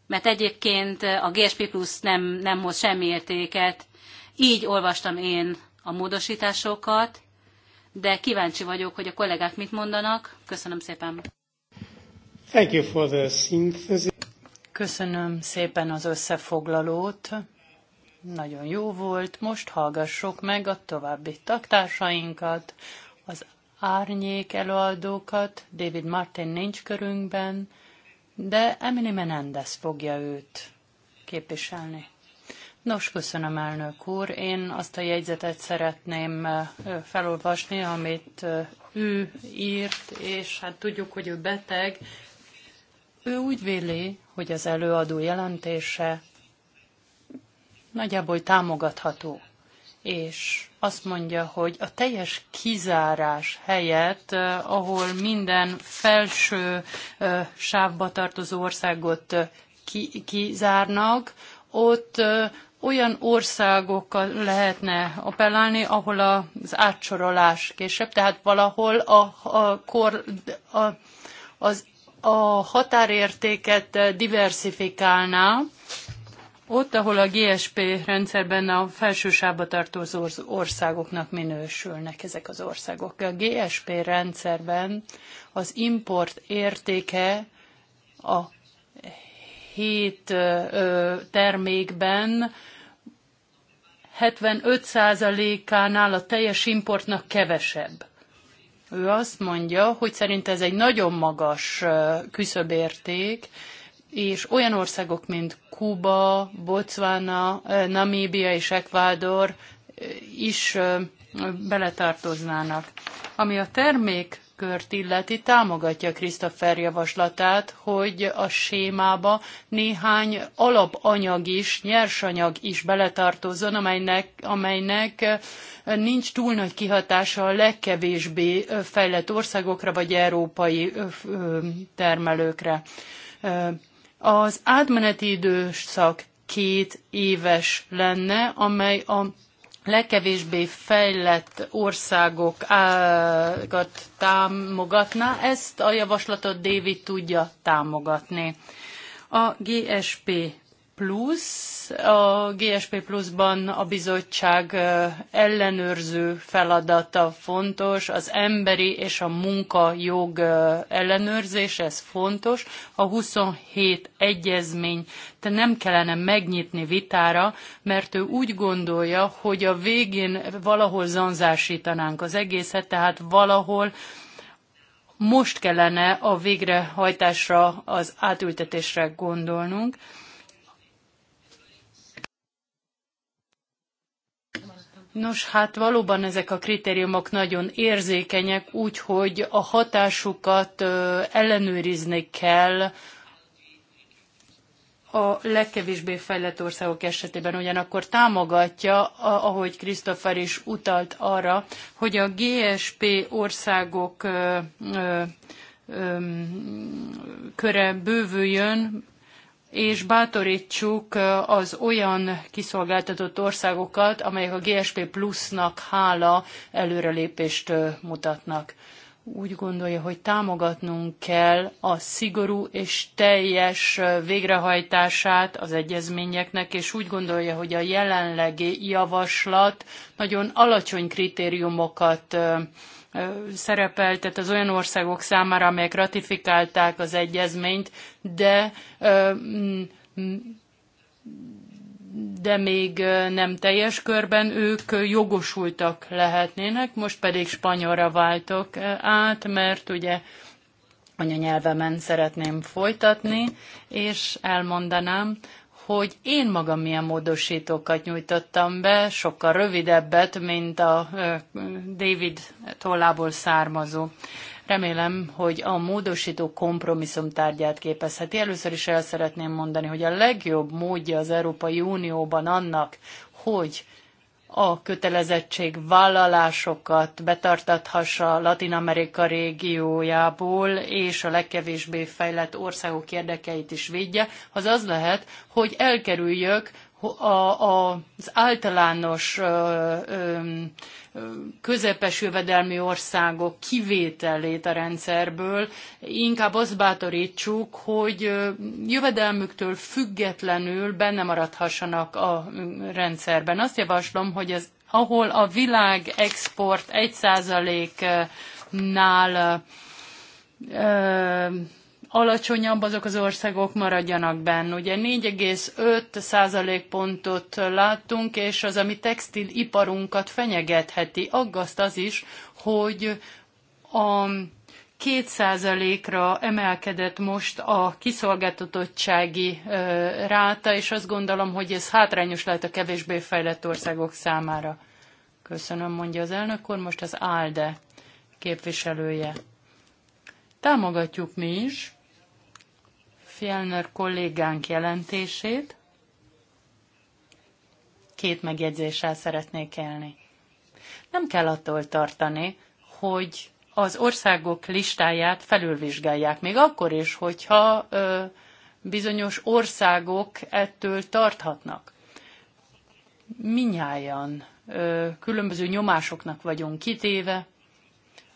B: Mert egyébként a GSP Plus nem, nem hoz semmi értéket. Így olvastam én a módosításokat, de kíváncsi vagyok, hogy a kollégák mit mondanak. Köszönöm szépen.
A: Thank you for the synthesis. Köszönöm szépen az összefoglalót. Nagyon jó volt. Most hallgassuk meg a további taktársainkat, az árnyék előadókat, David Martin nincs körünkben, de Emily Menendez fogja őt képviselni. Nos, köszönöm, elnök úr. Én azt a jegyzetet szeretném felolvasni, amit ő írt, és hát tudjuk, hogy ő beteg. Ő úgy véli, hogy az előadó jelentése nagyjából támogatható, és azt mondja, hogy a teljes kizárás helyett, ahol minden felső sávba tartozó országot kizárnak, ott olyan országokkal lehetne appellálni, ahol az átsorolás később, tehát valahol a, a, kor, a, az, a határértéket diversifikálná, ott, ahol a GSP rendszerben a felső tartozó országoknak minősülnek ezek az országok. A GSP rendszerben az import értéke a hét termékben 75%-ánál a teljes importnak kevesebb. Ő azt mondja, hogy szerint ez egy nagyon magas küszöbérték, és olyan országok, mint Kuba, Botswana, eh, Namíbia és Ekvádor eh, is eh, beletartoznának. Ami a termék kört illeti, támogatja Christopher javaslatát, hogy a sémába néhány alapanyag is, nyersanyag is beletartozzon, amelynek, amelynek nincs túl nagy kihatása a legkevésbé fejlett országokra vagy európai termelőkre az átmeneti időszak két éves lenne, amely a legkevésbé fejlett országokat támogatná. Ezt a javaslatot David tudja támogatni. A GSP plus a GSP pluszban a bizottság ellenőrző feladata fontos, az emberi és a munkajog ellenőrzés, ez fontos. A 27 egyezmény te nem kellene megnyitni vitára, mert ő úgy gondolja, hogy a végén valahol zanzásítanánk az egészet, tehát valahol most kellene a végrehajtásra, az átültetésre gondolnunk Nos, hát valóban ezek a kritériumok nagyon érzékenyek, úgyhogy a hatásukat ellenőrizni kell, a legkevésbé fejlett országok esetében ugyanakkor támogatja, ahogy Krisztofer is utalt arra, hogy a GSP országok köre bővüljön, és bátorítsuk az olyan kiszolgáltatott országokat, amelyek a GSP plusznak hála előrelépést mutatnak. Úgy gondolja, hogy támogatnunk kell a szigorú és teljes végrehajtását az egyezményeknek, és úgy gondolja, hogy a jelenlegi javaslat nagyon alacsony kritériumokat szerepeltet az olyan országok számára, amelyek ratifikálták az egyezményt, de de még nem teljes körben ők jogosultak lehetnének, most pedig spanyolra váltok át, mert ugye anyanyelvemen szeretném folytatni, és elmondanám, hogy én magam milyen módosítókat nyújtottam be, sokkal rövidebbet, mint a David tollából származó. Remélem, hogy a módosító kompromisszum tárgyát képezheti. Először is el szeretném mondani, hogy a legjobb módja az Európai Unióban annak, hogy a kötelezettség vállalásokat betartathassa Latin Amerika régiójából és a legkevésbé fejlett országok érdekeit is védje, az az lehet, hogy elkerüljük az általános közepes jövedelmi országok kivételét a rendszerből, inkább azt bátorítsuk, hogy jövedelmüktől függetlenül benne maradhassanak a rendszerben. Azt javaslom, hogy az, ahol a világ export 1%-nál alacsonyabb azok az országok maradjanak benn. Ugye 4,5 százalékpontot láttunk, és az, ami textiliparunkat fenyegetheti, aggaszt az is, hogy a 2%-ra emelkedett most a kiszolgáltatottsági ráta, és azt gondolom, hogy ez hátrányos lehet a kevésbé fejlett országok számára. Köszönöm, mondja az elnök úr, most az ALDE képviselője. Támogatjuk mi is Fjellner kollégánk jelentését. Két megjegyzéssel szeretnék élni. Nem kell attól tartani, hogy az országok listáját felülvizsgálják, még akkor is, hogyha ö, bizonyos országok ettől tarthatnak. Minnyáján ö, különböző nyomásoknak vagyunk kitéve,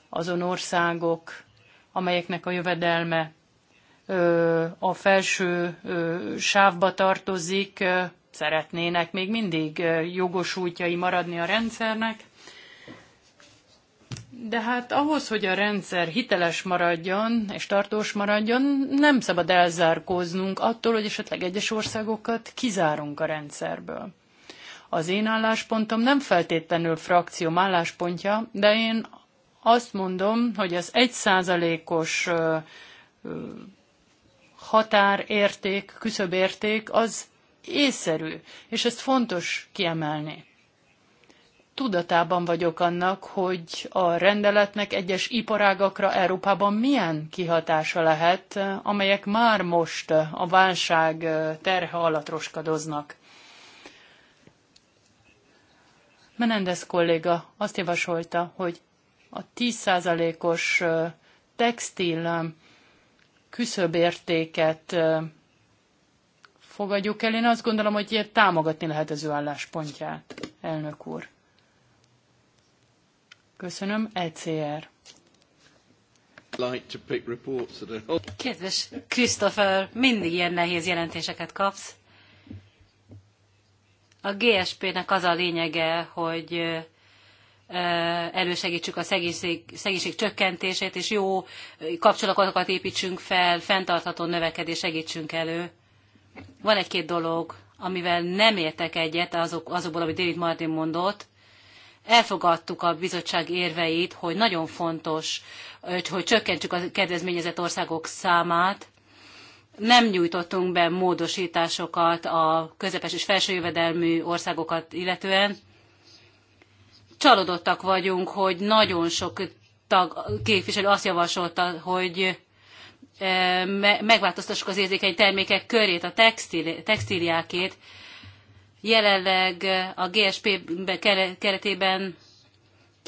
A: azon országok, amelyeknek a jövedelme a felső sávba tartozik, szeretnének még mindig jogosultjai maradni a rendszernek. De hát ahhoz, hogy a rendszer hiteles maradjon és tartós maradjon, nem szabad elzárkóznunk attól, hogy esetleg egyes országokat kizárunk a rendszerből. Az én álláspontom nem feltétlenül frakcióm álláspontja, de én azt mondom, hogy az egy százalékos határérték, küszöbérték az észszerű, és ezt fontos kiemelni. Tudatában vagyok annak, hogy a rendeletnek egyes iparágakra Európában milyen kihatása lehet, amelyek már most a válság terhe alatt roskadoznak. Menendez kolléga azt javasolta, hogy a 10%-os textil küszöbértéket fogadjuk el. Én azt gondolom, hogy ilyet támogatni lehet az ő álláspontját, elnök úr.
B: Köszönöm, ECR. Kedves Christopher, mindig ilyen nehéz jelentéseket kapsz. A GSP-nek az a lényege, hogy elősegítsük a szegénység, szegénység csökkentését, és jó kapcsolatokat építsünk fel, fenntartható növekedés segítsünk elő. Van egy-két dolog, amivel nem értek egyet azok, azokból, amit David Martin mondott. Elfogadtuk a bizottság érveit, hogy nagyon fontos, hogy csökkentsük a kedvezményezett országok számát. Nem nyújtottunk be módosításokat a közepes és felső jövedelmű országokat illetően csalódottak vagyunk, hogy nagyon sok tag, képviselő azt javasolta, hogy e, megváltoztassuk az érzékeny termékek körét, a textil, textíliákét. Jelenleg a GSP keretében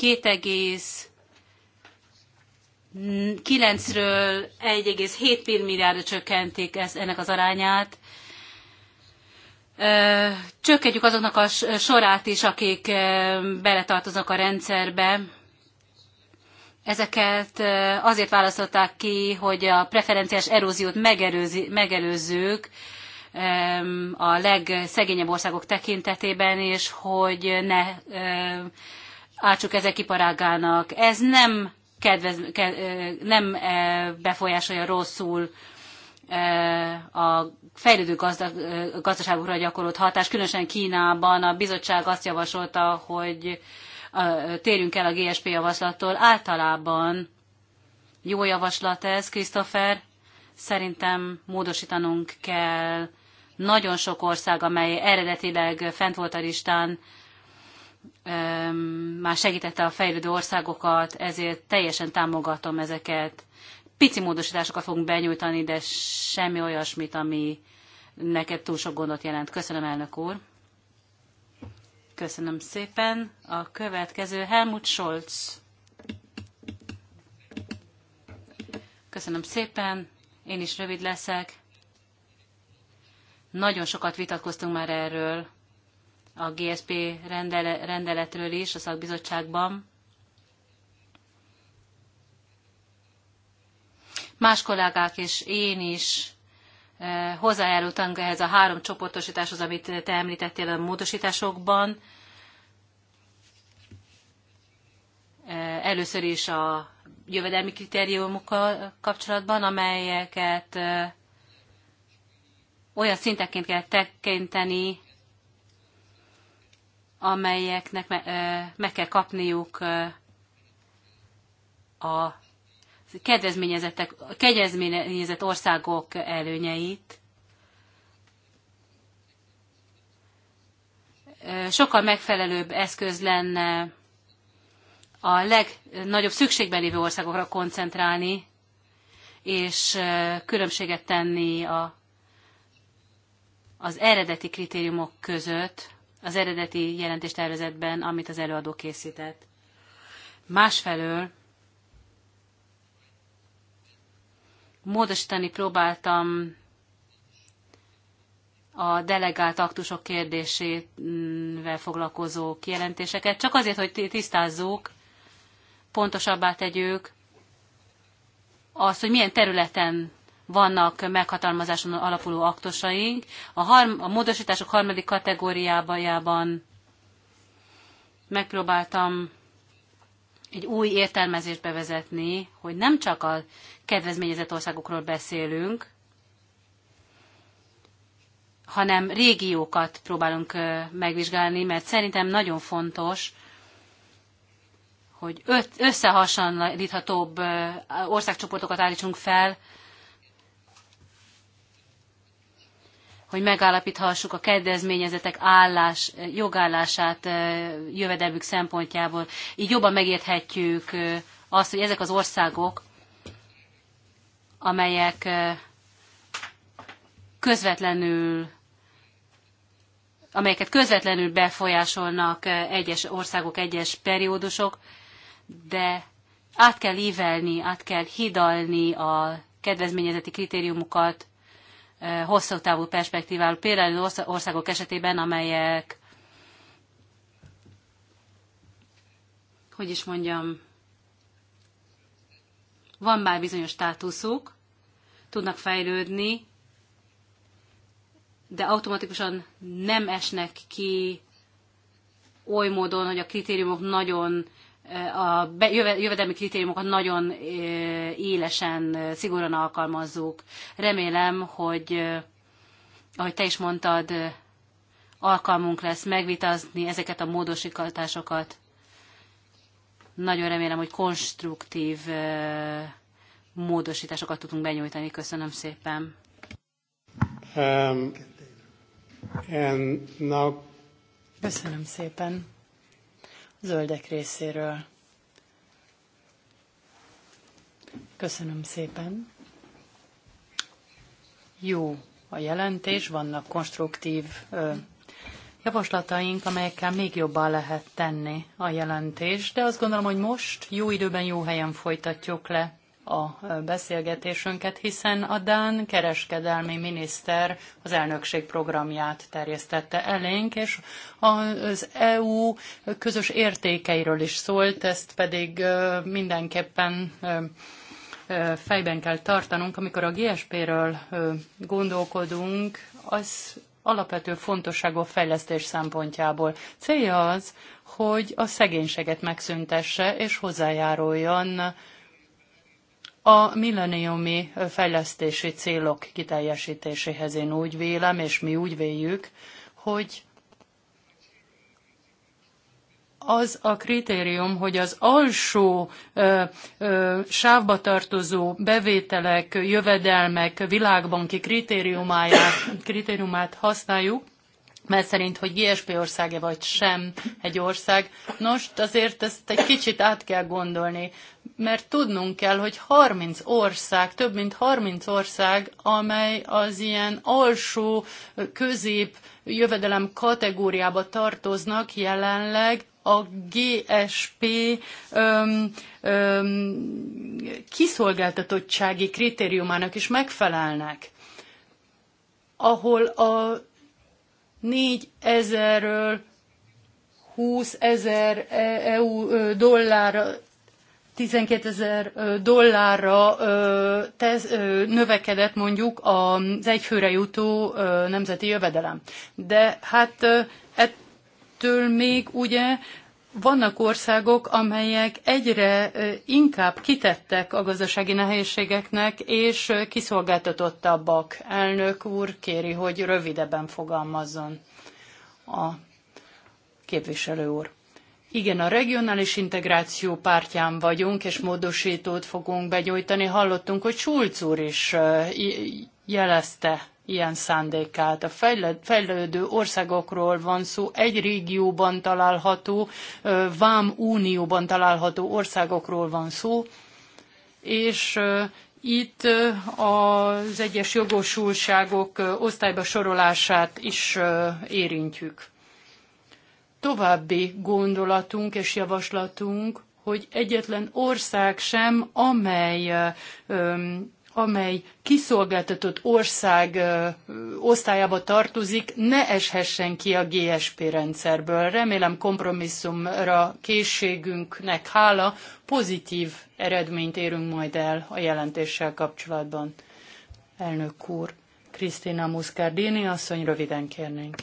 B: 2,9-ről 1,7 milliárdra csökkentik ezt, ennek az arányát csökkentjük azoknak a sorát is, akik beletartoznak a rendszerbe. Ezeket azért választották ki, hogy a preferenciás eróziót megelőzzük a legszegényebb országok tekintetében, és hogy ne átsuk ezek iparágának. Ez nem, kedvez, nem befolyásolja rosszul a fejlődő gazdag, gazdaságokra gyakorolt hatás, különösen Kínában a bizottság azt javasolta, hogy térjünk el a GSP javaslattól. Általában jó javaslat ez, Christopher. Szerintem módosítanunk kell. Nagyon sok ország, amely eredetileg fent volt a listán, már segítette a fejlődő országokat, ezért teljesen támogatom ezeket pici módosításokat fogunk benyújtani, de semmi olyasmit, ami neked túl sok gondot jelent. Köszönöm, elnök úr. Köszönöm szépen. A következő Helmut Scholz. Köszönöm szépen. Én is rövid leszek. Nagyon sokat vitatkoztunk már erről a GSP rendeletről is a szakbizottságban. Más kollégák és én is eh, hozzájárultunk ehhez a három csoportosításhoz, amit te említettél a módosításokban. Eh, először is a jövedelmi kritériumokkal kapcsolatban, amelyeket eh, olyan szinteként kell tekinteni, amelyeknek meg kell kapniuk a kedvezményezettek, kedvezményezett országok előnyeit. Sokkal megfelelőbb eszköz lenne a legnagyobb szükségben lévő országokra koncentrálni, és különbséget tenni a, az eredeti kritériumok között, az eredeti jelentéstervezetben, amit az előadó készített. Másfelől módosítani próbáltam a delegált aktusok kérdésével foglalkozó kijelentéseket, csak azért, hogy tisztázzuk, pontosabbá tegyük azt, hogy milyen területen vannak meghatalmazáson alapuló aktusaink. A, harm, a módosítások harmadik kategóriájában megpróbáltam egy új értelmezést bevezetni, hogy nem csak a kedvezményezett országokról beszélünk, hanem régiókat próbálunk megvizsgálni, mert szerintem nagyon fontos, hogy összehasonlíthatóbb országcsoportokat állítsunk fel, hogy megállapíthassuk a kedvezményezetek állás, jogállását jövedelmük szempontjából. Így jobban megérthetjük azt, hogy ezek az országok amelyek közvetlenül amelyeket közvetlenül befolyásolnak egyes országok, egyes periódusok, de át kell ívelni, át kell hidalni a kedvezményezeti kritériumokat hosszú távú perspektívával, például országok esetében, amelyek, hogy is mondjam, van már bizonyos státuszuk, tudnak fejlődni, de automatikusan nem esnek ki oly módon, hogy a kritériumok nagyon, a jövedelmi kritériumokat nagyon élesen, szigorúan alkalmazzuk. Remélem, hogy, ahogy te is mondtad, alkalmunk lesz megvitazni ezeket a módosításokat nagyon remélem, hogy konstruktív módosításokat tudunk benyújtani. Köszönöm szépen.
A: Um, and now... Köszönöm szépen. zöldek részéről. Köszönöm szépen. Jó a jelentés, vannak konstruktív javaslataink, amelyekkel még jobban lehet tenni a jelentést, de azt gondolom, hogy most jó időben, jó helyen folytatjuk le a beszélgetésünket, hiszen a Dán kereskedelmi miniszter az elnökség programját terjesztette elénk, és az EU közös értékeiről is szólt, ezt pedig mindenképpen fejben kell tartanunk, amikor a GSP-ről gondolkodunk, az alapvető fontosságú fejlesztés szempontjából. Célja az, hogy a szegénységet megszüntesse és hozzájáruljon a milleniumi fejlesztési célok kiteljesítéséhez én úgy vélem, és mi úgy véljük, hogy az a kritérium, hogy az alsó ö, ö, sávba tartozó bevételek, jövedelmek világbanki kritériumáját, kritériumát használjuk, mert szerint, hogy GSP országe vagy sem egy ország. Nos, azért ezt egy kicsit át kell gondolni, mert tudnunk kell, hogy 30 ország, több mint 30 ország, amely az ilyen alsó, közép jövedelem kategóriába tartoznak jelenleg, a GSP öm, öm, kiszolgáltatottsági kritériumának is megfelelnek, ahol a 4 ezerről 20 ezer EU dollárra, 12 ezer dollárra tez, növekedett mondjuk az egyfőre jutó nemzeti jövedelem. De hát ettől még ugye vannak országok, amelyek egyre inkább kitettek a gazdasági nehézségeknek, és kiszolgáltatottabbak. Elnök úr kéri, hogy rövidebben fogalmazzon a képviselő úr. Igen, a regionális integráció pártján vagyunk, és módosítót fogunk begyújtani. Hallottunk, hogy Schulz úr is jelezte ilyen szándékát. A fejlődő országokról van szó, egy régióban található, vám unióban található országokról van szó, és itt az egyes jogosultságok osztályba sorolását is érintjük. További gondolatunk és javaslatunk, hogy egyetlen ország sem, amely amely kiszolgáltatott ország ö, osztályába tartozik, ne eshessen ki a GSP rendszerből. Remélem kompromisszumra készségünknek hála pozitív eredményt érünk majd el a jelentéssel kapcsolatban. Elnök úr, Krisztina Muscardini asszony röviden kérnénk.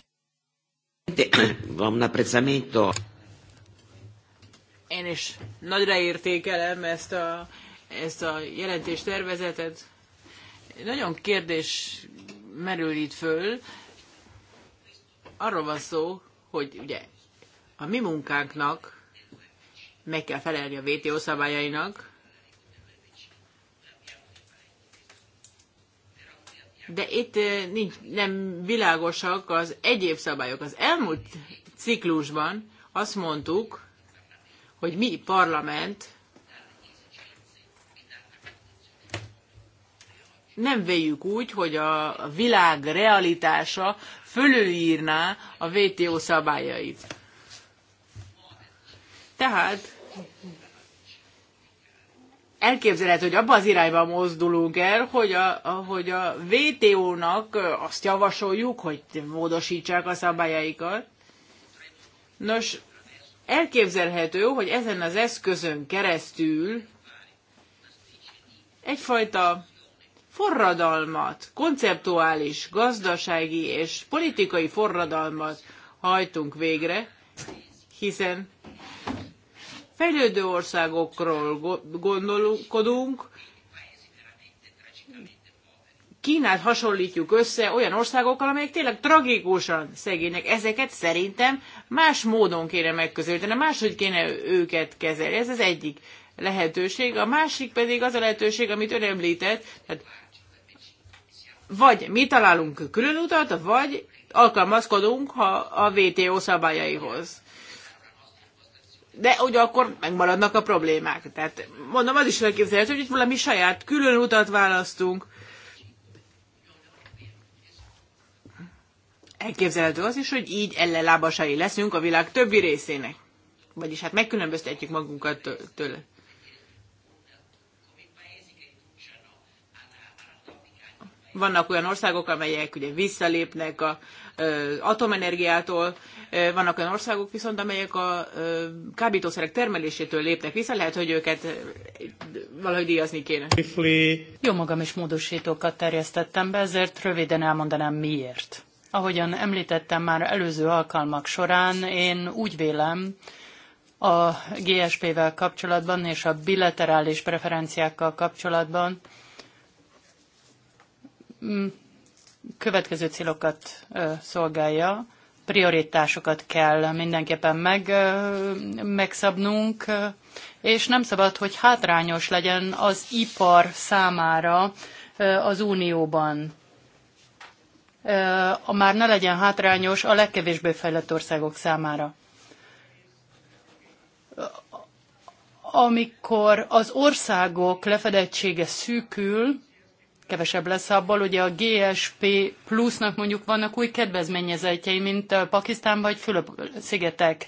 C: Én is nagyra értékelem ezt a ezt a jelentés tervezetet. Nagyon kérdés merül itt föl. Arról van szó, hogy ugye a mi munkánknak meg kell felelni a VTO szabályainak, de itt eh, nincs, nem világosak az egyéb szabályok. Az elmúlt ciklusban azt mondtuk, hogy mi parlament nem véljük úgy, hogy a világ realitása fölülírná a WTO szabályait. Tehát elképzelhető, hogy abba az irányba mozdulunk el, hogy a, a, hogy a VTO-nak azt javasoljuk, hogy módosítsák a szabályaikat. Nos, elképzelhető, hogy ezen az eszközön keresztül egyfajta forradalmat, konceptuális, gazdasági és politikai forradalmat hajtunk végre, hiszen fejlődő országokról gondolkodunk, Kínát hasonlítjuk össze olyan országokkal, amelyek tényleg tragikusan szegények. Ezeket szerintem más módon kéne megközelíteni, máshogy kéne őket kezelni. Ez az egyik lehetőség. A másik pedig az a lehetőség, amit ön említett, tehát vagy mi találunk külön utat, vagy alkalmazkodunk ha a WTO szabályaihoz. De ugye akkor megmaradnak a problémák. Tehát mondom, az is elképzelhető, hogy itt valami saját külön utat választunk. Elképzelhető az is, hogy így ellenlábasai leszünk a világ többi részének. Vagyis hát megkülönböztetjük magunkat tőle. vannak olyan országok, amelyek ugye visszalépnek a atomenergiától, vannak olyan országok viszont, amelyek a kábítószerek termelésétől lépnek vissza, lehet, hogy őket valahogy díjazni kéne.
A: Jó magam is módosítókat terjesztettem be, ezért röviden elmondanám miért. Ahogyan említettem már előző alkalmak során, én úgy vélem, a GSP-vel kapcsolatban és a bilaterális preferenciákkal kapcsolatban, Mm, következő célokat szolgálja. Prioritásokat kell mindenképpen meg, megszabnunk, és nem szabad, hogy hátrányos legyen az ipar számára az Unióban. Már ne legyen hátrányos a legkevésbé fejlett országok számára. Amikor az országok lefedettsége szűkül, kevesebb lesz abból. Ugye a GSP plusznak mondjuk vannak új kedvezményezetjei, mint Pakisztán vagy Fülöp-szigetek.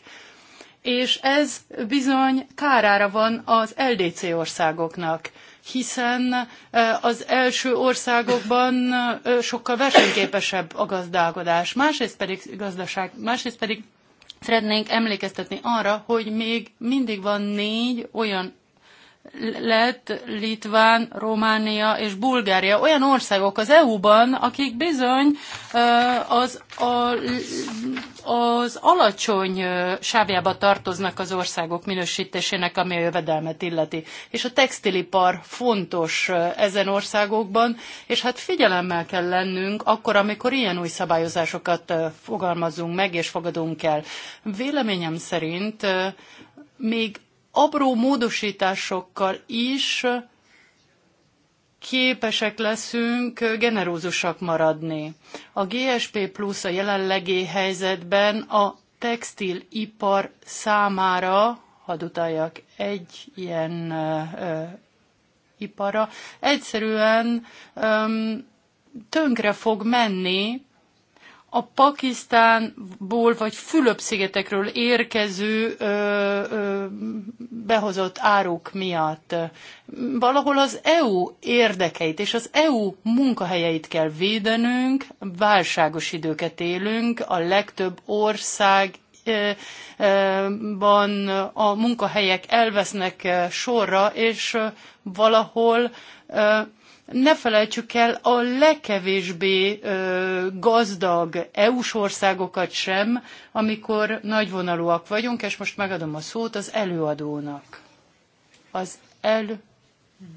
A: És ez bizony kárára van az LDC országoknak hiszen az első országokban sokkal versenyképesebb a gazdálkodás, másrészt pedig gazdaság, másrészt pedig szeretnénk emlékeztetni arra, hogy még mindig van négy olyan lett Litván, Románia és Bulgária olyan országok az EU-ban, akik bizony az, a, az alacsony sávjába tartoznak az országok minősítésének, ami a jövedelmet illeti. És a textilipar fontos ezen országokban, és hát figyelemmel kell lennünk akkor, amikor ilyen új szabályozásokat fogalmazunk meg és fogadunk el. Véleményem szerint még apró módosításokkal is képesek leszünk generózusak maradni. A GSP plusz a jelenlegi helyzetben a textilipar számára, hadd utaljak egy ilyen ö, ö, ipara, egyszerűen ö, tönkre fog menni, a Pakisztánból vagy Fülöp-szigetekről érkező ö, ö, behozott áruk miatt. Valahol az EU érdekeit és az EU munkahelyeit kell védenünk, válságos időket élünk, a legtöbb ország van a munkahelyek elvesznek sorra, és valahol ne felejtsük el a legkevésbé ö, gazdag EU-s országokat sem, amikor nagyvonalúak vagyunk, és most megadom a szót az előadónak. Az elő...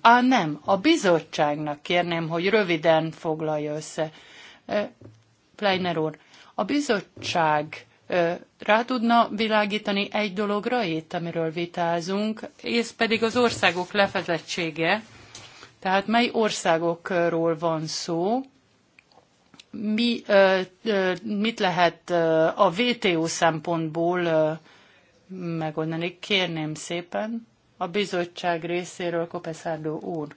A: Á, nem, a bizottságnak kérném, hogy röviden foglalja össze. Pleiner úr, a bizottság rá tudna világítani egy dologra itt, amiről vitázunk, és pedig az országok lefedettsége, tehát mely országokról van szó, mi, mit lehet a WTO szempontból megoldani? Kérném szépen a bizottság
C: részéről, Kopeszárdó úr.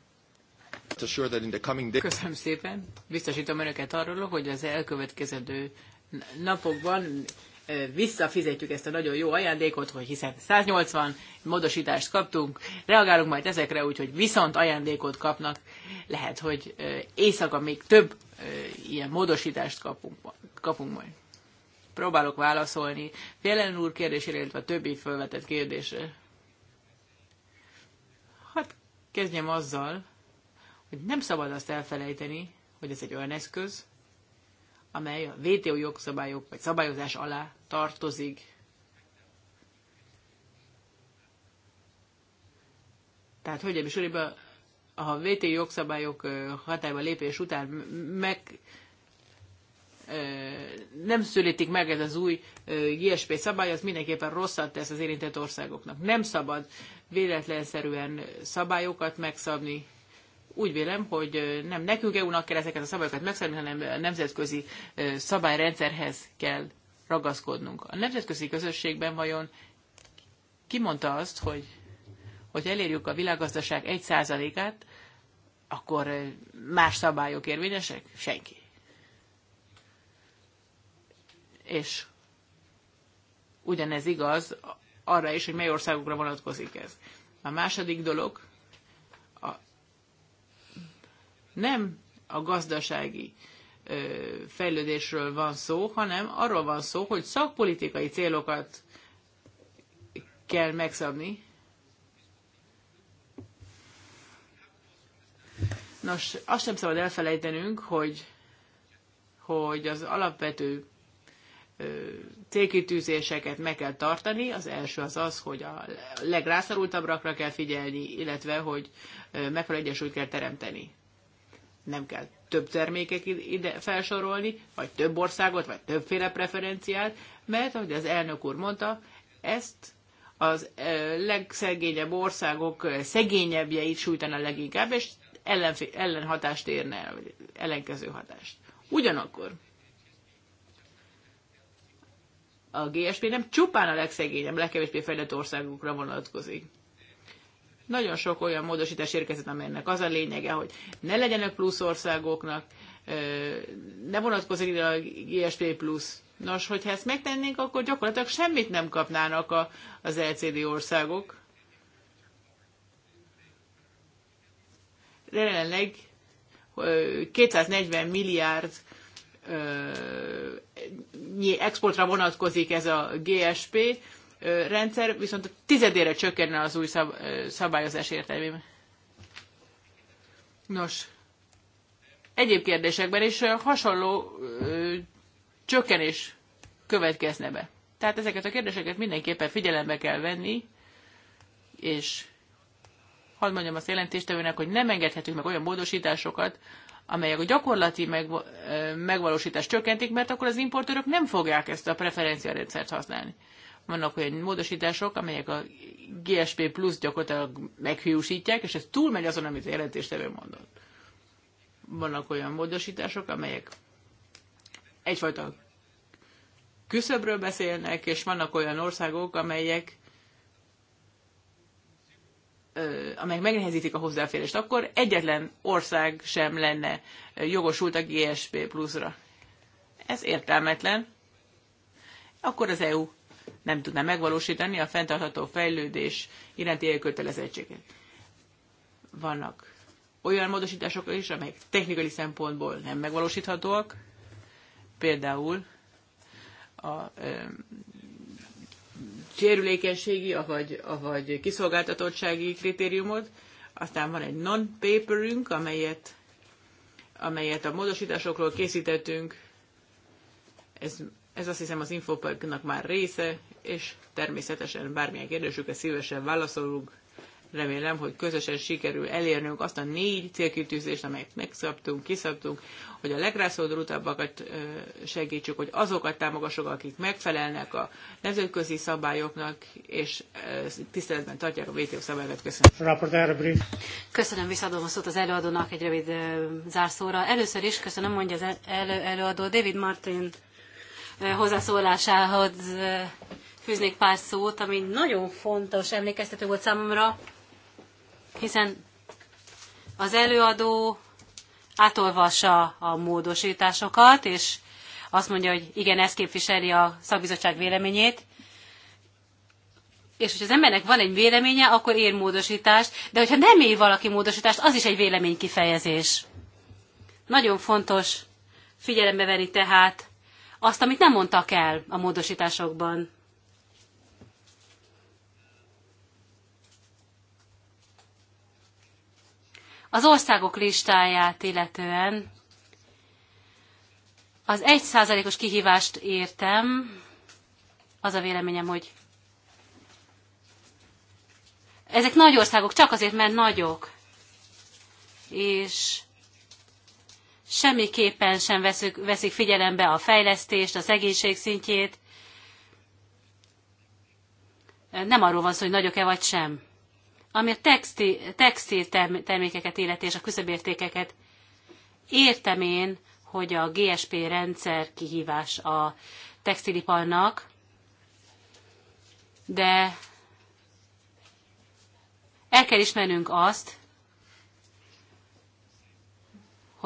C: Köszönöm szépen. Biztosítom önöket arról, hogy az elkövetkezendő napokban visszafizetjük ezt a nagyon jó ajándékot, hogy hiszen 180 módosítást kaptunk, reagálunk majd ezekre, úgyhogy viszont ajándékot kapnak. Lehet, hogy éjszaka még több ilyen módosítást kapunk, kapunk majd. Próbálok válaszolni Félen úr kérdésére, illetve a többi felvetett kérdésre. Hát kezdjem azzal, hogy nem szabad azt elfelejteni, hogy ez egy olyan eszköz, amely a WTO jogszabályok vagy szabályozás alá tartozik. Tehát, hölgyeim és uraim, a WTO jogszabályok hatályba lépés után meg nem születik meg ez az új GSP szabály, az mindenképpen rosszat tesz az érintett országoknak. Nem szabad véletlenszerűen szabályokat megszabni, úgy vélem, hogy nem nekünk EU-nak kell ezeket a szabályokat megszerni, hanem a nemzetközi szabályrendszerhez kell ragaszkodnunk. A nemzetközi közösségben vajon kimondta azt, hogy, hogy elérjük a világgazdaság 1%-át, akkor más szabályok érvényesek? Senki. És ugyanez igaz arra is, hogy mely országokra vonatkozik ez. A második dolog, nem a gazdasági fejlődésről van szó, hanem arról van szó, hogy szakpolitikai célokat kell megszabni. Nos, azt sem szabad elfelejtenünk, hogy, hogy az alapvető célkitűzéseket meg kell tartani. Az első az az, hogy a legrászorultabbakra kell figyelni, illetve hogy megfelelő egyensúlyt kell teremteni nem kell több termékek ide felsorolni, vagy több országot, vagy többféle preferenciát, mert, ahogy az elnök úr mondta, ezt az legszegényebb országok szegényebbjeit sújtana leginkább, és ellenfé- ellenhatást érne vagy ellenkező hatást. Ugyanakkor a GSP nem csupán a legszegényebb, legkevésbé fejlett országokra vonatkozik. Nagyon sok olyan módosítás érkezett, amelynek az a lényege, hogy ne legyenek plusz országoknak, ne vonatkozik ide a GSP plusz. Nos, hogyha ezt megtennénk, akkor gyakorlatilag semmit nem kapnának a, az LCD országok. Jelenleg 240 milliárd exportra vonatkozik ez a GSP, rendszer, viszont a tizedére csökkenne az új szab, szabályozás értelmében. Nos, egyéb kérdésekben is hasonló ö, csökkenés következne be. Tehát ezeket a kérdéseket mindenképpen figyelembe kell venni, és hadd mondjam azt jelentéstevőnek, hogy nem engedhetünk meg olyan módosításokat, amelyek a gyakorlati megvalósítást csökkentik, mert akkor az importőrök nem fogják ezt a preferenciarendszert használni vannak olyan módosítások, amelyek a GSP plusz gyakorlatilag meghiúsítják, és ez túlmegy azon, amit a jelentéstevő mondott. Vannak olyan módosítások, amelyek egyfajta küszöbről beszélnek, és vannak olyan országok, amelyek amelyek megnehezítik a hozzáférést, akkor egyetlen ország sem lenne jogosult a GSP pluszra. Ez értelmetlen. Akkor az EU nem tudná megvalósítani a fenntartható fejlődés iránti elkötelezettséget. Vannak olyan módosítások is, amelyek technikai szempontból nem megvalósíthatóak, például a sérülékenységi, avagy, avagy kiszolgáltatottsági kritériumot, aztán van egy non-paperünk, amelyet, amelyet a módosításokról készítettünk, ez ez azt hiszem az infoparknak már része, és természetesen bármilyen kérdésükre szívesen válaszolunk. Remélem, hogy közösen sikerül elérnünk azt a négy célkitűzést, amelyet megszabtunk, kiszabtunk, hogy a legrászódultabbakat segítsük, hogy azokat támogassuk, akik megfelelnek a nemzetközi szabályoknak, és tiszteletben tartják a WTO szabályokat. Köszönöm.
B: Köszönöm, visszadom a szót az előadónak egy rövid zárszóra. Először is köszönöm, mondja az elő, előadó David Martin Eh, hozzászólásához eh, fűznék pár szót, ami nagyon fontos emlékeztető volt számomra, hiszen az előadó átolvassa a módosításokat, és azt mondja, hogy igen, ez képviseli a szakbizottság véleményét, és hogyha az embernek van egy véleménye, akkor ér módosítást, de hogyha nem ér valaki módosítást, az is egy véleménykifejezés. Nagyon fontos figyelembe venni tehát azt, amit nem mondtak el a módosításokban. Az országok listáját illetően az egy százalékos kihívást értem, az a véleményem, hogy ezek nagy országok, csak azért, mert nagyok. És semmiképpen sem veszük, veszik figyelembe a fejlesztést, a szegénység szintjét. Nem arról van szó, hogy nagyok-e vagy sem. Ami a textil, textil termékeket illeti és a küszöbértékeket, értem én, hogy a GSP rendszer kihívás a textiliparnak, de el kell ismernünk azt,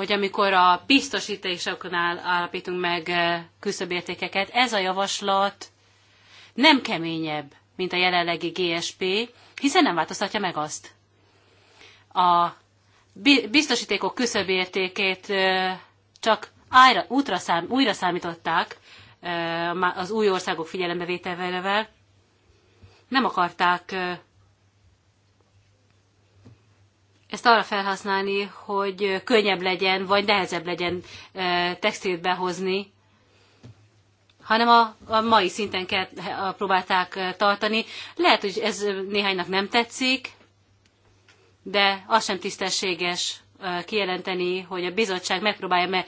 B: hogy amikor a biztosításoknál állapítunk meg eh, küszöbértékeket, ez a javaslat nem keményebb, mint a jelenlegi GSP, hiszen nem változtatja meg azt. A biztosítékok küszöbértékét eh, csak ájra, útra szám, újra számították eh, az új országok figyelembevételével. Nem akarták ezt arra felhasználni, hogy könnyebb legyen, vagy nehezebb legyen e, textilt behozni, hanem a, a mai szinten kell, e, a, próbálták e, tartani. Lehet, hogy ez néhánynak nem tetszik, de az sem tisztességes kijelenteni, hogy a bizottság megpróbálja me,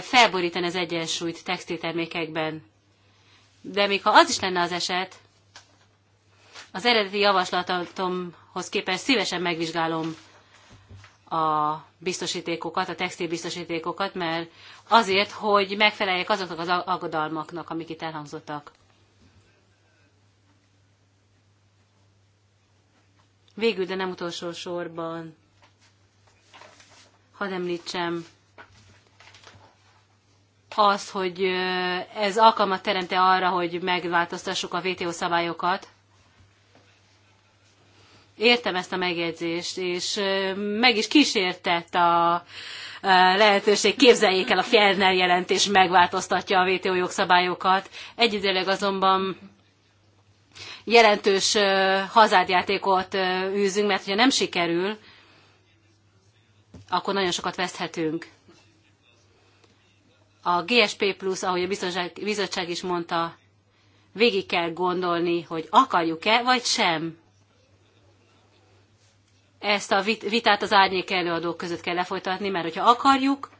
B: felborítani az egyensúlyt textiltermékekben. De még ha az is lenne az eset, az eredeti javaslatomhoz képest szívesen megvizsgálom a biztosítékokat, a textil biztosítékokat, mert azért, hogy megfeleljek azoknak az aggodalmaknak, amik itt elhangzottak. Végül, de nem utolsó sorban, hadd említsem az, hogy ez alkalmat teremte arra, hogy megváltoztassuk a WTO szabályokat, Értem ezt a megjegyzést, és meg is kísértett a lehetőség, képzeljék el, a Fjellner jelentés megváltoztatja a WTO jogszabályokat. Egyidőleg azonban jelentős hazádjátékot űzünk, mert ha nem sikerül, akkor nagyon sokat veszthetünk. A GSP plusz, ahogy a bizottság, bizottság is mondta, végig kell gondolni, hogy akarjuk-e, vagy sem ezt a vitát az árnyék előadók között kell lefolytatni, mert hogyha akarjuk,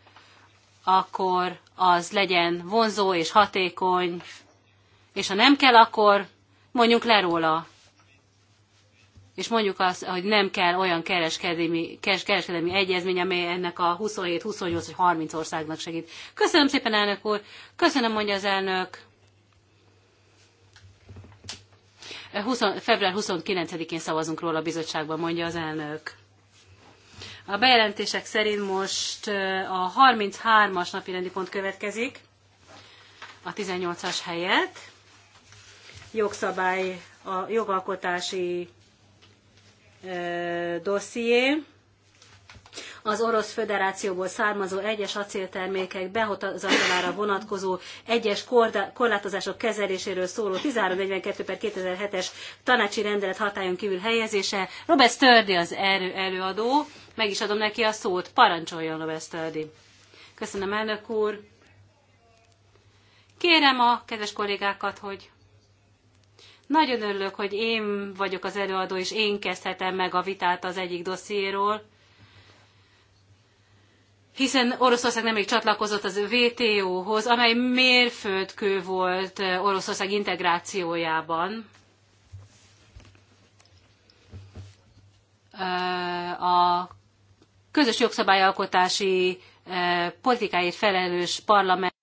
B: akkor az legyen vonzó és hatékony, és ha nem kell, akkor mondjuk le róla. És mondjuk azt, hogy nem kell olyan kereskedelmi, kereskedelmi egyezmény, amely ennek a 27, 28 vagy 30 országnak segít. Köszönöm szépen, elnök úr! Köszönöm, mondja az elnök! 20, február 29-én szavazunk róla a bizottságban, mondja az elnök. A bejelentések szerint most a 33-as napi rendi pont következik, a 18-as helyett. Jogszabály, a jogalkotási dosszié az Orosz Föderációból származó egyes acéltermékek behozatalára vonatkozó egyes korlátozások kezeléséről szóló 1342 per 2007-es tanácsi rendelet hatályon kívül helyezése. Robert Stördi az erő előadó, meg is adom neki a szót. Parancsoljon, Robert Stördi! Köszönöm, elnök úr. Kérem a kedves kollégákat, hogy nagyon örülök, hogy én vagyok az előadó, és én kezdhetem meg a vitát az egyik dossziéról, hiszen Oroszország nemrég csatlakozott az WTO-hoz, amely mérföldkő volt eh, Oroszország integrációjában. Eh, a közös jogszabályalkotási eh, politikáért felelős parlament